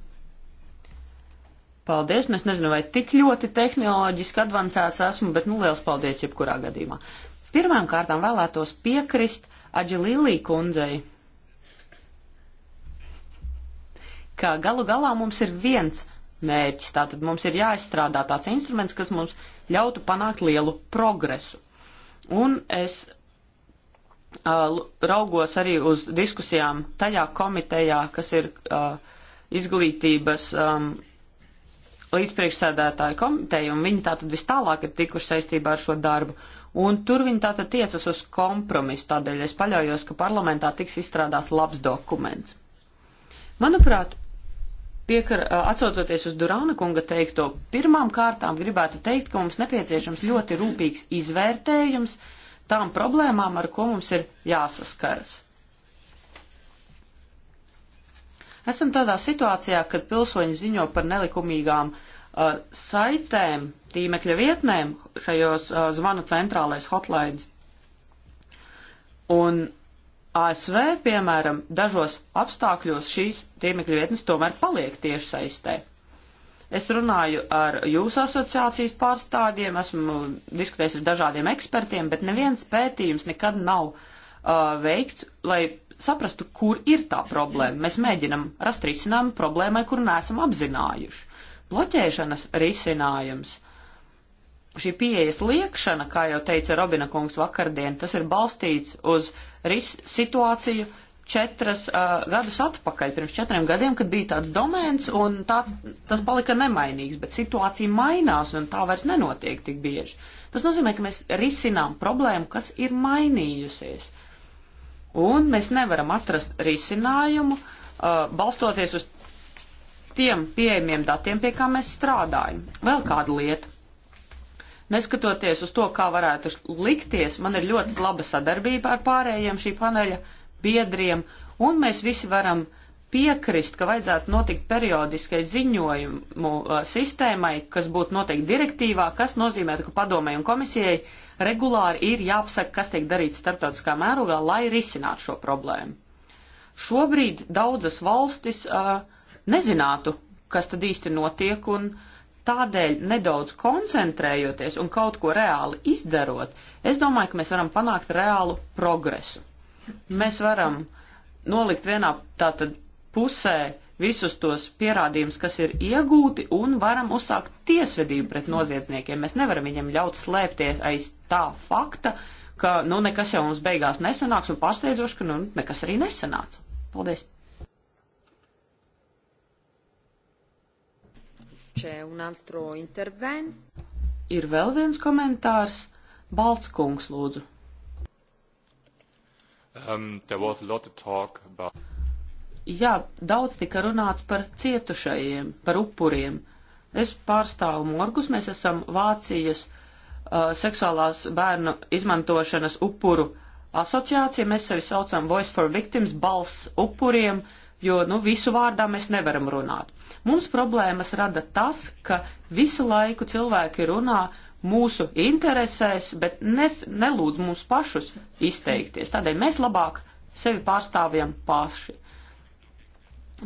Paldies, nu es nezinu, vai tik ļoti tehnoloģiski advancēts esmu, bet nu liels paldies jebkurā gadījumā. Pirmām kārtām vēlētos piekrist Aģilīlī kundzei, ka galu galā mums ir viens mērķis, tātad mums ir jāizstrādā tāds instruments, kas mums ļautu panākt lielu progresu. Un es uh, raugos arī uz diskusijām tajā komitejā, kas ir uh, izglītības um, līdzpriekšsēdētāju komiteja, un viņi tātad vis tālāk ir tikuši saistībā ar šo darbu. Un tur viņi tātad tiecas uz kompromisu, tādēļ es paļaujos, ka parlamentā tiks izstrādāts labs dokuments. Manuprāt, piekar, atsaucoties uz Durāna kunga teikto, pirmām kārtām gribētu teikt, ka mums nepieciešams ļoti rūpīgs izvērtējums tām problēmām, ar ko mums ir jāsaskaras. Esam tādā situācijā, kad pilsoņi ziņo par nelikumīgām uh, saitēm, tīmekļa vietnēm, šajos uh, zvanu centrālais hotlines. Un ASV, piemēram, dažos apstākļos šīs tiemekļu vietnes tomēr paliek tieši saistē. Es runāju ar jūsu asociācijas pārstāvjiem, esmu diskutējis ar dažādiem ekspertiem, bet neviens pētījums nekad nav uh, veikts, lai saprastu, kur ir tā problēma. Mēs mēģinam rast risinājumu problēmai, kur neesam apzinājuši. Bloķēšanas risinājums – šī pieejas liekšana, kā jau teica Robina kungs vakardien, tas ir balstīts uz ris situāciju četras uh, gadus atpakaļ, pirms četriem gadiem, kad bija tāds domēns, un tāds, tas palika nemainīgs, bet situācija mainās, un tā vairs nenotiek tik bieži. Tas nozīmē, ka mēs risinām problēmu, kas ir mainījusies. Un mēs nevaram atrast risinājumu, uh, balstoties uz tiem pieejamiem datiem, pie kā mēs strādājam. Vēl kāda lieta Neskatoties uz to, kā varētu likties, man ir ļoti laba sadarbība ar pārējiem šī paneļa biedriem, un mēs visi varam piekrist, ka vajadzētu notikt periodiskai ziņojumu a, sistēmai, kas būtu noteikti direktīvā, kas nozīmē, ka padomē un komisijai regulāri ir jāapsaka, kas tiek darīts starptautiskā mērogā, lai risinātu šo problēmu. Šobrīd daudzas valstis uh, nezinātu, kas tad īsti notiek, un uh, Tādēļ, nedaudz koncentrējoties un kaut ko reāli izdarot, es domāju, ka mēs varam panākt reālu progresu. Mēs varam nolikt vienā tātad pusē visus tos pierādījumus, kas ir iegūti, un varam uzsākt tiesvedību pret noziedzniekiem. Mēs nevaram viņiem ļaut slēpties aiz tā fakta, ka, nu, nekas jau mums beigās nesanāks, un pārsteidzoši, ka, nu, nekas arī nesanāca. Paldies! Ir vēl viens komentārs. Balts kungs, lūdzu. Um, about... Jā, daudz tika runāts par cietušajiem, par upuriem. Es pārstāvu morgus, mēs esam Vācijas uh, seksuālās bērnu izmantošanas upuru asociācija. Mēs sevi saucam Voice for Victims, balss upuriem. Uh, jo nu, visu vārdā mēs nevaram runāt. Mums problēmas rada tas, ka visu laiku cilvēki runā mūsu interesēs, bet nes, nelūdz mums pašus izteikties. Tādēļ mēs labāk sevi pārstāvjam paši.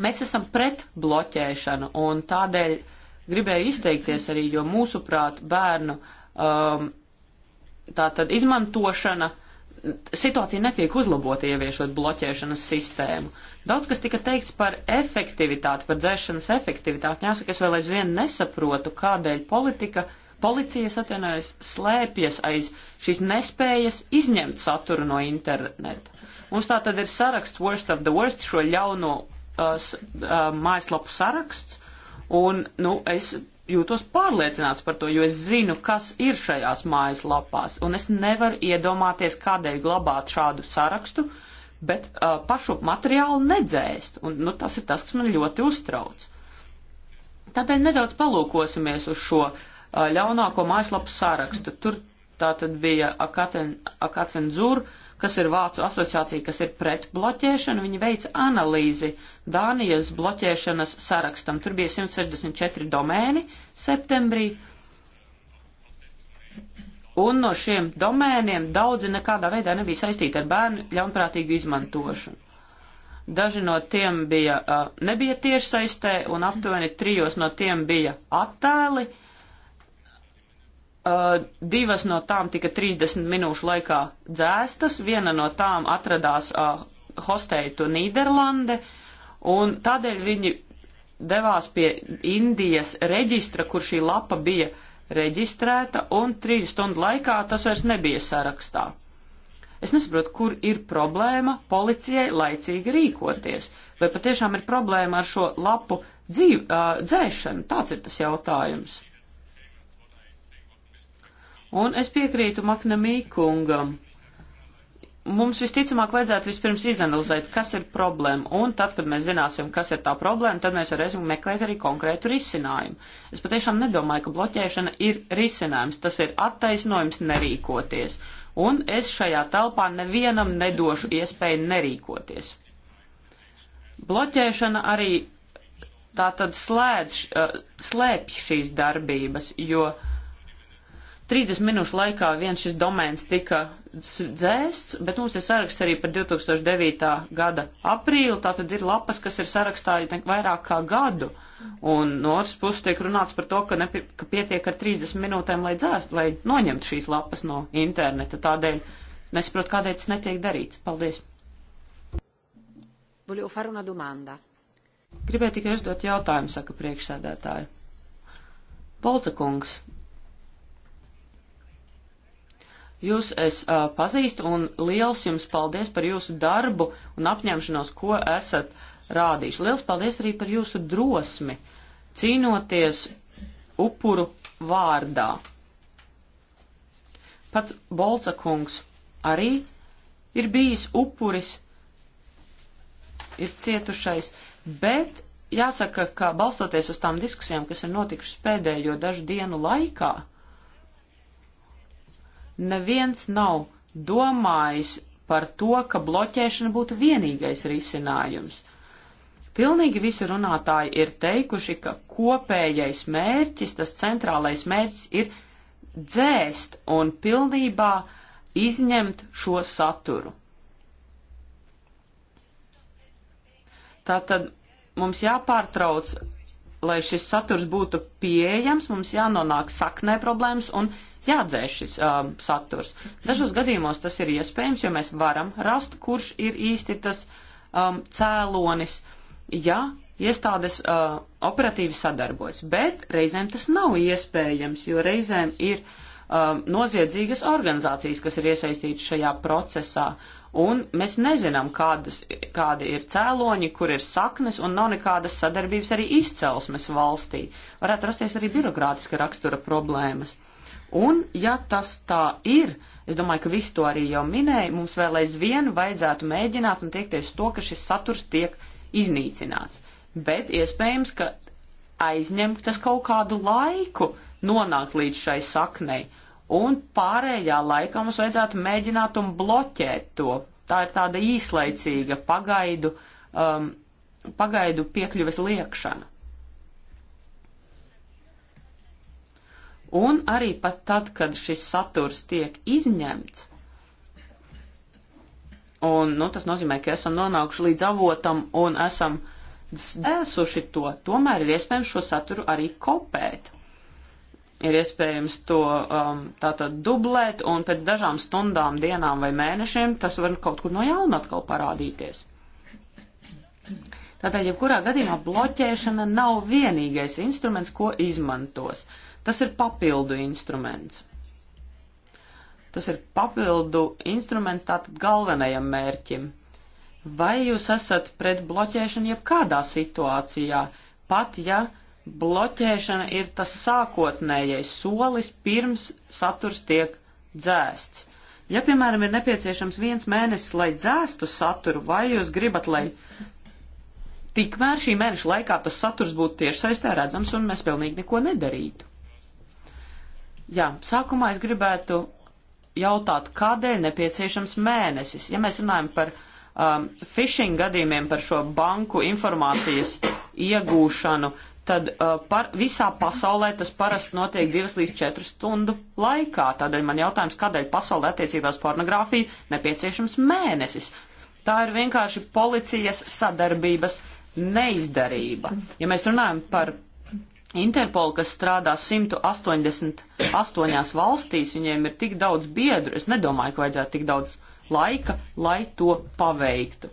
Mēs esam pret bloķēšanu un tādēļ gribēju izteikties arī, jo mūsuprāt bērnu um, tātad izmantošana situācija netiek uzlabota ieviešot bloķēšanas sistēmu. Daudz kas tika teikts par efektivitāti, par dzēšanas efektivitāti. Jāsaka, es vēl aizvien nesaprotu, kādēļ politika, policija, atvainojos, slēpjas aiz šīs nespējas izņemt saturu no interneta. Mums tā tad ir saraksts worst of the worst, šo ļauno uh, uh, mājaslapu saraksts, un, nu, es jūtos pārliecināts par to, jo es zinu, kas ir šajās mājaslapās, un es nevaru iedomāties, kādēļ glabāt šādu sarakstu, uh, bet uh, pašu materiālu nedzēst. Un, nu, tas ir tas, kas man ļoti uztrauc. Tādēļ nedaudz palūkosimies uz šo uh, ļaunāko mājaslapu sarakstu. Tur tā tad bija Akaten, Akaten Zur, kas ir Vācu asociācija, kas ir pret bloķēšanu. Viņi veica analīzi Dānijas bloķēšanas sarakstam. Tur bija 164 domēni septembrī. Uh, un no šiem domēniem daudzi nekādā veidā nebija saistīti ar bērnu ļaunprātīgu izmantošanu. Daži no tiem bija, uh, nebija tieši saistē, un aptuveni trijos no tiem bija attēli. Uh, divas no tām tika 30 minūšu laikā dzēstas, viena no tām atradās uh, hosteitu Nīderlande, un tādēļ viņi devās pie Indijas reģistra, kur šī lapa bija uh, reģistrēta, un trīs stundu laikā tas vairs nebija sarakstā. Es nesaprotu, kur ir problēma policijai laicīgi rīkoties, vai patiešām ir problēma ar šo lapu dzīv, uh, dzēšanu. Tāds ir tas jautājums. Un es piekrītu Maknamī kungam mums visticamāk vajadzētu vispirms izanalizēt, kas ir problēma, un tad, kad mēs zināsim, kas ir tā problēma, tad mēs varēsim meklēt arī konkrētu risinājumu. Es patiešām nedomāju, ka bloķēšana ir risinājums, tas ir attaisnojums nerīkoties, un es šajā telpā nevienam nedošu iespēju nerīkoties. Bloķēšana arī tā tad slēdz, slēpj šīs darbības, jo uh, 30 minūšu laikā viens šis domēns tika dzēsts, bet mums ir saraksts arī par 2009. gada aprīli, tā tad ir lapas, kas ir sarakstā vairāk kā gadu, un no otras puses tiek runāts par to, ka, ne, ka pietiek ar 30 minūtēm, lai dzēst, lai noņemtu šīs lapas no interneta, tādēļ nesaprot, kādēļ tas netiek darīts. Paldies! Gribēju tikai uzdot jautājumu, saka priekšsēdētāji. Polca kungs, Jūs es uh, pazīstu un liels jums paldies par jūsu darbu un apņemšanos, ko esat rādījuši. Liels paldies arī par jūsu drosmi cīnoties upuru vārdā. Pats Bolcakungs arī ir bijis upuris, ir cietušais, bet jāsaka, ka balstoties uz tām diskusijām, kas ir notikušas pēdējo dažu dienu laikā, neviens nav domājis par to, ka bloķēšana būtu vienīgais risinājums. Pilnīgi visi runātāji ir teikuši, ka kopējais mērķis, tas centrālais mērķis ir dzēst un pilnībā izņemt šo saturu. Tātad mums jāpārtrauc, lai šis saturs būtu pieejams, mums jānonāk saknē problēmas un jāpārtrauc jādzēš šis um, saturs. Dažos gadījumos tas ir iespējams, jo mēs varam rast, kurš ir īsti tas um, cēlonis, ja iestādes uh, operatīvi sadarbojas. Bet reizēm tas nav iespējams, jo reizēm ir um, noziedzīgas organizācijas, kas ir iesaistītas šajā procesā. Un mēs nezinām, kādas, kādi ir cēloņi, kur ir saknes, un nav nekādas sadarbības arī izcelsmes valstī. Varētu rasties arī birokrātiska rakstura problēmas. Uh, Un, ja tas tā ir, es domāju, ka visi to arī jau minēja, mums vēl aizvien vajadzētu mēģināt un tiekties to, ka šis saturs tiek iznīcināts. Bet iespējams, ka aizņem tas kaut kādu laiku nonākt līdz šai saknei. Un pārējā laikā mums vajadzētu mēģināt un bloķēt to. Tā ir tāda īslaicīga pagaidu, um, pagaidu piekļuves liekšana. Un arī pat tad, kad šis saturs tiek izņemts, un nu, tas nozīmē, ka esam nonākuši līdz avotam un esam dzēsuši to, tomēr ir iespējams šo saturu arī kopēt. Ir iespējams to um, tātad dublēt, un pēc dažām stundām, dienām vai mēnešiem tas var kaut kur no jauna atkal parādīties. Tātad, jebkurā gadījumā bloķēšana nav vienīgais instruments, ko izmantos. Uh, Tas ir papildu instruments. Tas ir papildu instruments tātad galvenajam mērķim. Vai jūs esat pret bloķēšanu jebkādā situācijā, pat ja bloķēšana ir tas sākotnējais solis pirms saturs tiek dzēsts? Ja, piemēram, ir nepieciešams viens mēnesis, lai dzēstu saturu, vai jūs gribat, lai tikmēr šī mēneša laikā tas saturs būtu tieši saistē redzams un mēs pilnīgi neko nedarītu? Jā, sākumā es gribētu jautāt, kādēļ nepieciešams mēnesis? Ja mēs runājam par um, phishing gadījumiem, par šo banku informācijas iegūšanu, tad uh, par, visā pasaulē tas parasti notiek 2 līdz 4 stundu laikā. Tādēļ man jautājums, kādēļ pasaulē attiecībās pornogrāfiju nepieciešams mēnesis? Tā ir vienkārši policijas sadarbības neizdarība. Ja mēs runājam par Interpol, kas strādā 188 valstīs, viņiem ir tik daudz biedru, es nedomāju, ka vajadzētu tik daudz laika, lai to paveiktu.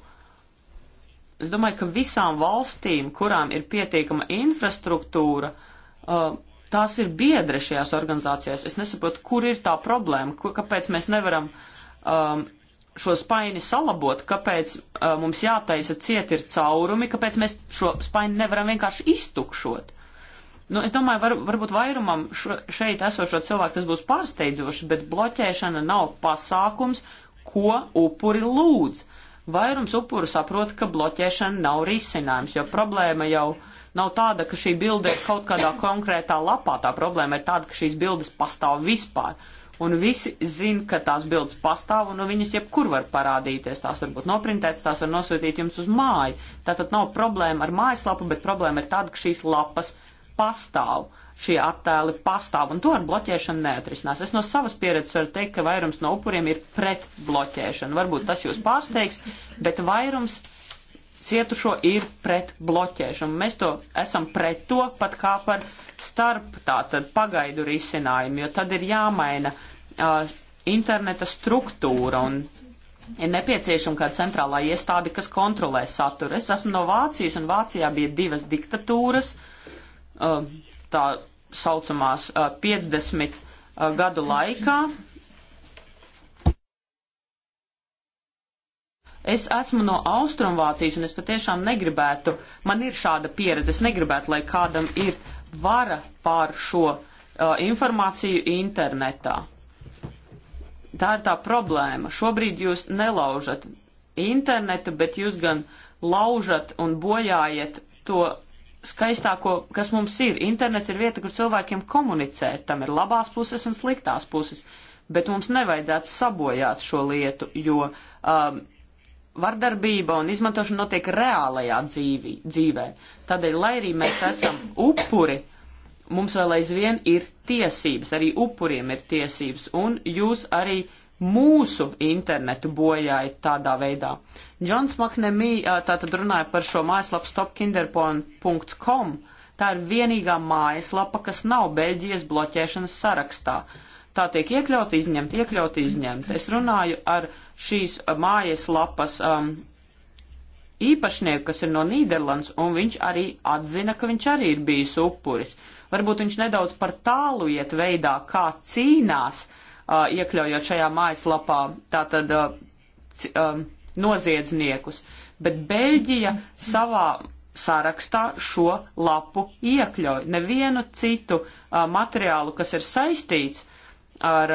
Es domāju, ka visām valstīm, kurām ir pietiekama infrastruktūra, uh, tās ir biedri šajās organizācijās. Es nesaprotu, kur ir tā problēma, kur, kāpēc mēs nevaram um, šo spaini salabot, kāpēc uh, mums jātaisa cieti ir caurumi, kāpēc mēs šo spaini nevaram vienkārši iztukšot. Nu, es domāju, var, varbūt vairumam šo, šeit esošo cilvēku tas būs pārsteidzoši, bet bloķēšana nav pasākums, ko upuri lūdz. Vairums upuru saprot, ka bloķēšana nav risinājums, jo problēma jau nav tāda, ka šī bilde ir kaut kādā konkrētā lapā. Tā problēma ir tāda, ka šīs bildes pastāv vispār. Un visi zin, ka tās bildes pastāv, un no nu, viņas jebkur var parādīties. Tās var būt noprintētas, tās var nosūtīt jums uz māju. Tātad nav problēma ar mājaslapu, bet problēma ir tāda, ka šīs lapas pastāv. Šie attēli pastāv, un to ar bloķēšanu neatrisinās. Es no savas pieredzes varu teikt, ka vairums no upuriem ir pret bloķēšanu. Varbūt tas jūs pārsteigs, bet vairums cietušo ir pret bloķēšanu. Mēs to esam pret to pat kā par starp tātad pagaidu risinājumu, jo tad ir jāmaina uh, interneta struktūra un ir nepieciešama kāda centrālā iestāde, kas kontrolē saturu. Es esmu no Vācijas un Vācijā bija divas diktatūras. Uh, Um, tā saucamās 50 uh, uh, gadu laikā. Es esmu no Austrumvācijas un es patiešām negribētu, man ir šāda pieredze, es negribētu, lai kādam ir vara pār šo uh, informāciju internetā. Tā ir tā problēma. Šobrīd jūs nelaužat internetu, bet jūs gan laužat un bojājat to skaistāko, kas mums ir. Internets ir vieta, kur cilvēkiem komunicē. Tam ir labās puses un sliktās puses. Bet mums nevajadzētu sabojāt šo lietu, jo um, vardarbība un izmantošana notiek reālajā dzīvi, dzīvē. Tādēļ, lai arī mēs esam upuri, mums vēl aizvien ir tiesības, arī upuriem ir tiesības, un jūs arī uh, mūsu internetu bojāja tādā veidā. Džons Maknemī tātad runāja par šo mājaslapu stopkinderpon.com. Tā ir vienīgā mājaslapa, kas nav Beļģijas bloķēšanas sarakstā. Tā tiek iekļaut, izņemt, iekļaut, izņemt. Es runāju ar šīs mājaslapas um, īpašnieku, kas ir no Nīderlandes, un viņš arī atzina, ka viņš arī ir bijis upuris. Varbūt viņš nedaudz par tālu iet veidā, kā cīnās uh, iekļaujot šajā mājaslapā tātad noziedzniekus, bet Beļģija savā sarakstā šo lapu iekļauj. Nevienu citu materiālu, kas ir saistīts ar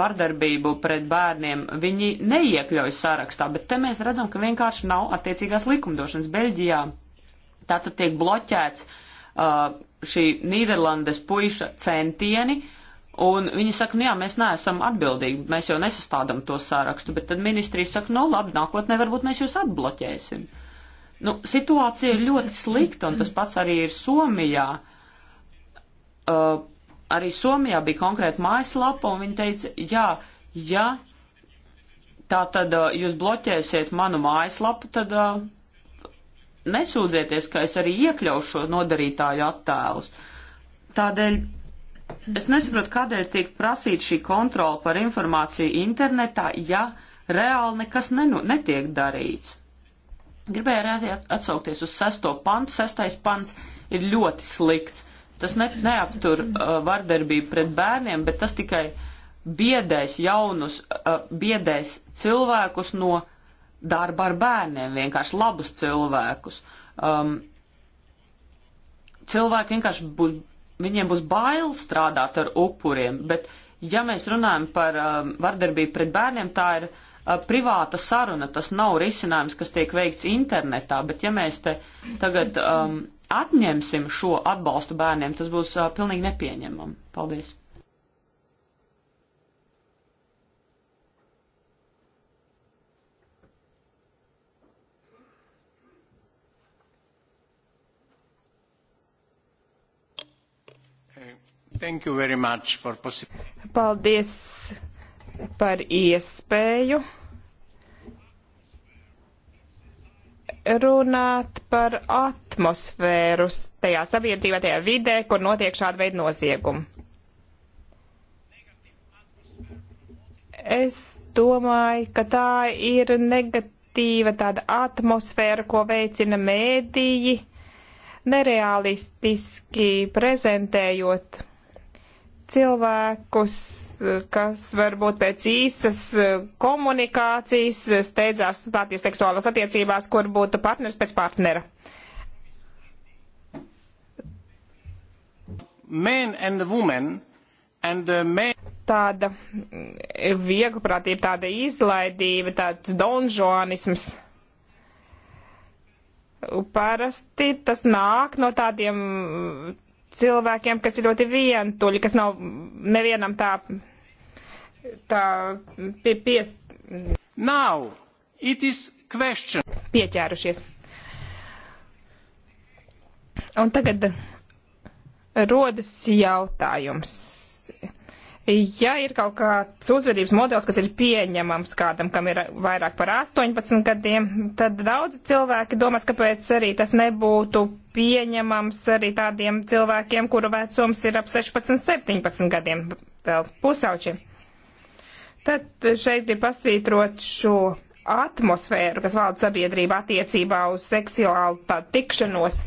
vardarbību pret bērniem, viņi neiekļauj sarakstā, bet te mēs redzam, ka vienkārši nav attiecīgās likumdošanas Beļģijā. Tātad tiek bloķēts šī Nīderlandes puiša centieni uh, Un viņi saka, nu jā, mēs neesam atbildīgi, mēs jau nesastādām to sārakstu, bet tad ministrija saka, nu labi, nākotnē varbūt mēs jūs atbloķēsim. Nu, situācija ir ļoti slikta, un tas pats arī ir Somijā. Uh, arī Somijā bija konkrēta mājaslapa, un viņi teica, jā, ja tā tad uh, jūs bloķēsiet manu mājaslapu, tad uh, nesūdzieties, ka es arī iekļaušu šo nodarītāju attēlus. Tādēļ Es nesaprotu, kādēļ tiek prasīta šī kontrola par informāciju internetā, ja reāli nekas nenu, netiek darīts. Gribēju arī atsaukties uz sesto pantu. Sestais pants ir ļoti slikts. Tas ne, neaptur uh, vardarbību pret bērniem, bet tas tikai biedēs jaunus, uh, biedēs cilvēkus no darba ar bērniem, vienkārši labus cilvēkus. Um, cilvēki vienkārši būs viņiem būs bail strādāt ar upuriem, bet ja mēs runājam par um, vardarbību pret bērniem, tā ir uh, privāta saruna, tas nav risinājums, kas tiek veikts internetā, bet ja mēs te tagad um, atņemsim šo atbalstu bērniem, tas būs uh, pilnīgi nepieņemam. Paldies! Paldies par iespēju runāt par atmosfēru tajā sabiedrībā, tajā vidē, kur notiek šāda veida noziegumi. Es domāju, ka tā ir negatīva tāda atmosfēra, ko veicina mēdīji, nereālistiski prezentējot cilvēkus, kas varbūt pēc īsas eh, komunikācijas steidzās stāties seksuālās attiecībās, kur būtu partneris pēc partnera. Men and women and the men. Tāda vieglprātība, tāda izlaidība, tāds donžonisms parasti tas nāk no tādiem cilvēkiem, kas ir ļoti vientuļi, kas nav nevienam tā, tā pie, pies. Now it is question. Pieķērušies. Un tagad rodas jautājums ja ir kaut kāds uzvedības modelis, kas ir pieņemams kādam, kam ir vairāk par 18 gadiem, tad daudzi cilvēki domās, kāpēc arī tas nebūtu pieņemams arī tādiem cilvēkiem, kuru vecums ir ap 16, 17 gadiem, vēl pusaučiem. Tad šeit ir pasvītrot šo atmosfēru, kas valda sabiedrība attiecībā uz seksuālu tikšanos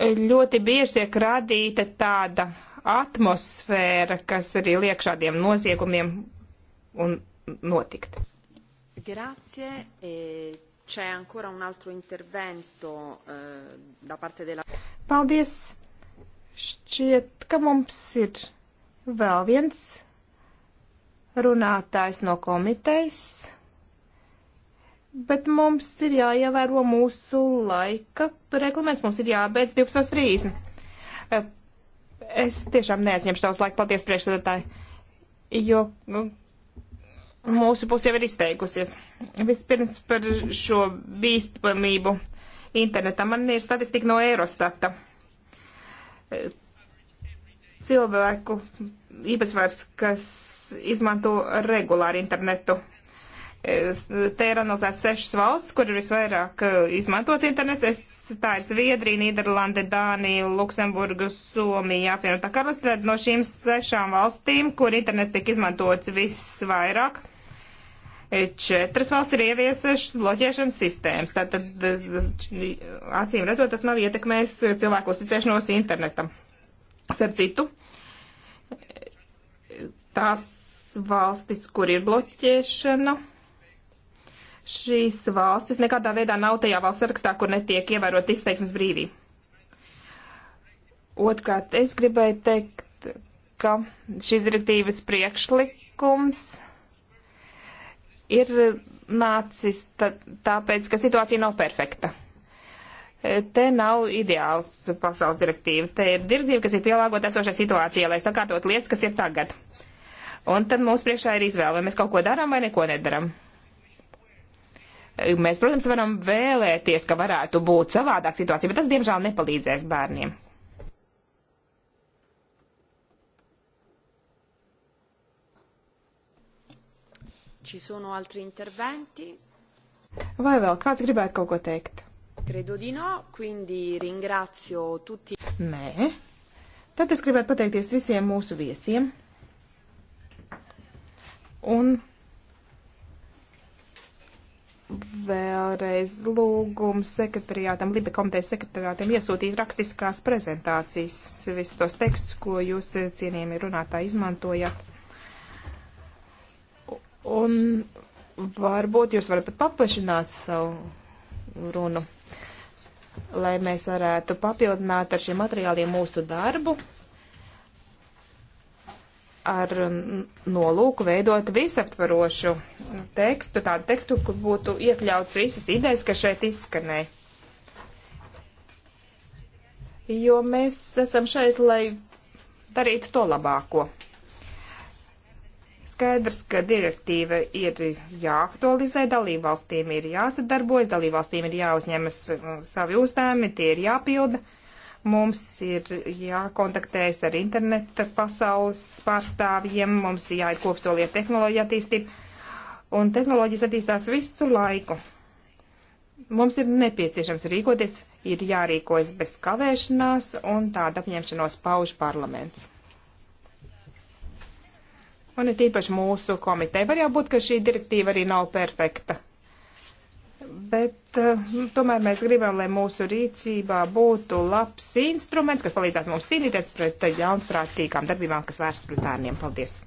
ļoti bieži tiek radīta tāda atmosfēra, kas arī liek šādiem noziegumiem un notikt. Grazie. E, c'è ancora un altro intervento eh, da parte della. Paldies. Šķiet, ka mums ir vēl viens runātājs no komitejas bet mums ir jāievēro mūsu laika reglaments, mums ir jābeidz 12.30. Eh, es tiešām neaizņemšu tavs laiku, paldies priekšsēdētāji, jo nu, mūsu puse jau ir izteikusies. Vispirms par šo bīstamību internetā. Man ir statistika no Eurostata. Eh, cilvēku īpatsvars, kas izmanto regulāri internetu Te ir analizēts sešas valsts, kur ir visvairāk eh, izmantots internets. Es, tā ir Zviedrija, Nīderlande, Dānija, Luksemburga, Somija, apvienotā karaliste. Tad no šīm sešām valstīm, kur internets tiek izmantots visvairāk, eh, četras valsts ir ieviesušas bloķēšanas sistēmas. Tātad, eh, acīm redzot, tas nav ietekmējis cilvēku uzticēšanos internetam. Starp citu, tās valstis, kur ir bloķēšana, šīs valstis nekādā veidā nav tajā valsts sarakstā, kur netiek ievērot izteiksmes brīvība. Otrkārt, es gribēju teikt, ka šīs direktīvas priekšlikums ir nācis tāpēc, ka situācija nav perfekta. Te nav ideāls pasaules direktīva. Te ir direktīva, kas ir pielāgota esošai situācijai, lai sakārtot lietas, kas ir tagad. Un tad mums priekšā ir izvēle, vai mēs kaut ko darām vai neko nedaram. Mēs, protams, varam vēlēties, ka varētu būt savādāk situācija, bet tas, diemžēl, nepalīdzēs bērniem. Ci sono altri interventi? Vai vēl kāds gribētu kaut ko teikt? Credo di no, quindi ringrazio tutti. Nē. Tad es gribētu pateikties visiem mūsu viesiem. Un vēlreiz lūgums sekretariātam, Libe komitejas sekretariātam iesūtīt rakstiskās prezentācijas, visus tos tekstus, ko jūs cienījami runātā izmantojat. Un varbūt jūs varat pat paplašināt savu runu, lai mēs varētu papildināt ar šiem materiāliem mūsu darbu ar nolūku veidot visaptvarošu tekstu, tādu tekstu, kur būtu iekļauts visas idejas, kas šeit izskanē. Jo mēs esam šeit, lai darītu to labāko. Skaidrs, ka direktīva ir jāaktualizē, dalībvalstīm ir jāsadarbojas, dalībvalstīm ir jāuzņemas uh, savi uzdevumi, tie ir jāpilda. Uh, Mums ir jākontaktējas ar interneta pasaules pārstāvjiem, mums jāiet kopsolī ar tehnoloģiju attīstību, un tehnoloģijas attīstās visu laiku. Mums ir nepieciešams rīkoties, ir jārīkojas bez kavēšanās, un tāda apņemšanos pauž parlaments. Un ir tīpaši mūsu komiteja. Var jau būt, ka šī direktīva arī nav perfekta bet eh, nu, tomēr mēs gribam, lai mūsu rīcībā būtu labs instruments, kas palīdzētu mums cīnīties pret jaunprātīgām darbībām, kas vērstas pret bērniem. Paldies!